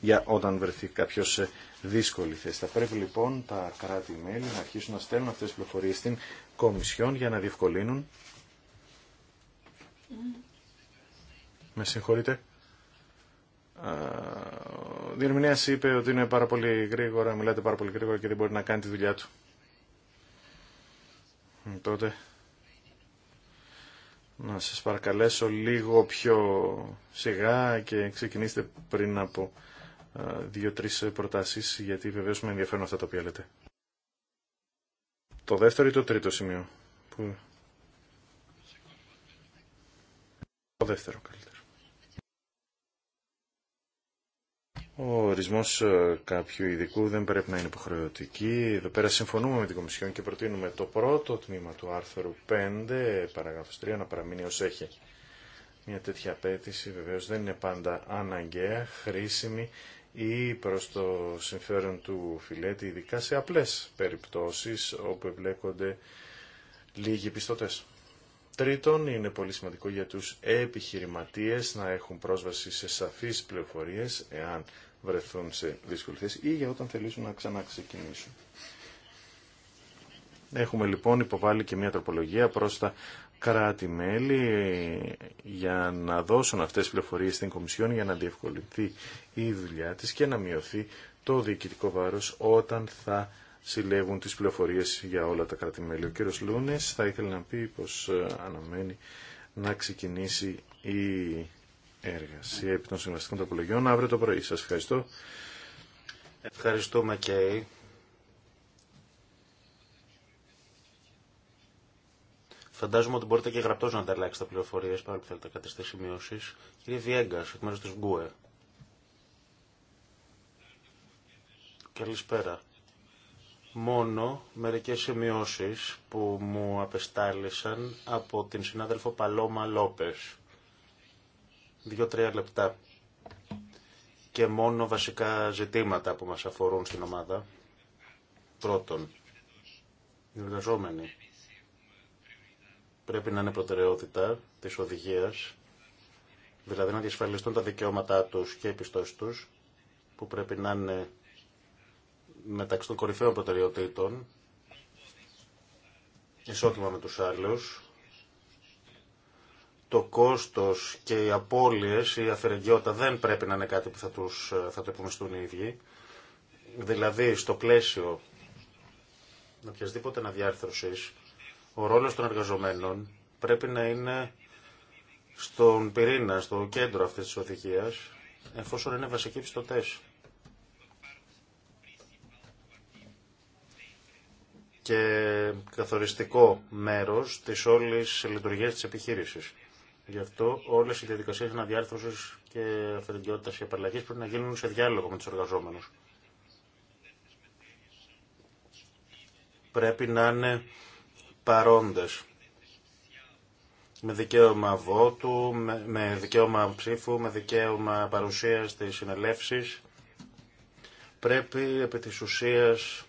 για όταν βρεθεί κάποιο σε δύσκολη θέση. Θα πρέπει λοιπόν τα κράτη-μέλη να αρχίσουν να στέλνουν αυτές τις πληροφορίες στην Κομισιόν για να διευκολύνουν. Με συγχωρείτε. Ο Διερμηνέας είπε ότι είναι πάρα πολύ γρήγορα, μιλάτε πάρα πολύ γρήγορα και δεν μπορεί να κάνει τη δουλειά του. Τότε να σας παρακαλέσω λίγο πιο σιγά και ξεκινήστε πριν από δύο-τρεις προτάσεις γιατί βεβαίως με ενδιαφέρουν αυτά τα οποία λέτε. Το δεύτερο ή το τρίτο σημείο. Που... Το δεύτερο καλύτερο. Ο ορισμός ε, κάποιου ειδικού δεν πρέπει να είναι υποχρεωτική. Εδώ πέρα συμφωνούμε με την Κομισιόν και προτείνουμε το πρώτο τμήμα του άρθρου 5, παραγράφος 3, να παραμείνει ως έχει. Μια τέτοια απέτηση βεβαίως δεν είναι πάντα αναγκαία, χρήσιμη ή προς το συμφέρον του φιλέτη, ειδικά σε απλές περιπτώσεις όπου εμπλέκονται λίγοι πιστωτές. Τρίτον, είναι πολύ σημαντικό για τους επιχειρηματίες να έχουν πρόσβαση σε σαφείς πληροφορίες εάν βρεθούν σε δύσκολη ή για όταν θελήσουν να ξαναξεκινήσουν. Έχουμε λοιπόν υποβάλει και μια τροπολογία προς τα κράτη-μέλη για να δώσουν αυτές τις πληροφορίες στην Κομισιόν για να διευκολυνθεί η δουλειά της και να μειωθεί το διοικητικό βάρος όταν θα συλλέγουν τις πληροφορίες για όλα τα κράτη-μέλη. Ο κύριος Λούνες θα ήθελε να πει πως ε, αναμένει να ξεκινήσει η έργαση επί των συμβαστικών τοπολογιών αύριο το πρωί. Σας ευχαριστώ. Ευχαριστούμε και Φαντάζομαι ότι μπορείτε και γραπτό να ανταλλάξετε πληροφορίε παρόλο που θέλετε κάτι στι σημειώσει. Κύριε Βιέγκα, εκ μέρου τη Γκουε. Καλησπέρα. Μόνο μερικέ σημειώσει που μου απεστάλησαν από την συνάδελφο Παλώμα Λόπε. Δύο-τρία λεπτά. Και μόνο βασικά ζητήματα που μα αφορούν στην ομάδα. Πρώτον, οι εργαζόμενοι πρέπει να είναι προτεραιότητα της οδηγίας, δηλαδή να διασφαλιστούν τα δικαιώματά τους και οι πιστώσεις τους, που πρέπει να είναι μεταξύ των κορυφαίων προτεραιοτήτων, ισότιμα με τους άλλους, το κόστος και οι απώλειες, η αφαιρεγγιότητα δεν πρέπει να είναι κάτι που θα, τους, θα το υπομειστούν οι ίδιοι. Δηλαδή, στο πλαίσιο οποιασδήποτε αναδιάρθρωσης, ο ρόλος των εργαζομένων πρέπει να είναι στον πυρήνα, στο κέντρο αυτής της οδηγίας, εφόσον είναι βασικοί πιστωτές. και καθοριστικό μέρος της όλης λειτουργίας της επιχείρησης. Γι' αυτό όλες οι διαδικασίες αναδιάρθρωσης και αφεντιότητας και απαλλαγής πρέπει να γίνουν σε διάλογο με τους εργαζόμενους. Πρέπει να είναι παρόντες με δικαίωμα βότου, με, με δικαίωμα ψήφου, με δικαίωμα παρουσίας στις συνελεύσεις. Πρέπει επί της ουσίας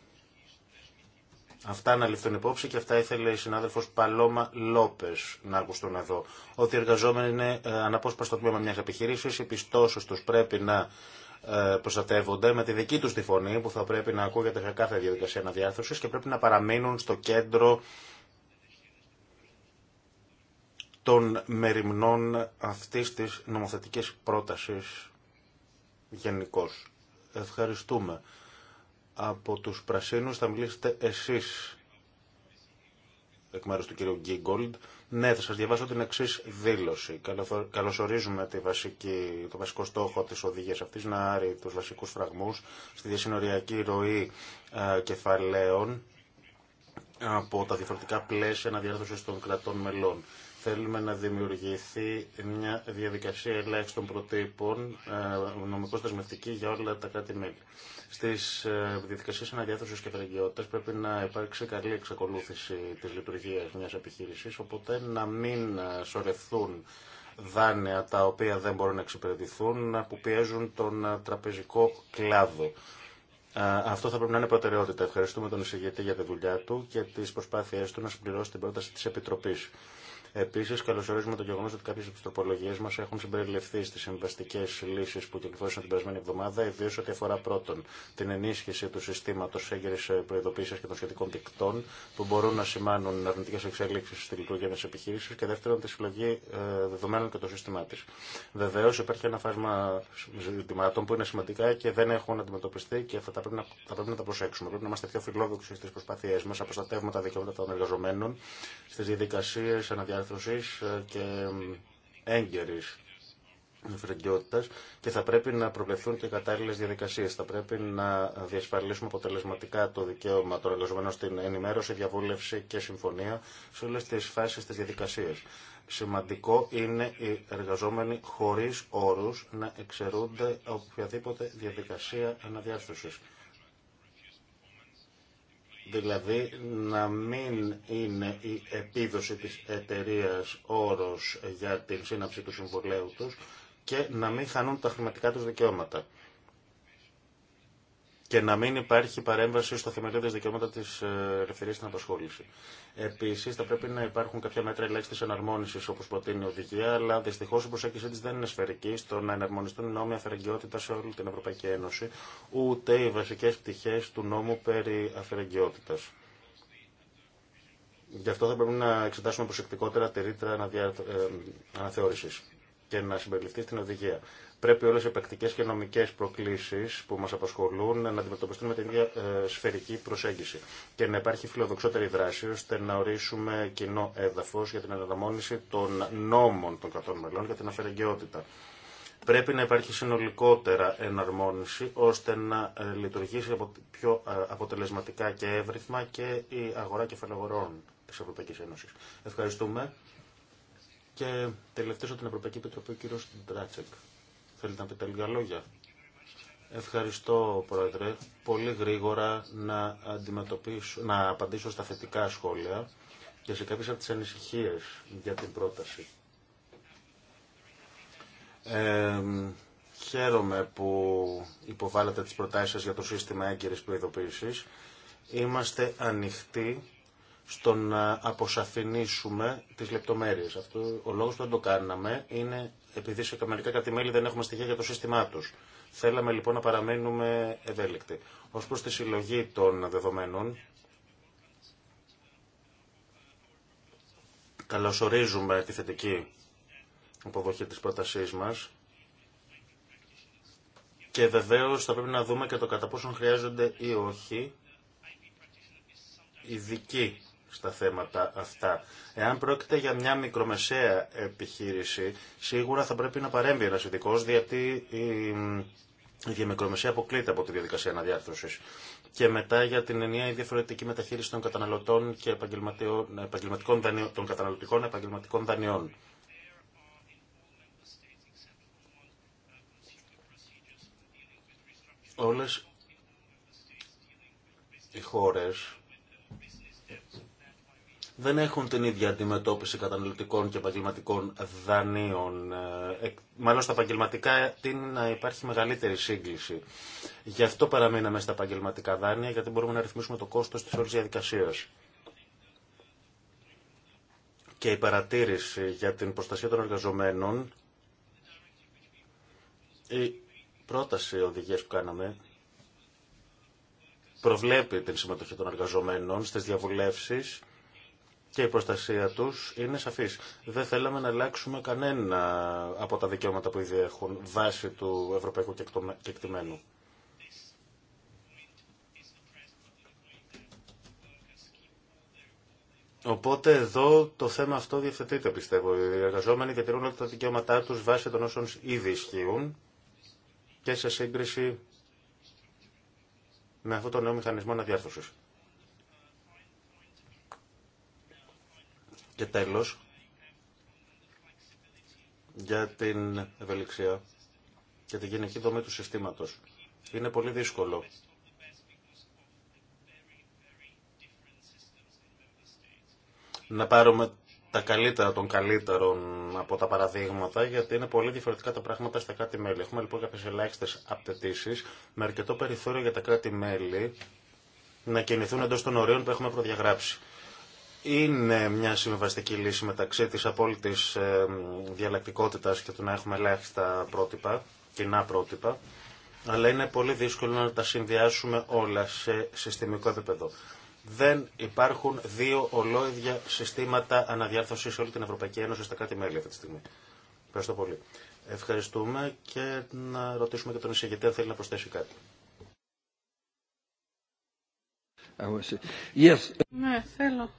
Αυτά να ληφθούν υπόψη και αυτά ήθελε η συνάδελφο Παλώμα Λόπε να ακουστούν εδώ. Ότι οι εργαζόμενοι είναι ε, αναπόσπαστο τμήμα μια επιχείρηση, οι πιστώσει του πρέπει να ε, προστατεύονται με τη δική του τη φωνή που θα πρέπει να ακούγεται σε κάθε διαδικασία αναδιάρθρωση και πρέπει να παραμείνουν στο κέντρο των μεριμνών αυτής της νομοθετικής πρότασης γενικώ. Ευχαριστούμε. Από τους Πρασίνους θα μιλήσετε εσείς εκ μέρους του κύριου Γκίγκολντ. Ναι, θα σας διαβάσω την εξή δήλωση. Καλωσορίζουμε τη βασική, το βασικό στόχο της οδηγίας αυτής να άρει τους βασικούς φραγμούς στη διασυνοριακή ροή κεφαλαίων από τα διαφορετικά πλαίσια αναδιάρθρωσης των κρατών μελών. Θέλουμε να δημιουργηθεί μια διαδικασία ελάχιστων προτύπων, ε, νομικώς δεσμευτική για όλα τα κράτη-μέλη. Στι ε, διαδικασίε αναδιάθρωση και φερεγγιότητα πρέπει να υπάρξει καλή εξακολούθηση τη λειτουργία μια επιχείρηση, οπότε να μην ε, σωρευθούν δάνεια τα οποία δεν μπορούν να εξυπηρετηθούν, που πιέζουν τον τραπεζικό κλάδο. Αυτό θα πρέπει να είναι προτεραιότητα. Ευχαριστούμε τον εισηγητή για τη δουλειά του και τι προσπάθειέ του να συμπληρώσει την πρόταση τη Επιτροπή. Επίση, καλωσορίζουμε το γεγονό ότι κάποιε από τι τροπολογίε μα έχουν συμπεριληφθεί στι συμβαστικέ λύσει που κυκλοφόρησαν την περασμένη εβδομάδα, ιδίω ό,τι αφορά πρώτον την ενίσχυση του συστήματο έγκαιρη προειδοποίηση και των σχετικών δικτών που μπορούν να σημάνουν αρνητικέ εξέλιξει στη λειτουργία μια επιχείρηση και δεύτερον τη συλλογή ε, δεδομένων και το σύστημά τη. Βεβαίω, υπάρχει ένα φάσμα ζητημάτων που είναι σημαντικά και δεν έχουν αντιμετωπιστεί και θα, πρέπει, να, θα πρέπει να τα προσέξουμε. Πρέπει να είμαστε πιο φιλόδοξοι στι προσπάθειέ μα, να προστατεύουμε τα δικαιώματα των εργαζομένων στι διαδικασίε αναδιάρθρωση ε, και και έγκαιρης και θα πρέπει να προβλεφθούν και κατάλληλε διαδικασίε. Θα πρέπει να διασφαλίσουμε αποτελεσματικά το δικαίωμα των εργαζομένων στην ενημέρωση, διαβούλευση και συμφωνία σε όλε τι φάσει τη διαδικασία. Σημαντικό είναι οι εργαζόμενοι χωρίς όρου να εξαιρούνται οποιαδήποτε διαδικασία αναδιάσωσης. Δηλαδή να μην είναι η επίδοση της εταιρεία όρος για την σύναψη του συμβολέου τους και να μην χάνουν τα χρηματικά τους δικαιώματα και να μην υπάρχει παρέμβαση στο θεμελιώδε δικαιώματα τη ε, ελευθερία στην απασχόληση. Επίση, θα πρέπει να υπάρχουν κάποια μέτρα ελάχιστη εναρμόνιση, όπω προτείνει η οδηγία, αλλά δυστυχώ η προσέγγιση δεν είναι σφαιρική στο να εναρμονιστούν νόμοι αφαιρεγκαιότητα σε όλη την Ευρωπαϊκή Ένωση, ούτε οι βασικέ πτυχέ του νόμου περί αφαιρεγκαιότητα. Γι' αυτό θα πρέπει να εξετάσουμε προσεκτικότερα τη ρήτρα ε, αναθεώρηση και να συμπεριληφθεί στην οδηγία. Πρέπει όλες οι επακτικές και νομικές προκλήσεις που μας απασχολούν να αντιμετωπιστούν με την ίδια ε, σφαιρική προσέγγιση και να υπάρχει φιλοδοξότερη δράση ώστε να ορίσουμε κοινό έδαφος για την αναδαμόνιση των νόμων των κρατών μελών για την αφαιρεγκαιότητα. Πρέπει να υπάρχει συνολικότερα εναρμόνιση ώστε να ε, λειτουργήσει πιο ε, αποτελεσματικά και εύρυθμα και η αγορά κεφαλαγορών της Ευρωπαϊκής Ένωσης. Ευχαριστούμε. Και τελευταίο την Ευρωπαϊκή Επιτροπή, ο κύριος Θέλετε να πείτε λίγα λόγια. Ευχαριστώ, Πρόεδρε. Πολύ γρήγορα να, αντιμετωπίσω, να απαντήσω στα θετικά σχόλια και σε κάποιες από τις ανησυχίες για την πρόταση. Ε, χαίρομαι που υποβάλλατε τις προτάσεις σας για το σύστημα έγκυρης προειδοποίησης. Είμαστε ανοιχτοί στο να αποσαφηνίσουμε τις λεπτομέρειες. Αυτό, ο λόγος που δεν το κάναμε είναι επειδή σε μερικά κατημέλη δεν έχουμε στοιχεία για το σύστημά του. Θέλαμε λοιπόν να παραμένουμε ευέλικτοι. Ω προ τη συλλογή των δεδομένων, καλωσορίζουμε τη θετική αποδοχή τη πρότασή μα και βεβαίω θα πρέπει να δούμε και το κατά πόσον χρειάζονται ή όχι ειδικοί στα θέματα αυτά. Εάν πρόκειται για μια μικρομεσαία επιχείρηση, σίγουρα θα πρέπει να παρέμβει ένα ειδικό, γιατί η, η μικρομεσαία αποκλείται από τη διαδικασία αναδιάρθρωση. Και μετά για την ενιαία διαφορετική μεταχείριση των καταναλωτών και επαγγελματικών δανειών, των καταναλωτικών επαγγελματικών δανειών. Όλες οι χώρες δεν έχουν την ίδια αντιμετώπιση καταναλωτικών και επαγγελματικών δανείων. Ε, μάλλον στα επαγγελματικά τίνει να υπάρχει μεγαλύτερη σύγκληση. Γι' αυτό παραμείναμε στα επαγγελματικά δάνεια, γιατί μπορούμε να ρυθμίσουμε το κόστος της όλης διαδικασίας. Και η παρατήρηση για την προστασία των εργαζομένων, η πρόταση οδηγίας που κάναμε, προβλέπει την συμμετοχή των εργαζομένων στις διαβουλεύσεις και η προστασία τους είναι σαφή. Δεν θέλαμε να αλλάξουμε κανένα από τα δικαιώματα που ήδη έχουν βάσει του ευρωπαϊκού κεκτημένου. Οπότε εδώ το θέμα αυτό διευθετείται πιστεύω. Οι εργαζόμενοι διατηρούν όλα τα δικαιώματά τους βάσει των όσων ήδη ισχύουν και σε σύγκριση με αυτό το νέο μηχανισμό αναδιάρθρωσης. Και τέλος, για την ευελιξία και την γενική δομή του συστήματος. Είναι πολύ δύσκολο. Να πάρουμε τα καλύτερα των καλύτερων από τα παραδείγματα, γιατί είναι πολύ διαφορετικά τα πράγματα στα κράτη-μέλη. Έχουμε λοιπόν κάποιε ελάχιστε απαιτήσει με αρκετό περιθώριο για τα κράτη-μέλη να κινηθούν εντό των ορίων που έχουμε προδιαγράψει είναι μια συμβαστική λύση μεταξύ της απόλυτης ε, διαλλακτικότητας και του να έχουμε ελάχιστα πρότυπα, κοινά πρότυπα, αλλά είναι πολύ δύσκολο να τα συνδυάσουμε όλα σε συστημικό επίπεδο. Δεν υπάρχουν δύο ολόιδια συστήματα αναδιάρθρωσης σε όλη την Ευρωπαϊκή Ένωση στα κάτι μέλη αυτή τη στιγμή. Ευχαριστώ πολύ. Ευχαριστούμε και να ρωτήσουμε και τον εισηγητή αν θέλει να προσθέσει κάτι. Ναι, θέλω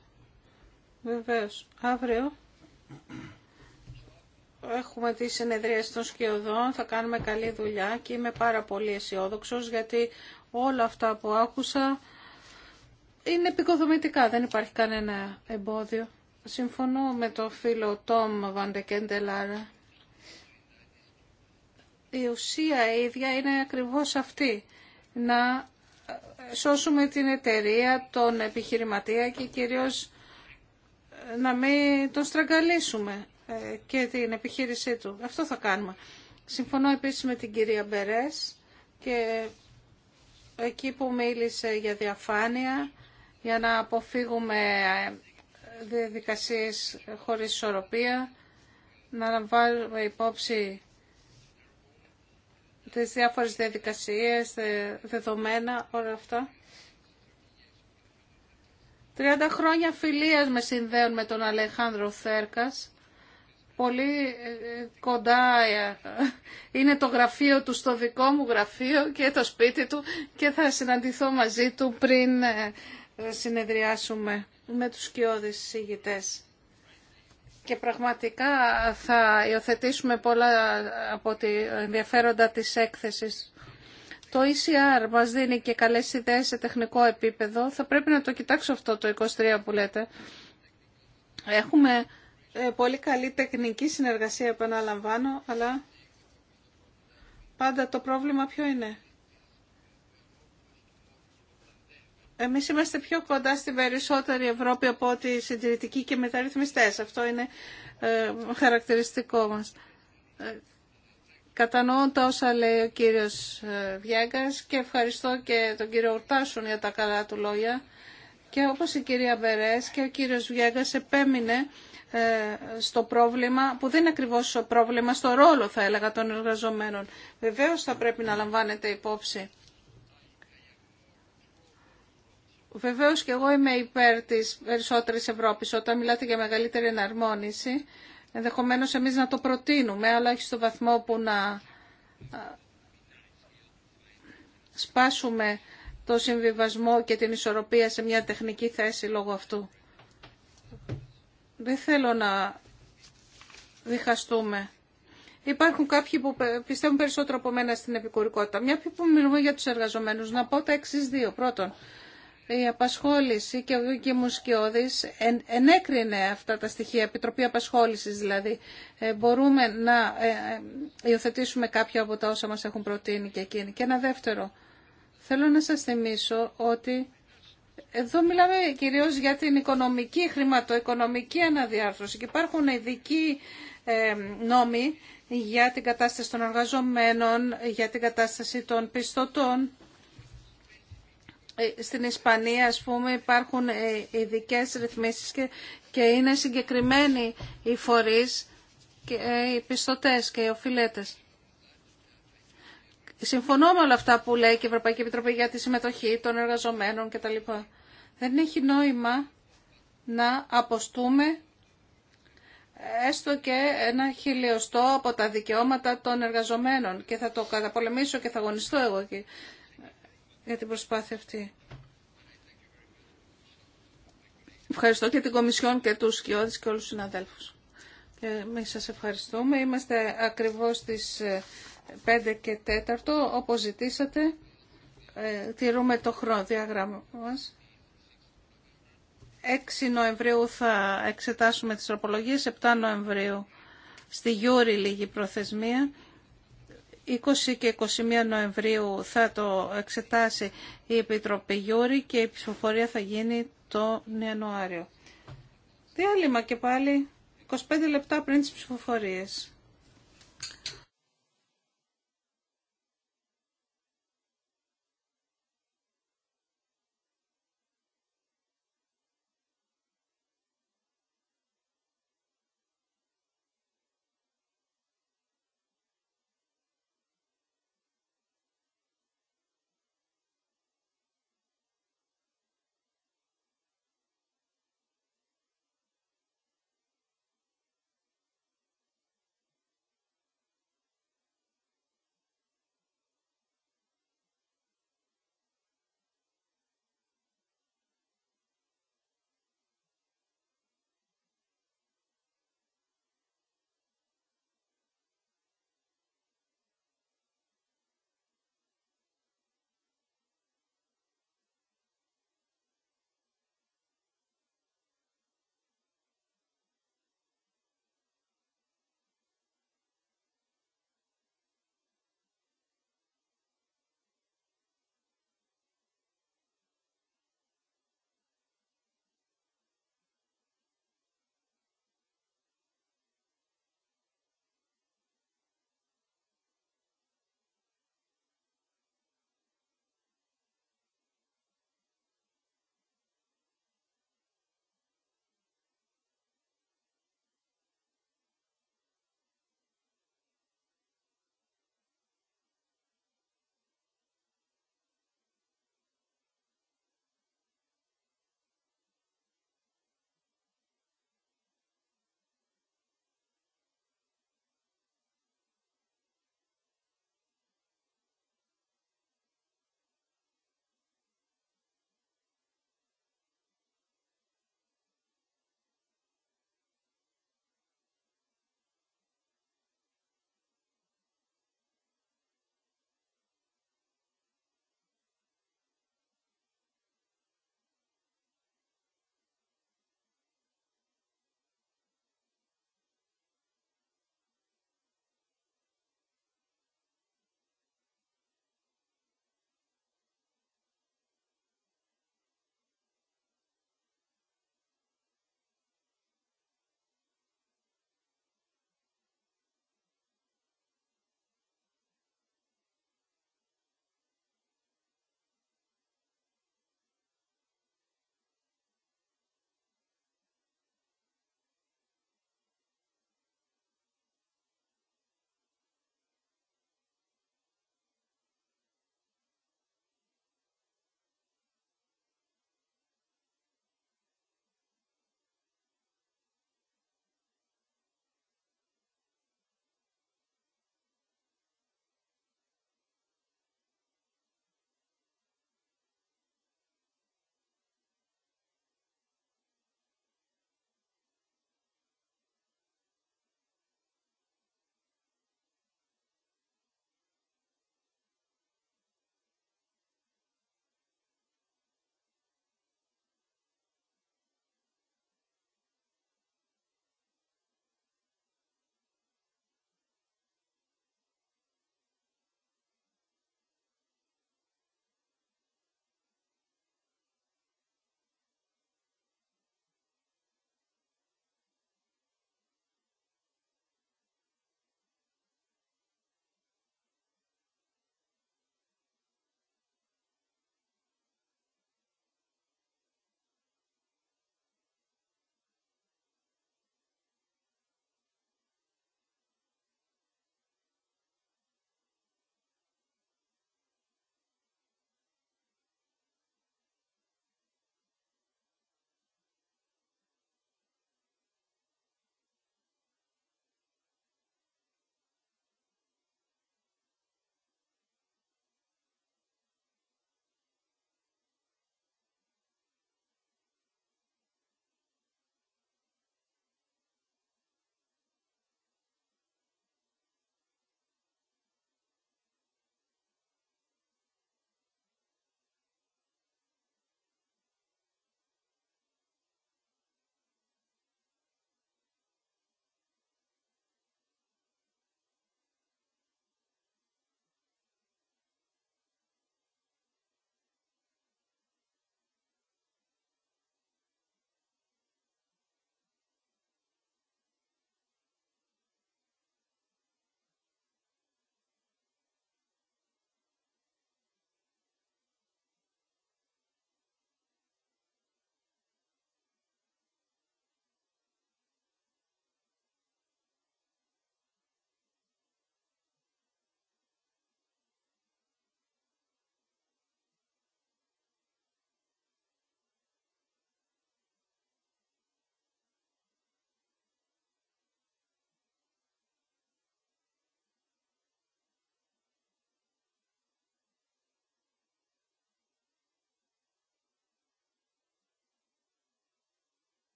Βεβαίως. Αύριο έχουμε τη συνεδρία των σκιωδών, θα κάνουμε καλή δουλειά και είμαι πάρα πολύ αισιόδοξο γιατί όλα αυτά που άκουσα είναι επικοδομητικά, δεν υπάρχει κανένα εμπόδιο. Συμφωνώ με το φίλο Τόμ Βαντεκέντελάρα. Η ουσία ίδια είναι ακριβώς αυτή, να σώσουμε την εταιρεία, τον επιχειρηματία και κυρίως να μην τον στραγγαλίσουμε ε, και την επιχείρησή του. Αυτό θα κάνουμε. Συμφωνώ επίσης με την κυρία Μπερές και εκεί που μίλησε για διαφάνεια, για να αποφύγουμε ε, διαδικασίες χωρίς ισορροπία, να λαμβάνουμε υπόψη τις διάφορες διαδικασίες, δεδομένα, όλα αυτά. 30 χρόνια φιλίας με συνδέουν με τον Αλεχάνδρο Θέρκας. Πολύ ε, κοντά ε, είναι το γραφείο του στο δικό μου γραφείο και το σπίτι του και θα συναντηθώ μαζί του πριν ε, συνεδριάσουμε με τους σκιώδεις συγητές. Και πραγματικά θα υιοθετήσουμε πολλά από τη ενδιαφέροντα της έκθεσης. Το ECR μα δίνει και καλέ ιδέες σε τεχνικό επίπεδο. Θα πρέπει να το κοιτάξω αυτό το 23 που λέτε. Έχουμε ε, πολύ καλή τεχνική συνεργασία, επαναλαμβάνω, αλλά πάντα το πρόβλημα ποιο είναι. Εμείς είμαστε πιο κοντά στην περισσότερη Ευρώπη από ότι συντηρητικοί και μεταρρυθμιστές. Αυτό είναι ε, χαρακτηριστικό μας. Ε, Κατανοώ τα όσα λέει ο κύριος ε, Βιέγκας και ευχαριστώ και τον κύριο Ορτάσον για τα καλά του λόγια. Και όπως η κυρία Μπερές και ο κύριος Βιέγκας επέμεινε ε, στο πρόβλημα, που δεν είναι ακριβώς το πρόβλημα, στο ρόλο θα έλεγα των εργαζομένων. Βεβαίως θα πρέπει να λαμβάνετε υπόψη. Βεβαίως και εγώ είμαι υπέρ της περισσότερης Ευρώπης όταν μιλάτε για μεγαλύτερη εναρμόνιση. Ενδεχομένως εμείς να το προτείνουμε, αλλά όχι στο βαθμό που να σπάσουμε το συμβιβασμό και την ισορροπία σε μια τεχνική θέση λόγω αυτού. Δεν θέλω να διχαστούμε. Υπάρχουν κάποιοι που πιστεύουν περισσότερο από μένα στην επικουρικότητα. Μια που μιλούμε για τους εργαζομένους, να πω τα εξής δύο. Πρώτον, η απασχόληση και ο Γιώργη Μουσκιώδης ενέκρινε αυτά τα στοιχεία, Επιτροπή Απασχόλησης δηλαδή. Ε, μπορούμε να ε, ε, υιοθετήσουμε κάποια από τα όσα μας έχουν προτείνει και εκείνοι. Και ένα δεύτερο, θέλω να σας θυμίσω ότι εδώ μιλάμε κυρίως για την οικονομική, χρηματοοικονομική αναδιάρθρωση και υπάρχουν ειδικοί νόμοι για την κατάσταση των εργαζομένων, για την κατάσταση των πιστωτών ε, στην Ισπανία ας πούμε υπάρχουν ε, ειδικέ ρυθμίσεις και, είναι συγκεκριμένοι οι φορείς και ε, οι πιστωτές και οι οφειλέτες. Συμφωνώ με όλα αυτά που λέει και η Ευρωπαϊκή Επιτροπή για τη συμμετοχή των εργαζομένων κτλ. Δεν έχει νόημα να αποστούμε έστω και ένα χιλιοστό από τα δικαιώματα των εργαζομένων και θα το καταπολεμήσω και θα αγωνιστώ εγώ εκεί για την προσπάθεια αυτή. Ευχαριστώ και την Κομισιόν και τους Σκιώδης και όλους τους συναδέλφους. Και εμείς σας ευχαριστούμε. Είμαστε ακριβώς στις 5 ε, και 4, όπως ζητήσατε. Ε, τηρούμε το χρόνο διαγράμμα μας. 6 Νοεμβρίου θα εξετάσουμε τις τροπολογίες, 7 Νοεμβρίου στη Γιούρη λίγη προθεσμία 20 και 21 Νοεμβρίου θα το εξετάσει η Επιτροπή Γιούρη και η ψηφοφορία θα γίνει το Ιανουάριο. Διάλειμμα και πάλι 25 λεπτά πριν τις ψηφοφορίες.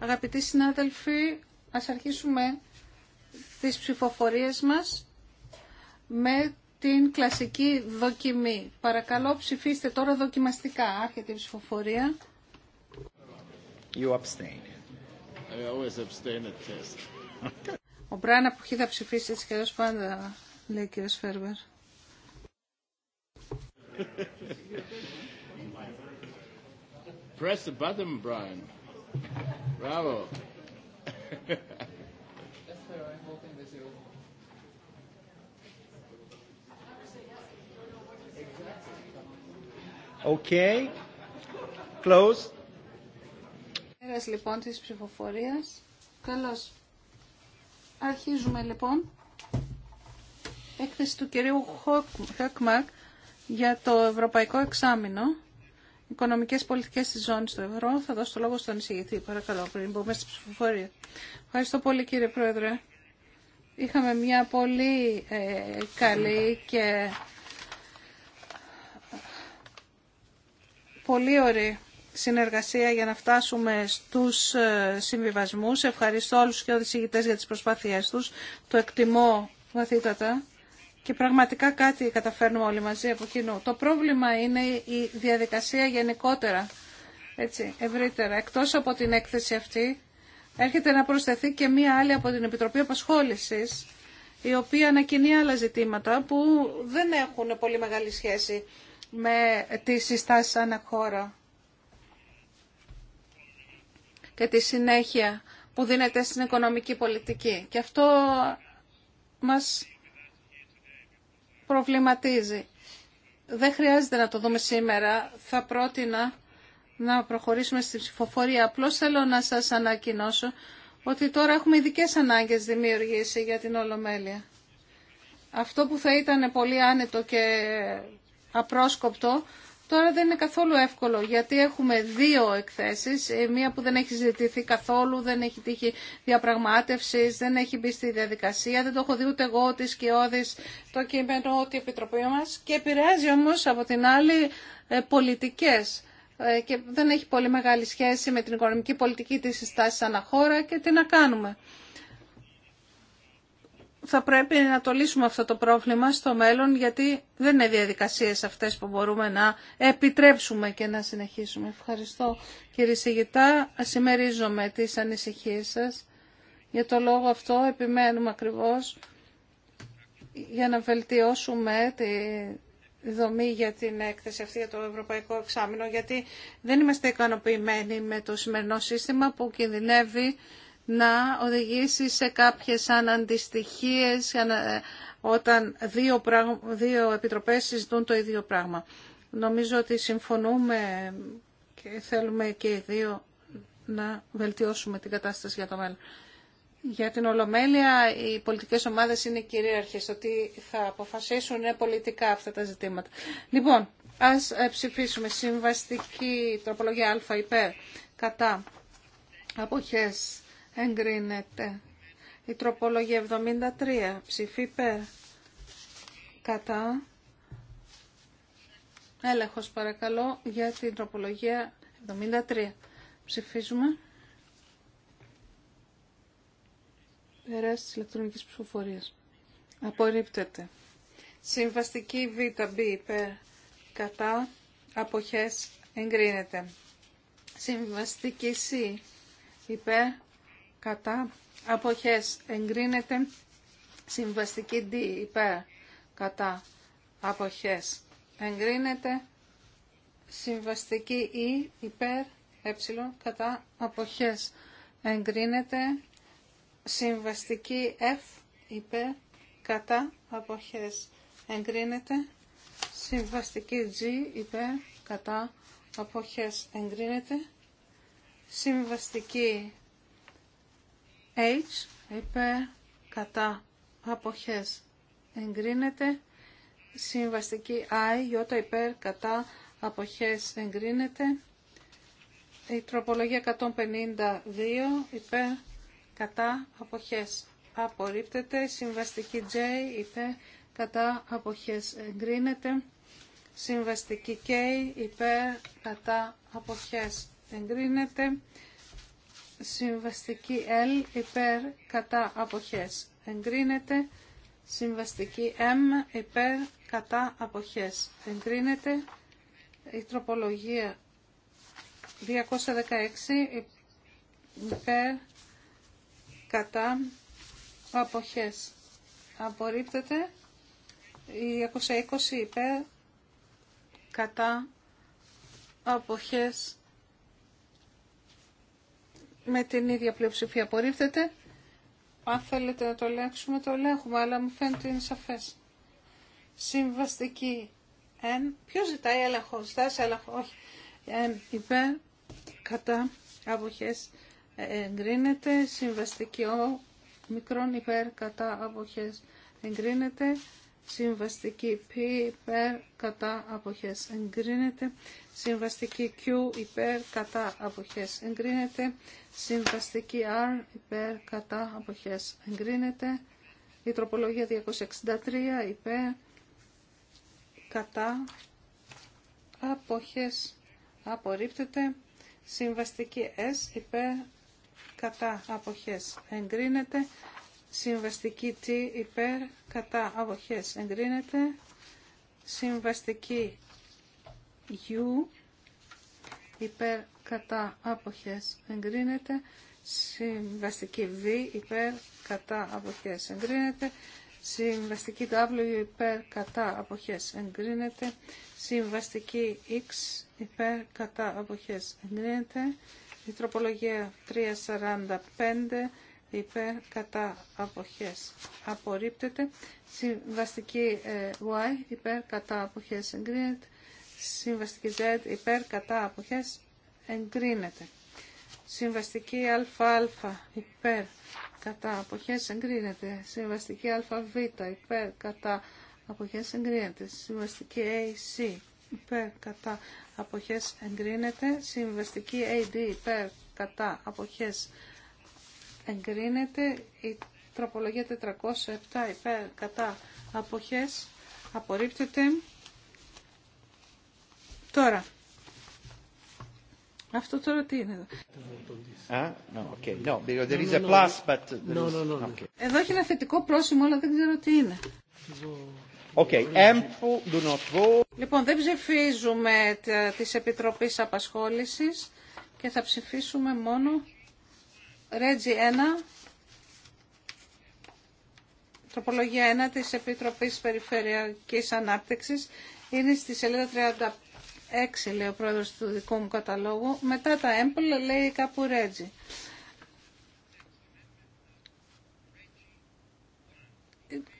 Αγαπητοί συνάδελφοι, ας αρχίσουμε τις ψηφοφορίες μας με την κλασική δοκιμή. Παρακαλώ ψηφίστε τώρα δοκιμαστικά. Άρχεται η ψηφοφορία. You abstain. I always abstain at test. Ο Μπράνα που έχει θα ψηφίσει σχεδόν πάντα, λέει ο κ. Φέρβερ. Press the button, Brian. Bravo. yes, sir, I'm hoping this is Okay. Close. Ένας λοιπόν της ψηφοφορίας. Καλώς. Αρχίζουμε λοιπόν. Έκθεση του κυρίου Χοκ, για το Ευρωπαϊκό Εξάμεινο, Οικονομικέ πολιτικέ τη ζώνη του ευρώ. Θα δώσω το λόγο στον εισηγητή, παρακαλώ, πριν μπούμε στη ψηφοφορία. Ευχαριστώ πολύ, κύριε Πρόεδρε. Είχαμε μια πολύ ε, καλή και πολύ ωραία συνεργασία για να φτάσουμε στους ε, συμβιβασμούς. Ευχαριστώ όλους και όλους τους για τις προσπάθειές τους. Το εκτιμώ βαθύτατα και πραγματικά κάτι καταφέρνουμε όλοι μαζί από κοινού. Το πρόβλημα είναι η διαδικασία γενικότερα, έτσι, ευρύτερα. Εκτός από την έκθεση αυτή, έρχεται να προσθεθεί και μία άλλη από την Επιτροπή Απασχόλησης, η οποία ανακοινεί άλλα ζητήματα που δεν έχουν πολύ μεγάλη σχέση με τις συστάσεις αναχώρα και τη συνέχεια που δίνεται στην οικονομική πολιτική. Και αυτό μας προβληματίζει. Δεν χρειάζεται να το δούμε σήμερα. Θα πρότεινα να προχωρήσουμε στη ψηφοφορία. Απλώς θέλω να σας ανακοινώσω ότι τώρα έχουμε ειδικέ ανάγκες δημιουργήσει για την Ολομέλεια. Αυτό που θα ήταν πολύ άνετο και απρόσκοπτο Τώρα δεν είναι καθόλου εύκολο γιατί έχουμε δύο εκθέσεις, μία που δεν έχει ζητηθεί καθόλου, δεν έχει τύχει διαπραγμάτευσης, δεν έχει μπει στη διαδικασία, δεν το έχω δει ούτε εγώ τη Σκιώδης το κείμενο ότι η Επιτροπή μας και επηρεάζει όμως από την άλλη ε, πολιτικές ε, και δεν έχει πολύ μεγάλη σχέση με την οικονομική πολιτική της συστάσης αναχώρα και τι να κάνουμε θα πρέπει να το λύσουμε αυτό το πρόβλημα στο μέλλον γιατί δεν είναι διαδικασίες αυτές που μπορούμε να επιτρέψουμε και να συνεχίσουμε. Ευχαριστώ κύριε Σιγητά. Ασημερίζομαι τις ανησυχίες σας. Για το λόγο αυτό επιμένουμε ακριβώς για να βελτιώσουμε τη δομή για την έκθεση αυτή για το Ευρωπαϊκό Εξάμεινο γιατί δεν είμαστε ικανοποιημένοι με το σημερινό σύστημα που κινδυνεύει να οδηγήσει σε κάποιες αναντιστοιχίες όταν δύο, πράγμα, δύο επιτροπές συζητούν το ίδιο πράγμα. Νομίζω ότι συμφωνούμε και θέλουμε και οι δύο να βελτιώσουμε την κατάσταση για το μέλλον. Για την Ολομέλεια οι πολιτικές ομάδες είναι κυρίαρχες ότι θα αποφασίσουν πολιτικά αυτά τα ζητήματα. Λοιπόν, ας ε, ψηφίσουμε συμβαστική τροπολογία α υπέρ κατά αποχές εγκρίνεται. Η τροπολογία 73 ψηφί περ κατά έλεγχος παρακαλώ για την τροπολογία 73. Ψηφίζουμε. Περάσει τη ηλεκτρονικής ψηφοφορίας. Απορρίπτεται. Συμβαστική Β, κατά, αποχές, εγκρίνεται. Συμβαστική C, υπέρ, κατά αποχές εγκρίνεται συμβαστική D υπέρ κατά αποχές εγκρίνεται συμβαστική E υπέρ ε κατά αποχές εγκρίνεται συμβαστική F υπέρ κατά αποχές εγκρίνεται συμβαστική G υπέρ κατά αποχές εγκρίνεται συμβαστική H υπέρ κατά αποχές εγκρίνεται. Συμβαστική I, υπέρ κατά αποχές εγκρίνεται. Η τροπολογία 152 υπέρ κατά αποχές απορρίπτεται. Συμβαστική J υπέρ κατά αποχές εγκρίνεται. Συμβαστική K υπέρ κατά αποχές εγκρίνεται. Συμβαστική L υπέρ κατά αποχές. Εγκρίνεται. Συμβαστική M υπέρ κατά αποχές. Εγκρίνεται. Η τροπολογία 216 υπέρ κατά αποχές. Απορρίπτεται. Η 220 υπέρ κατά αποχές με την ίδια πλειοψηφία απορρίπτεται. Αν θέλετε να το ελέγξουμε, το ελέγχουμε, αλλά μου φαίνεται είναι σαφέ. Συμβαστική. Εν. Ποιο ζητάει έλεγχο, ζητά έλεγχο, όχι. Εν υπέρ, κατά, άποχέ, ε, εγκρίνεται. Συμβαστική ο, μικρόν υπέρ, κατά, άποχέ εγκρίνεται. Συμβαστική P υπέρ κατά αποχές εγκρίνεται. Συμβαστική Q υπέρ κατά αποχές εγκρίνεται. Συμβαστική R υπέρ κατά αποχές εγκρίνεται. Η τροπολογία 263 υπέρ κατά αποχές απορρίπτεται. Συμβαστική S υπέρ κατά αποχές εγκρίνεται. Συμβαστική T υπέρ κατά αποχές εγκρίνεται. Συμβαστική U υπέρ κατά αποχές εγκρίνεται. Συμβαστική Β υπέρ κατά αποχές εγκρίνεται. Συμβαστική W υπέρ κατά αποχές εγκρίνεται. Συμβαστική X υπέρ κατά αποχές εγκρίνεται. Η τροπολογία 345 υπέρ κατά αποχές απορρίπτεται. Συμβαστική ε, Y υπέρ κατά αποχές εγκρίνεται. Συμβαστική Z υπέρ κατά αποχές εγκρίνεται. Συμβαστική ΑΑ υπέρ κατά αποχές εγκρίνεται. Συμβαστική ΑΒ υπέρ κατά αποχές εγκρίνεται. Συμβαστική AC υπέρ κατά αποχές εγκρίνεται. Συμβαστική AD υπέρ κατά αποχές εγκρίνεται εγκρίνεται η τροπολογία 407 υπέρ κατά αποχές απορρίπτεται τώρα αυτό τώρα τι είναι εδώ. Εδώ έχει ένα θετικό πρόσημο, αλλά δεν ξέρω τι είναι. Okay. Do not λοιπόν, δεν ψηφίζουμε τις Επιτροπής Απασχόλησης και θα ψηφίσουμε μόνο Ρέτζι 1, τροπολογία 1 της Επιτροπής Περιφερειακής Ανάπτυξης, είναι στη σελίδα 36, λέει ο πρόεδρος του δικού μου καταλόγου. Μετά τα έμπλ λέει κάπου Ρέτζι.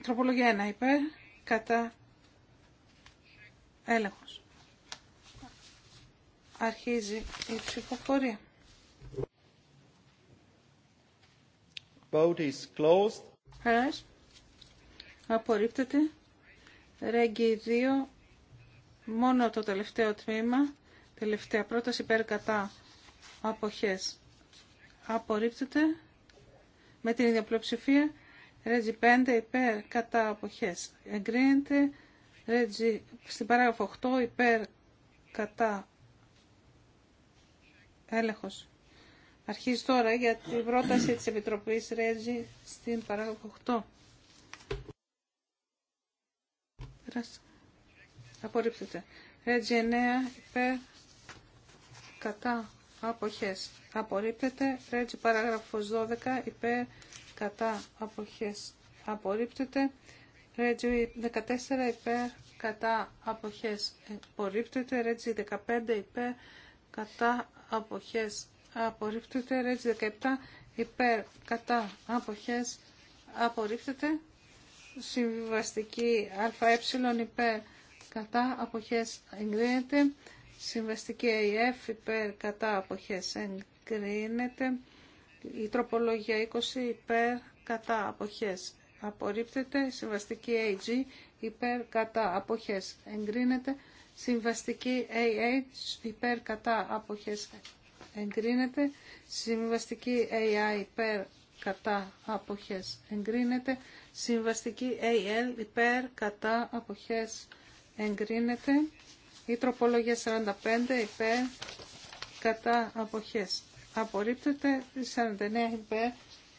Τροπολογία 1 είπε, κατά έλεγχος. Αρχίζει η ψηφοφορία. Vote is closed. Απορρίπτεται. Ρέγγι 2. Μόνο το τελευταίο τμήμα. Τελευταία πρόταση υπέρ κατά αποχές. Απορρίπτεται. Με την ίδια πλειοψηφία. Ρέτζι 5 υπέρ κατά αποχές. Εγκρίνεται. Ρέτζι στην παράγραφο 8 υπέρ κατά έλεγχος. Αρχίζει τώρα για την πρόταση της Επιτροπής Ρέζη στην παράγραφο 8. Απορρίπτεται. Ρέτζι 9 υπέρ κατά αποχές. Απορρίπτεται. Ρέτζι παράγραφος 12 υπέρ κατά αποχές. Απορρίπτεται. Ρέτζι 14 υπέρ κατά αποχές. Απορρίπτεται. Ρέτζι 15 υπέρ κατά αποχές απορρίπτεται. Ρέτζι 17 υπέρ κατά αποχές απορρίπτεται. Συμβιβαστική ΑΕ υπέρ κατά αποχές εγκρίνεται. Συμβαστική ΑΕΦ υπέρ κατά αποχές εγκρίνεται. Η τροπολογία 20 υπέρ κατά αποχές απορρίπτεται. Συμβαστική AG υπέρ κατά αποχές εγκρίνεται. Συμβαστική AH υπέρ κατά αποχές εγκρίνεται. Συμβαστική AI υπέρ κατά αποχές εγκρίνεται. Συμβαστική AL υπέρ κατά αποχές εγκρίνεται. Η τροπολογία 45 υπέρ κατά αποχές απορρίπτεται. 49 υπέρ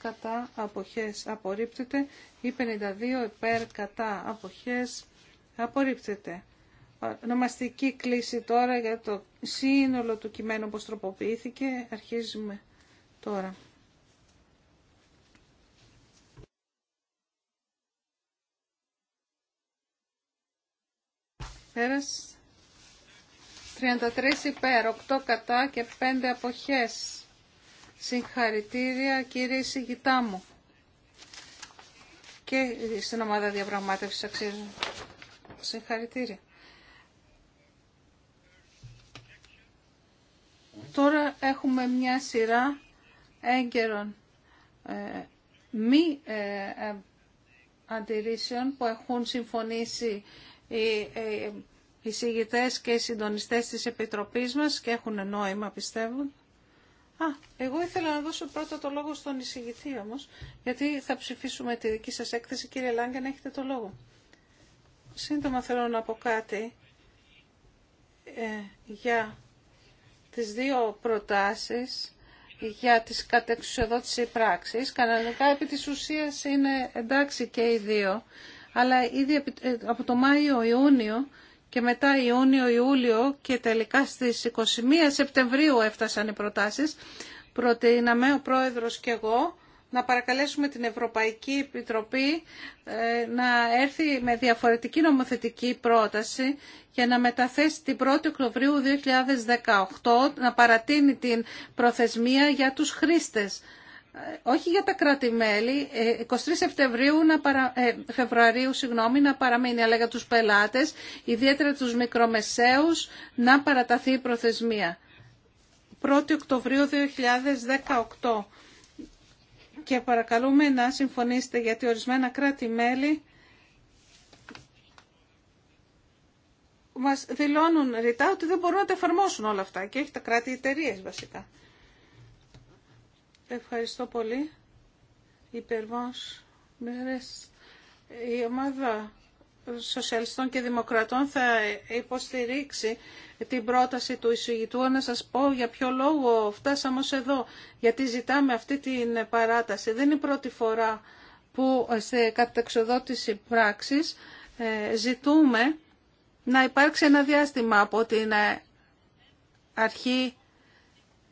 κατά αποχές απορρίπτεται. Η 52 υπέρ κατά αποχές απορρίπτεται. Ονομαστική κλίση τώρα για το σύνολο του κειμένου που τροποποιήθηκε. Αρχίζουμε τώρα. Πέρας. 33 υπέρ, 8 κατά και 5 αποχές. Συγχαρητήρια κύριε εισηγητά μου. Και στην ομάδα διαπραγμάτευσης αξίζουν. Συγχαρητήρια. Τώρα έχουμε μια σειρά έγκαιρων ε, μη ε, ε, αντιρρήσεων που έχουν συμφωνήσει ε, οι εισηγητές και οι συντονιστές της Επιτροπής μας και έχουν νόημα πιστεύουν. Α, εγώ ήθελα να δώσω πρώτα το λόγο στον εισηγητή όμω, γιατί θα ψηφίσουμε τη δική σας έκθεση. Κύριε να έχετε το λόγο. Σύντομα θέλω να πω κάτι για τις δύο προτάσεις για τις κατεξουσιοδότηση πράξης. Κανονικά επί της ουσίας είναι εντάξει και οι δύο, αλλά ήδη ε, από το Μάιο-Ιούνιο και μετά Ιούνιο-Ιούλιο και τελικά στις 21 Σεπτεμβρίου έφτασαν οι προτάσεις. Προτείναμε ο Πρόεδρος και εγώ να παρακαλέσουμε την Ευρωπαϊκή Επιτροπή ε, να έρθει με διαφορετική νομοθετική πρόταση για να μεταθέσει την 1η Οκτωβρίου 2018 να παρατείνει την προθεσμία για τους χρήστες. Ε, όχι για τα κράτη-μέλη, 23 ε, να Φεβρουαρίου συγγνώμη, να παραμείνει, αλλά για τους πελάτες, ιδιαίτερα τους μικρομεσαίους, να παραταθεί η προθεσμία. 1η Οκτωβρίου 2018 και παρακαλούμε να συμφωνήσετε γιατί ορισμένα κράτη-μέλη μας δηλώνουν ρητά ότι δεν μπορούν να τα εφαρμόσουν όλα αυτά και έχει τα κράτη εταιρείε βασικά. Ευχαριστώ πολύ. Μερές. Η ομάδα Σοσιαλιστών και Δημοκρατών θα υποστηρίξει την πρόταση του εισηγητού. Να σας πω για ποιο λόγο φτάσαμε ως εδώ, γιατί ζητάμε αυτή την παράταση. Δεν είναι η πρώτη φορά που σε κατεξοδότηση πράξης ε, ζητούμε να υπάρξει ένα διάστημα από την αρχή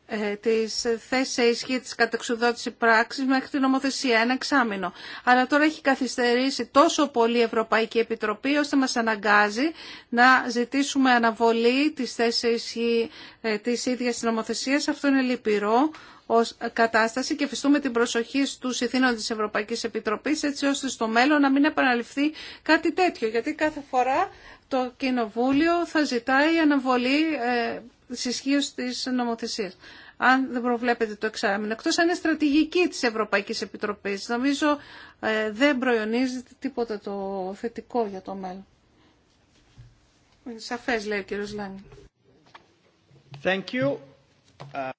ε, Τη θέση σε ισχύ της κατεξουδότηση πράξης μέχρι την νομοθεσία, ένα εξάμεινο. Αλλά τώρα έχει καθυστερήσει τόσο πολύ η Ευρωπαϊκή Επιτροπή ώστε μας αναγκάζει να ζητήσουμε αναβολή της θέσης σε ισχύ ε, της ίδιας της νομοθεσίας. Αυτό είναι λυπηρό ως κατάσταση και φυστούμε την προσοχή στους ηθήνων της Ευρωπαϊκής Επιτροπής έτσι ώστε στο μέλλον να μην επαναληφθεί κάτι τέτοιο γιατί κάθε φορά το Κοινοβούλιο θα ζητάει αναβολή ε, τη ισχύω τη νομοθεσία. Αν δεν προβλέπετε το εξάμεινο, Εκτό αν είναι στρατηγική της Ευρωπαϊκής Επιτροπής, νομίζω ε, δεν προϊονίζεται τίποτα το θετικό για το μέλλον. Σαφέ λέει ο κύριο Λάνη.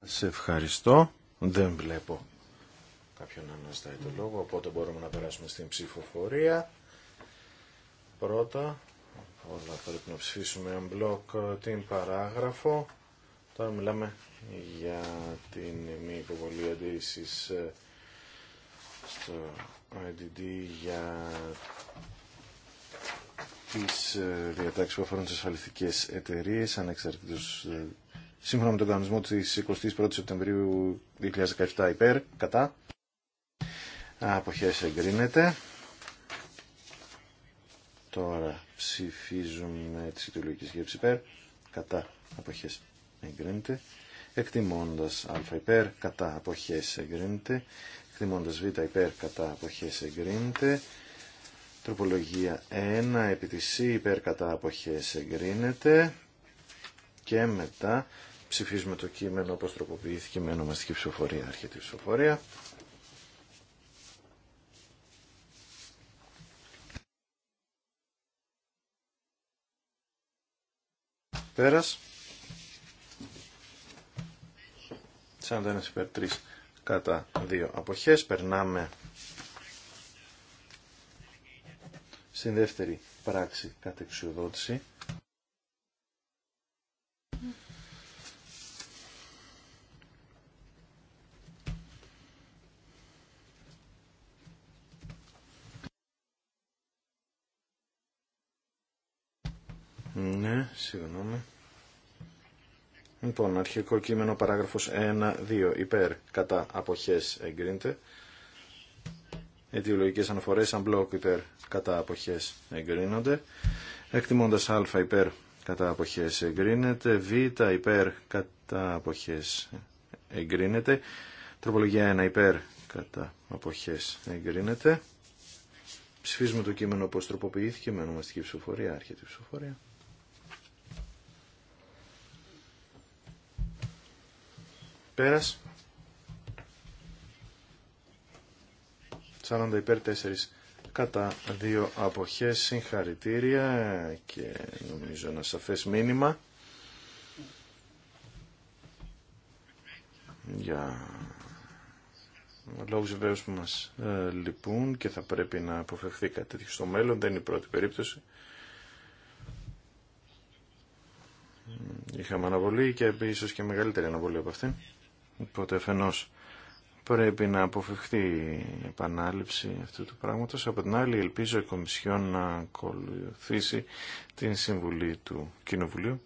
Σε ευχαριστώ. Δεν βλέπω κάποιον να αναστάει το λόγο, οπότε μπορούμε να περάσουμε στην ψηφοφορία. Πρώτα, όλα πρέπει να ψηφίσουμε ένα την παράγραφο Τώρα μιλάμε για την μη υποβολή αντίρρησης ε, στο IDD για τις ε, διατάξεις που αφορούν τις ασφαλιστικές εταιρείες ανεξαρτήτως ε, σύμφωνα με τον κανονισμό της 21 Σεπτεμβρίου 2017 υπέρ, κατά. Αποχές εγκρίνεται. Τώρα ψηφίζουμε τις ιδεολογικές γεύσεις υπέρ, κατά αποχές εγκρίνεται. Εκτιμώντας α υπέρ κατά αποχές εγκρίνεται. Εκτιμώντας β υπέρ κατά αποχές εγκρίνεται. Τροπολογία 1 επί υπέρ κατά αποχές εγκρίνεται. Και μετά ψηφίζουμε το κείμενο όπως τροποποιήθηκε με ονομαστική ψηφοφορία, αρχιετή ψηφοφορία. Πέρας. 41 υπέρ 3 κατά 2 αποχές. Περνάμε στην δεύτερη πράξη εξουδότηση. Ναι, συγγνώμη. Λοιπόν, αρχικό κείμενο παράγραφος 1-2 υπέρ κατά αποχές εγκρίνεται. Αιτιολογικές αναφορές αν μπλοκ υπέρ κατά αποχές εγκρίνονται. Εκτιμώντας α υπέρ κατά αποχές εγκρίνεται. Β υπέρ κατά αποχές εγκρίνεται. Τροπολογία 1 υπέρ κατά αποχές εγκρίνεται. Ψηφίζουμε το κείμενο όπως τροποποιήθηκε με ονομαστική ψηφοφορία, άρχεται ψηφοφορία. Πέρας. 40 υπέρ 4 κατά δύο αποχές συγχαρητήρια και νομίζω ένα σαφές μήνυμα για λόγους βεβαίως που μας ε, λυπούν και θα πρέπει να αποφευθεί κάτι τέτοιο στο μέλλον, δεν είναι η πρώτη περίπτωση. Είχαμε αναβολή και ίσως και μεγαλύτερη αναβολή από αυτήν. Οπότε αφενός πρέπει να αποφευχθεί η επανάληψη αυτού του πράγματος. Από την άλλη ελπίζω η Κομισιόν να ακολουθήσει την Συμβουλή του Κοινοβουλίου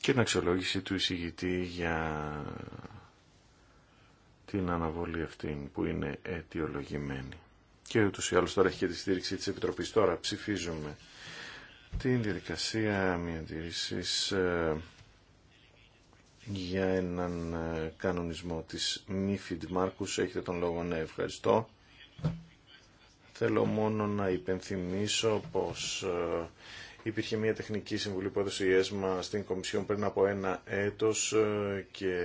και την αξιολόγηση του εισηγητή για την αναβολή αυτή που είναι αιτιολογημένη. Και ούτως ή άλλως τώρα έχει και τη στήριξη της Επιτροπής. Τώρα ψηφίζουμε την διαδικασία μια για έναν ε, κανονισμό της Μίφιντ Μάρκους. Έχετε τον λόγο να ευχαριστώ. Θέλω μόνο να υπενθυμίσω πως ε, υπήρχε μια τεχνική συμβουλή που έδωσε η ΕΣΜΑ στην Κομισιόν πριν από ένα έτος ε, και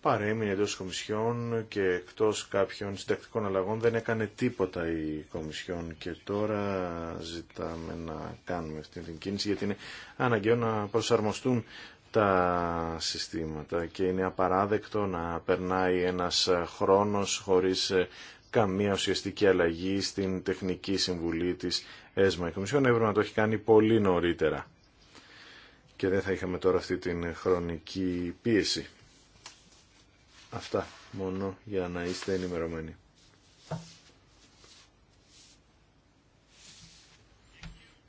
παρέμεινε εντός Κομισιόν και εκτός κάποιων συντακτικών αλλαγών δεν έκανε τίποτα η Κομισιόν και τώρα ζητάμε να κάνουμε αυτή την κίνηση γιατί είναι αναγκαίο να προσαρμοστούν τα συστήματα και είναι απαράδεκτο να περνάει ένας χρόνος χωρίς ε, καμία ουσιαστική αλλαγή στην τεχνική συμβουλή της ΕΣΜΑ. Η Κομισιόν έπρεπε να το έχει κάνει πολύ νωρίτερα και δεν θα είχαμε τώρα αυτή την χρονική πίεση. Αυτά μόνο για να είστε ενημερωμένοι.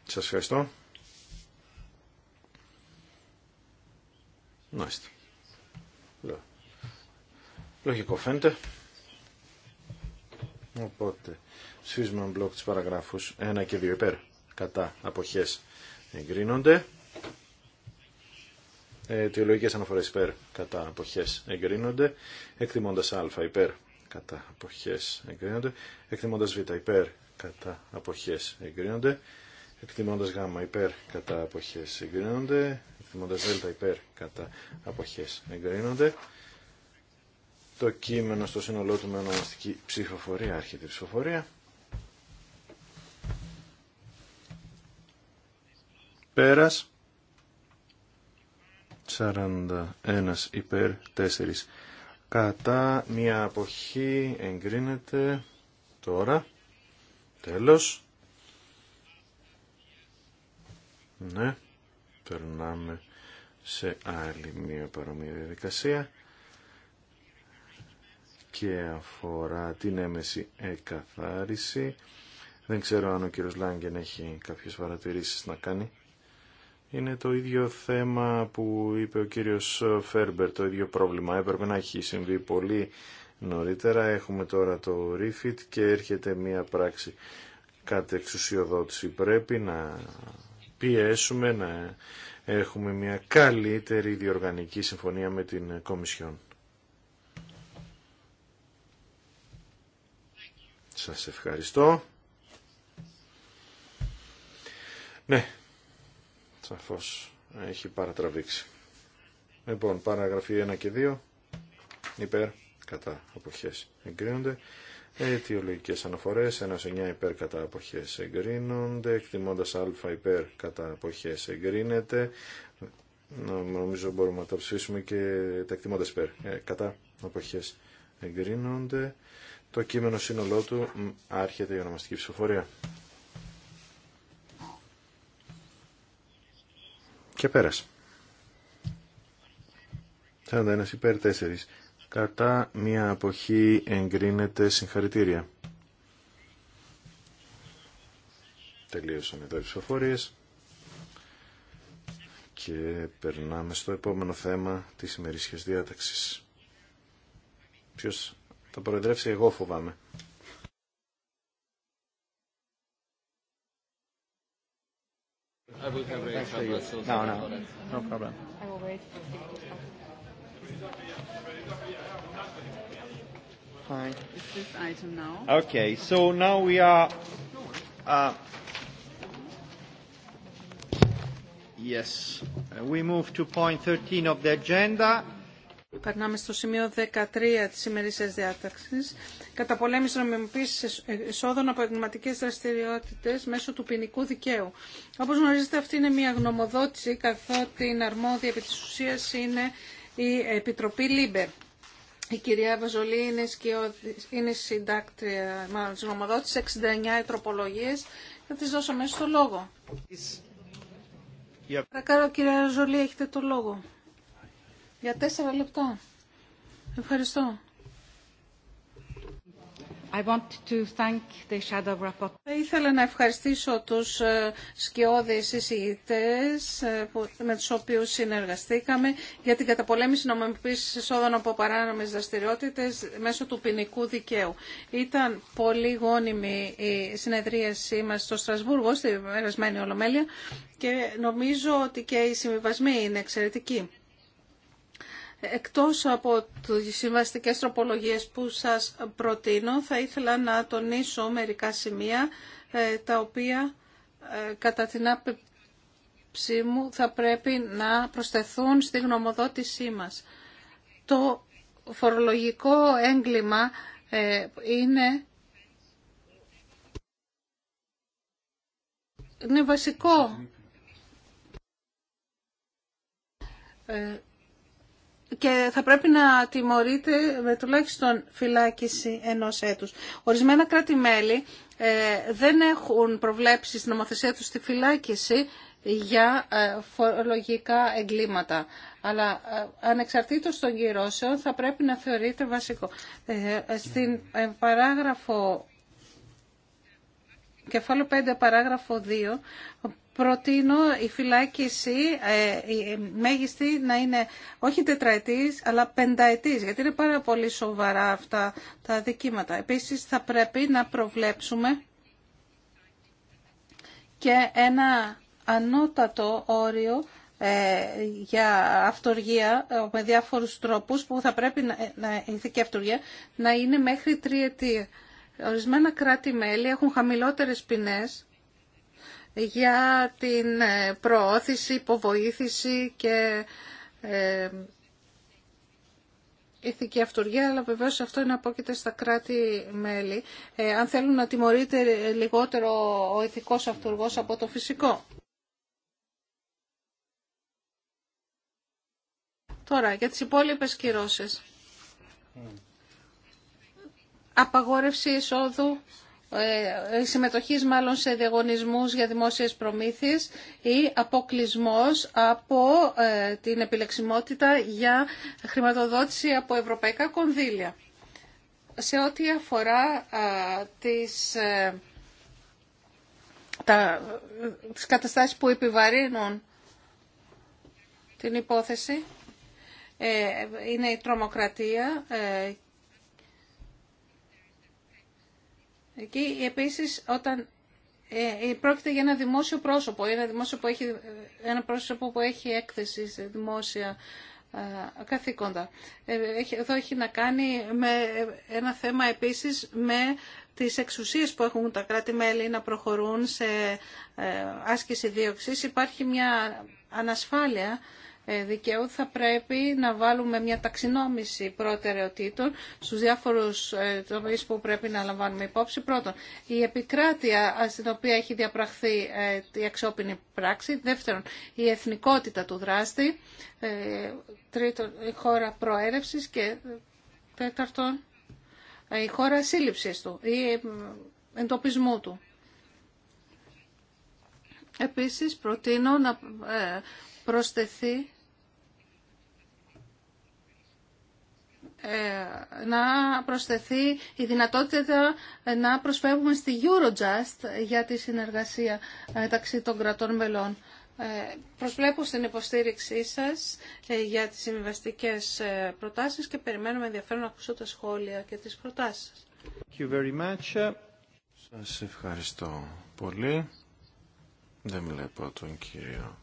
Σας ευχαριστώ. Μάλιστα. Ναι. Λογικό φαίνεται. Οπότε, σφίσμα μπλοκ της παραγράφους 1 και 2 υπέρ κατά αποχές εγκρίνονται. Αιτιολογικές αναφορές υπέρ κατά αποχές εγκρίνονται. Εκτιμώντας α υπέρ κατά αποχές εγκρίνονται. Εκτιμώντας β υπέρ κατά αποχές εγκρίνονται. Εκτιμώντας γ υπέρ κατά αποχές εγκρίνονται εκτιμώντας δέλτα υπέρ κατά αποχές εγκρίνονται. Το κείμενο στο σύνολό του με ονομαστική ψηφοφορία, άρχεται ψηφοφορία. Πέρας. 41 υπέρ 4. Κατά μια αποχή εγκρίνεται τώρα. Τέλος. Ναι περνάμε σε άλλη μία παρόμοια διαδικασία και αφορά την έμεση εκαθάριση. Δεν ξέρω αν ο κύριος Λάγκεν έχει κάποιες παρατηρήσεις να κάνει. Είναι το ίδιο θέμα που είπε ο κύριος Φέρμπερ, το ίδιο πρόβλημα. Έπρεπε να έχει συμβεί πολύ νωρίτερα. Έχουμε τώρα το Refit και έρχεται μία πράξη Κάτι εξουσιοδότηση. Πρέπει να πιέσουμε να έχουμε μια καλύτερη διοργανική συμφωνία με την Κομισιόν. Σας ευχαριστώ. Ναι, σαφώς έχει παρατραβήξει. Λοιπόν, παραγραφή 1 και 2, υπέρ, κατά, αποχές εγκρίνονται αιτιολογικες αναφορέ. αναφορές 1-9 υπέρ κατά αποχέ εγκρίνονται εκτιμώντα α υπέρ κατά αποχέ εγκρίνεται νομίζω μπορούμε να τα ψήσουμε και τα εκτιμώντα υπέρ ε, κατά αποχέ εγκρίνονται το κείμενο σύνολό του άρχεται η ονομαστική ψηφοφορία και πέρασε 41 υπέρ 4 κατά μία αποχή εγκρίνεται συγχαρητήρια. Τελείωσαν οι οι και περνάμε στο επόμενο θέμα της ημερήσιας διάταξης. Ποιος θα προεδρεύσει εγώ φοβάμαι. I Fine. Okay, so now we are. Uh, yes, uh, we move to point 13 of the agenda. Περνάμε στο σημείο 13 της σημερινής διάταξης. Καταπολέμηση νομιμοποίησης εισόδων από εγκληματικές δραστηριότητες μέσω του ποινικού δικαίου. Όπως γνωρίζετε αυτή είναι μια γνωμοδότηση καθότι η αρμόδια επί της ουσίας είναι η Επιτροπή ΛΥΜΠΕΡ, Η κυρία Βαζολή είναι, είναι συντάκτρια μάλλον, της 69 ετροπολογίες Θα της δώσω μέσα το λόγο. Yeah. Παρακαλώ κυρία Βαζολή, έχετε το λόγο. Για τέσσερα λεπτά. Ευχαριστώ. Θα ήθελα να ευχαριστήσω τους ε, σκιώδεις εισηγητές ε, με τους οποίους συνεργαστήκαμε για την καταπολέμηση νομιμοποίησης εισόδων από παράνομες δραστηριότητες μέσω του ποινικού δικαίου. Ήταν πολύ γόνιμη η συνεδρίασή μας στο Στρασβούργο, στη περασμένη Ολομέλεια και νομίζω ότι και οι συμβιβασμοί είναι εξαιρετικοί. Εκτός από τις συμβαστικές τροπολογίες που σας προτείνω, θα ήθελα να τονίσω μερικά σημεία ε, τα οποία ε, κατά την άποψή μου θα πρέπει να προσθεθούν στη γνωμοδότησή μας. Το φορολογικό έγκλημα ε, είναι, είναι βασικό και θα πρέπει να τιμωρείται με τουλάχιστον φυλάκιση ενός έτους. Ορισμένα κράτη-μέλη ε, δεν έχουν προβλέψει στην νομοθεσία τους τη φυλάκιση για ε, φορολογικά εγκλήματα. Αλλά ε, ανεξαρτήτως των κυρώσεων θα πρέπει να θεωρείται βασικό. Στην παράγραφο κεφάλαιο 5 παράγραφο 2 προτείνω η φυλάκιση ε, μέγιστη να είναι όχι τετραετής αλλά πενταετής γιατί είναι πάρα πολύ σοβαρά αυτά τα δικήματα. Επίσης θα πρέπει να προβλέψουμε και ένα ανώτατο όριο ε, για αυτοργία ε, με διάφορους τρόπους που θα πρέπει να, να αυτοργία να είναι μέχρι τριετία. Ορισμένα κράτη-μέλη έχουν χαμηλότερες ποινές για την ε, προώθηση, υποβοήθηση και ε, ηθική αυτοργία, αλλά βεβαίως αυτό είναι απόκειται στα κράτη-μέλη, ε, αν θέλουν να τιμωρείται λιγότερο ο ηθικός αυτοργός από το φυσικό. Τώρα, για τις υπόλοιπες κυρώσεις. Mm. Απαγόρευση εισόδου ε, ε, συμμετοχής μάλλον σε διαγωνισμούς για δημόσιες προμήθειες ή αποκλισμός από ε, την επιλεξιμότητα για χρηματοδότηση από ευρωπαϊκά κονδύλια. Σε ό,τι αφορά τις, τα, τις καταστάσεις που επιβαρύνουν την υπόθεση, είναι η τρομοκρατία Εκεί επίσης όταν ε, ε, πρόκειται για ένα δημόσιο πρόσωπο, ένα, δημόσιο που έχει, ένα πρόσωπο που έχει έκθεση σε δημόσια καθήκοντα. Ε, έχει, εδώ έχει να κάνει με ένα θέμα επίσης με τις εξουσίες που έχουν τα κράτη-μέλη να προχωρούν σε άσκηση δίωξης. Υπάρχει μια ανασφάλεια ε, δικαίου θα πρέπει να βάλουμε μια ταξινόμηση προτεραιοτήτων στους διάφορους ε, τομείς που πρέπει να λαμβάνουμε υπόψη. Πρώτον, η επικράτεια στην οποία έχει διαπραχθεί ε, η αξιόπινη πράξη. Δεύτερον, η εθνικότητα του δράστη. Τρίτον, η χώρα προέρευσης και τέταρτον, η χώρα σύλληψης του ή εντοπισμού του. Επίσης προτείνω να προσθεθεί Ε, να προσθεθεί η δυνατότητα να προσφεύγουμε στη Eurojust για τη συνεργασία μεταξύ των κρατών μελών. Ε, προσβλέπω στην υποστήριξή σας ε, για τις συμβιβαστικέ προτάσεις και περιμένουμε ενδιαφέρον να ακούσω τα σχόλια και τις προτάσεις σας. Thank you very much. Σας ευχαριστώ πολύ. Δεν βλέπω τον κύριο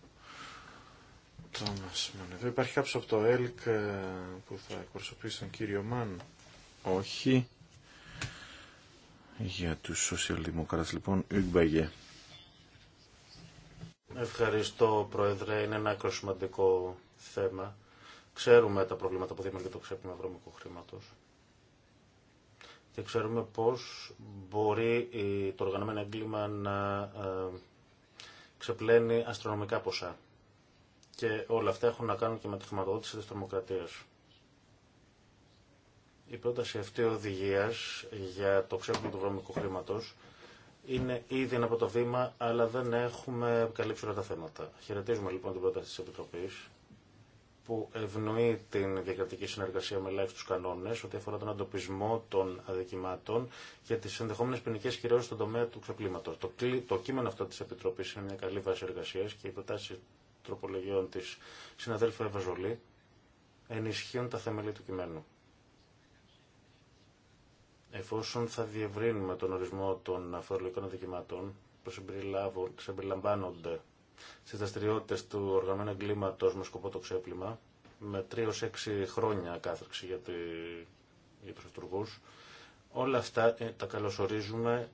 Τόμας Μάνεβε. Υπάρχει κάποιος από το ΕΛΚ ε, που θα εκπροσωπήσει τον κύριο Μάν. Όχι. Για τους σοσιαλδημοκράτες λοιπόν, Υγμπαγέ. Ευχαριστώ Πρόεδρε, είναι ένα άκρο σημαντικό θέμα. Ξέρουμε τα προβλήματα που δημιουργεί το ξέπλυμα βρώμικου χρήματος και ξέρουμε πώς μπορεί το οργανωμένο έγκλημα να ε, ξεπλένει αστρονομικά ποσά. Και όλα αυτά έχουν να κάνουν και με τη χρηματοδότηση της τρομοκρατίας. Η πρόταση αυτή οδηγία για το ξέπλυμα του βρώμικου χρήματο είναι ήδη ένα το βήμα, αλλά δεν έχουμε καλύψει όλα τα θέματα. Χαιρετίζουμε λοιπόν την πρόταση της Επιτροπής που ευνοεί την διακρατική συνεργασία με ελάχιστου κανόνε ό,τι αφορά τον αντοπισμό των αδικημάτων και τι ενδεχόμενε ποινικέ κυρώσει στον τομέα του ξεπλήματο. Το, το κείμενο αυτό τη Επιτροπή είναι μια καλή βάση εργασία και οι προτάσει τροπολογιών της συναδέλφου Ζολή, ενισχύουν τα θεμελή του κειμένου. Εφόσον θα διευρύνουμε τον ορισμό των αφορολογικών αδικημάτων που συμπεριλαμβάνονται στις δραστηριότητε του οργανωμένου εγκλήματος με σκοπό το ξέπλυμα, με 3 6 χρόνια κάθριξη για, τη, για τους όλα αυτά ε, τα καλωσορίζουμε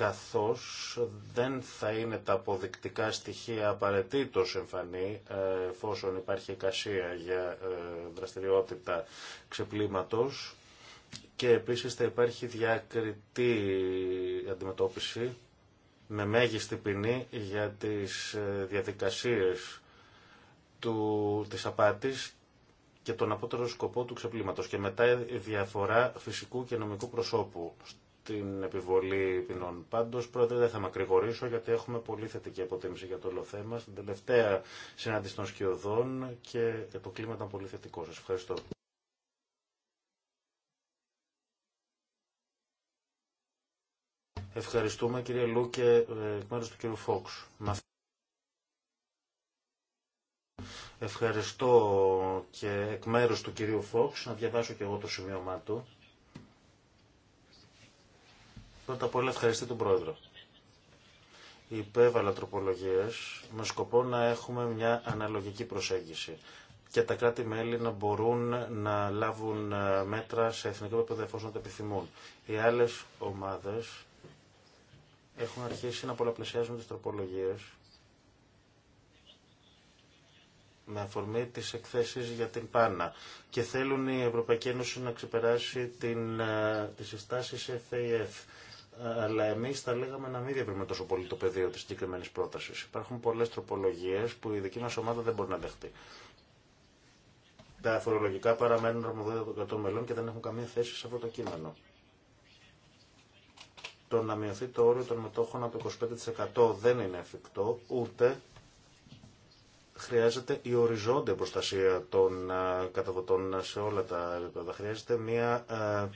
καθώς δεν θα είναι τα αποδεικτικά στοιχεία απαραίτητο εμφανή ε, εφόσον υπάρχει εικασία για ε, δραστηριότητα ξεπλήματος και επίσης θα υπάρχει διακριτή αντιμετώπιση με μέγιστη ποινή για τις ε, διαδικασίες του, της απάτης και τον απότερο σκοπό του ξεπλήματος και μετά η διαφορά φυσικού και νομικού προσώπου την επιβολή ποινών. Πάντω, πρώτα δεν θα μακρηγορήσω γιατί έχουμε πολύ θετική αποτίμηση για το όλο θέμα. Στην τελευταία συνάντηση των σκιωδών και το κλίμα ήταν πολύ θετικό. Σα ευχαριστώ. Ευχαριστούμε κύριε Λού και ε, εκ μέρου του κύριου Φόξ. Ευχαριστώ και εκ μέρου του κυρίου Φόξ να διαβάσω και εγώ το σημείωμά του. Πρώτα απ' όλα ευχαριστώ τον Πρόεδρο. Υπέβαλα τροπολογίες με σκοπό να έχουμε μια αναλογική προσέγγιση και τα κράτη-μέλη να μπορούν να λάβουν ε, μέτρα σε εθνικό επίπεδο εφόσον τα επιθυμούν. Οι άλλες ομάδες έχουν αρχίσει να πολλαπλασιάζουν τις τροπολογίες με αφορμή τις εκθέσεις για την Πάνα και θέλουν η Ευρωπαϊκή Ένωση να ξεπεράσει την, ε, τις FAF αλλά εμεί θα λέγαμε να μην διαπρέμε τόσο πολύ το πεδίο τη συγκεκριμένη πρόταση. Υπάρχουν πολλέ τροπολογίε που η δική μα ομάδα δεν μπορεί να δεχτεί. Τα φορολογικά παραμένουν αρμοδότητα των μελών και δεν έχουν καμία θέση σε αυτό το κείμενο. Το να μειωθεί το όριο των μετόχων από το 25% δεν είναι εφικτό, ούτε χρειάζεται η οριζόντια προστασία των ε, καταδοτών σε όλα τα επίπεδα. Χρειάζεται μια ε,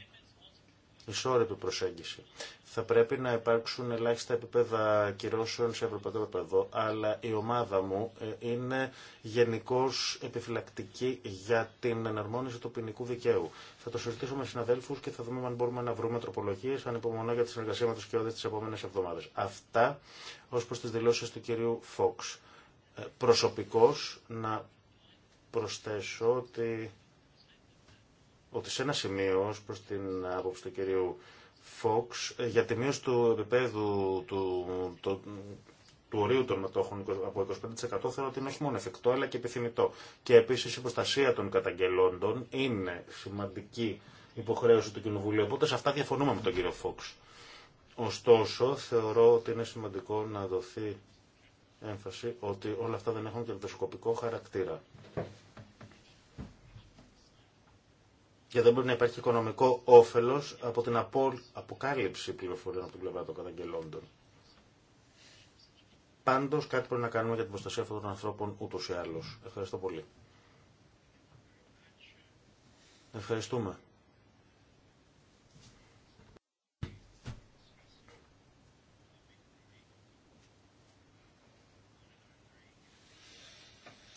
ισόρροπη προσέγγιση. Θα πρέπει να υπάρξουν ελάχιστα επίπεδα κυρώσεων σε ευρωπαϊκό επίπεδο, αλλά η ομάδα μου ε, είναι γενικώ επιφυλακτική για την εναρμόνιση του ποινικού δικαίου. Θα το συζητήσω με συναδέλφου και θα δούμε αν μπορούμε να βρούμε τροπολογίε. Ανυπομονώ για τη συνεργασία με του τι επόμενε εβδομάδε. Αυτά ω προ τι δηλώσει του κυρίου Φόξ. Ε, Προσωπικώ να προσθέσω ότι ότι σε ένα σημείο ως προς την άποψη του κυρίου Φόξ ε, για τη μείωση του επίπεδου του, του, ορίου των μετόχων από 25% θεωρώ ότι είναι όχι μόνο εφικτό αλλά και επιθυμητό. Και επίσης η προστασία των καταγγελόντων είναι σημαντική υποχρέωση του Κοινοβουλίου. Οπότε σε αυτά διαφωνούμε με τον κύριο Φόξ. Ωστόσο, θεωρώ ότι είναι σημαντικό να δοθεί έμφαση ότι όλα αυτά δεν έχουν κερδοσκοπικό χαρακτήρα. και δεν μπορεί να υπάρχει οικονομικό όφελο από την αποκάλυψη πληροφοριών από την πλευρά των καταγγελόντων. Πάντως κάτι πρέπει να κάνουμε για την προστασία αυτών των ανθρώπων ούτω ή άλλω. Ευχαριστώ πολύ. Ευχαριστούμε.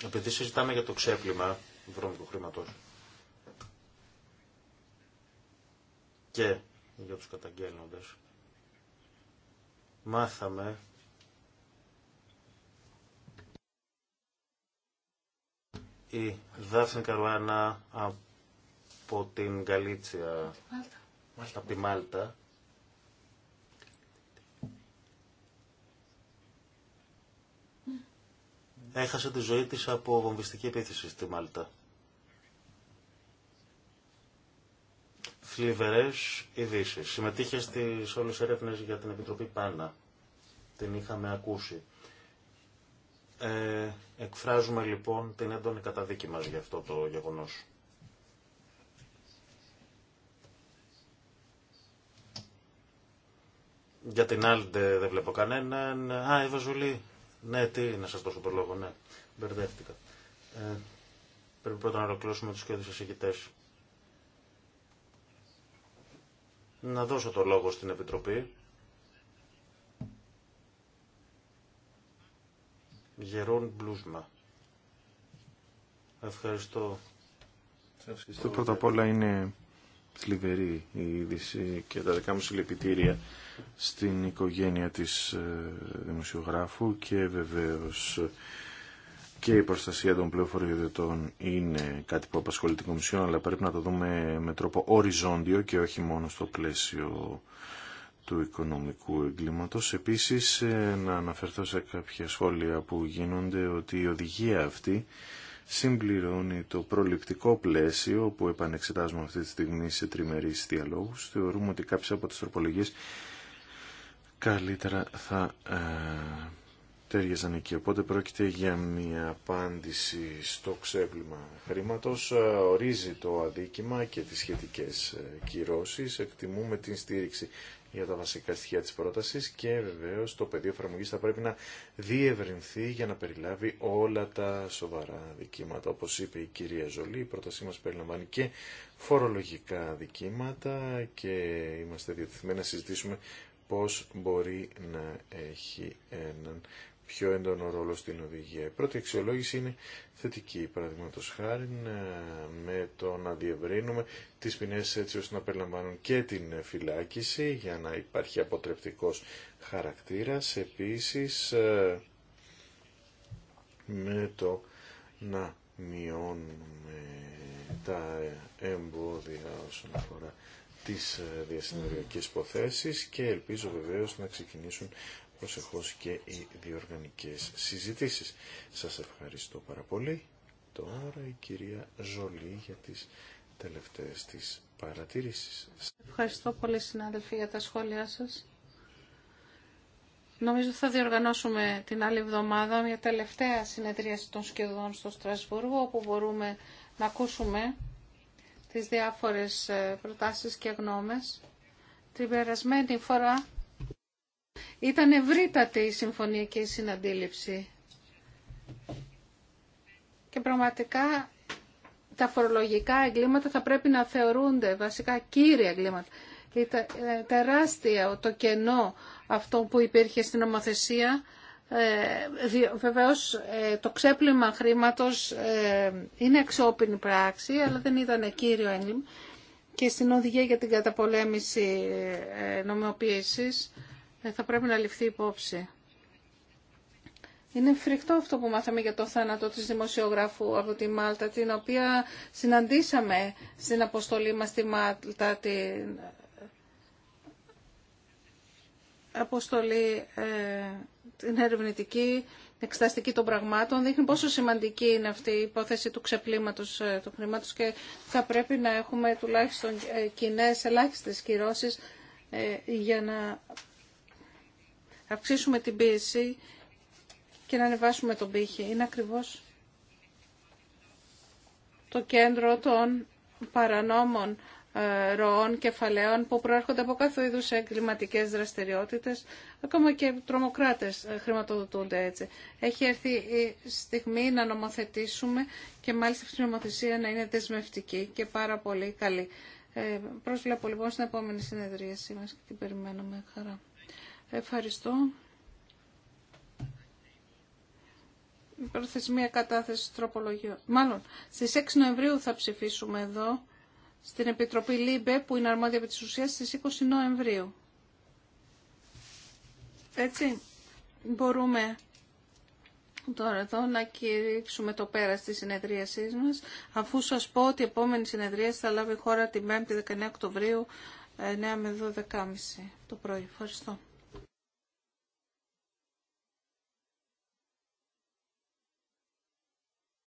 Επειδή συζητάμε για το ξέπλυμα βρώμικου χρήματος, και για τους καταγγέλλοντες. Μάθαμε η Δάφνη Καρουάνα από την Γαλίτσια, Μάλτα. από τη Μάλτα, έχασε τη ζωή της από βομβιστική επίθεση στη Μάλτα. Θλιβερέ ειδήσει. Συμμετείχε στι όλε έρευνε για την Επιτροπή Πάνα. Την είχαμε ακούσει. Ε, εκφράζουμε λοιπόν την έντονη καταδίκη μας για αυτό το γεγονός. Για την άλλη δεν βλέπω κανέναν. Α, η Βαζουλή. Ναι, τι, να σας δώσω το λόγο, ναι. Μπερδεύτηκα. Ε, πρέπει πρώτα να ολοκληρώσουμε τους κέντρους εισηγητές. να δώσω το λόγο στην Επιτροπή. Γερόν Μπλούσμα. Ευχαριστώ. Ευχαριστώ. Πρώτα απ' όλα είναι θλιβερή η είδηση και τα δικά μου συλληπιτήρια στην οικογένεια της ε, δημοσιογράφου και βεβαίως και η προστασία των πληροφοριοδοτών είναι κάτι που απασχολεί την Κομισιόν, αλλά πρέπει να το δούμε με τρόπο οριζόντιο και όχι μόνο στο πλαίσιο του οικονομικού εγκλήματος. Επίσης, ε, να αναφερθώ σε κάποια σχόλια που γίνονται ότι η οδηγία αυτή συμπληρώνει το προληπτικό πλαίσιο που επανεξετάζουμε αυτή τη στιγμή σε τριμερείς διαλόγους. Θεωρούμε ότι κάποιες από τις τροπολογίες καλύτερα θα ε, τέριαζαν εκεί. Οπότε πρόκειται για μια απάντηση στο ξέπλυμα χρήματος. Ορίζει το αδίκημα και τις σχετικές ε, κυρώσεις. Εκτιμούμε την στήριξη για τα βασικά στοιχεία της πρότασης και βεβαίως το πεδίο εφαρμογή θα πρέπει να διευρυνθεί για να περιλάβει όλα τα σοβαρά δικήματα. Όπως είπε η κυρία Ζολή, η πρότασή μας περιλαμβάνει και φορολογικά δικήματα και είμαστε διατεθειμένοι να συζητήσουμε πώς μπορεί να έχει έναν πιο έντονο ρόλο στην οδηγία. Η πρώτη αξιολόγηση είναι θετική, παραδείγματο χάρη, ε, με το να διευρύνουμε τις ποινές έτσι ώστε να περιλαμβάνουν και την φυλάκιση για να υπάρχει αποτρεπτικός χαρακτήρας. Επίσης, ε, με το να μειώνουμε τα εμπόδια όσον αφορά τις ε, διασυνοριακές υποθέσεις και ελπίζω βεβαίως να ξεκινήσουν προσεχώς και οι διοργανικές συζητήσεις. Σας ευχαριστώ πάρα πολύ. Τώρα η κυρία Ζολή για τις τελευταίες της παρατήρησεις. Ευχαριστώ πολύ συνάδελφοι για τα σχόλιά σας. Νομίζω θα διοργανώσουμε την άλλη εβδομάδα μια τελευταία συνεδρίαση των σχεδόν στο Στρασβούργο όπου μπορούμε να ακούσουμε τις διάφορες ε, προτάσεις και γνώμες. Την περασμένη φορά ήταν ευρύτατη η συμφωνία και η συναντήληψη. Και πραγματικά τα φορολογικά εγκλήματα θα πρέπει να θεωρούνται βασικά κύρια εγκλήματα. Ήταν ε, τεράστια το κενό αυτό που υπήρχε στην νομοθεσία. Ε, βεβαίως ε, το ξέπλυμα χρήματος είναι εξώπινη πράξη, αλλά δεν ήταν κύριο έγκλημα. Και στην οδηγία για την καταπολέμηση νομιμοποίησης ε, θα πρέπει να ληφθεί υπόψη. Είναι φρικτό αυτό που μάθαμε για το θάνατο της δημοσιογράφου από τη Μάλτα, την οποία συναντήσαμε στην αποστολή μας στη Μάλτα, την αποστολή ε, την ερευνητική, εξεταστική των πραγμάτων, δείχνει πόσο σημαντική είναι αυτή η υπόθεση του ξεπλήματος ε, του χρήματος και θα πρέπει να έχουμε τουλάχιστον κοινέ ελάχιστες κυρώσεις για να αυξήσουμε την πίεση και να ανεβάσουμε τον πύχη. Είναι ακριβώς το κέντρο των παρανόμων ε, ροών κεφαλαίων που προέρχονται από κάθε είδου εγκληματικέ δραστηριότητε, ακόμα και τρομοκράτε ε, χρηματοδοτούνται έτσι. Έχει έρθει η στιγμή να νομοθετήσουμε και μάλιστα αυτή η νομοθεσία να είναι δεσμευτική και πάρα πολύ καλή. Ε, προσβλέπω λοιπόν στην επόμενη συνεδρίασή μα και την περιμένω με χαρά. Ευχαριστώ. προθεσμία κατάθεση τροπολογιών. Μάλλον, στις 6 Νοεμβρίου θα ψηφίσουμε εδώ, στην Επιτροπή ΛΥΜΠΕ, που είναι αρμόδια επί της ουσίας, στις 20 Νοεμβρίου. Έτσι, μπορούμε τώρα εδώ να κηρύξουμε το πέρα στη συνεδρίασή μας, αφού σας πω ότι η επόμενη συνεδρία θα λάβει χώρα την 5η 19 Οκτωβρίου, 9 με 12.30 το πρωί. Ευχαριστώ.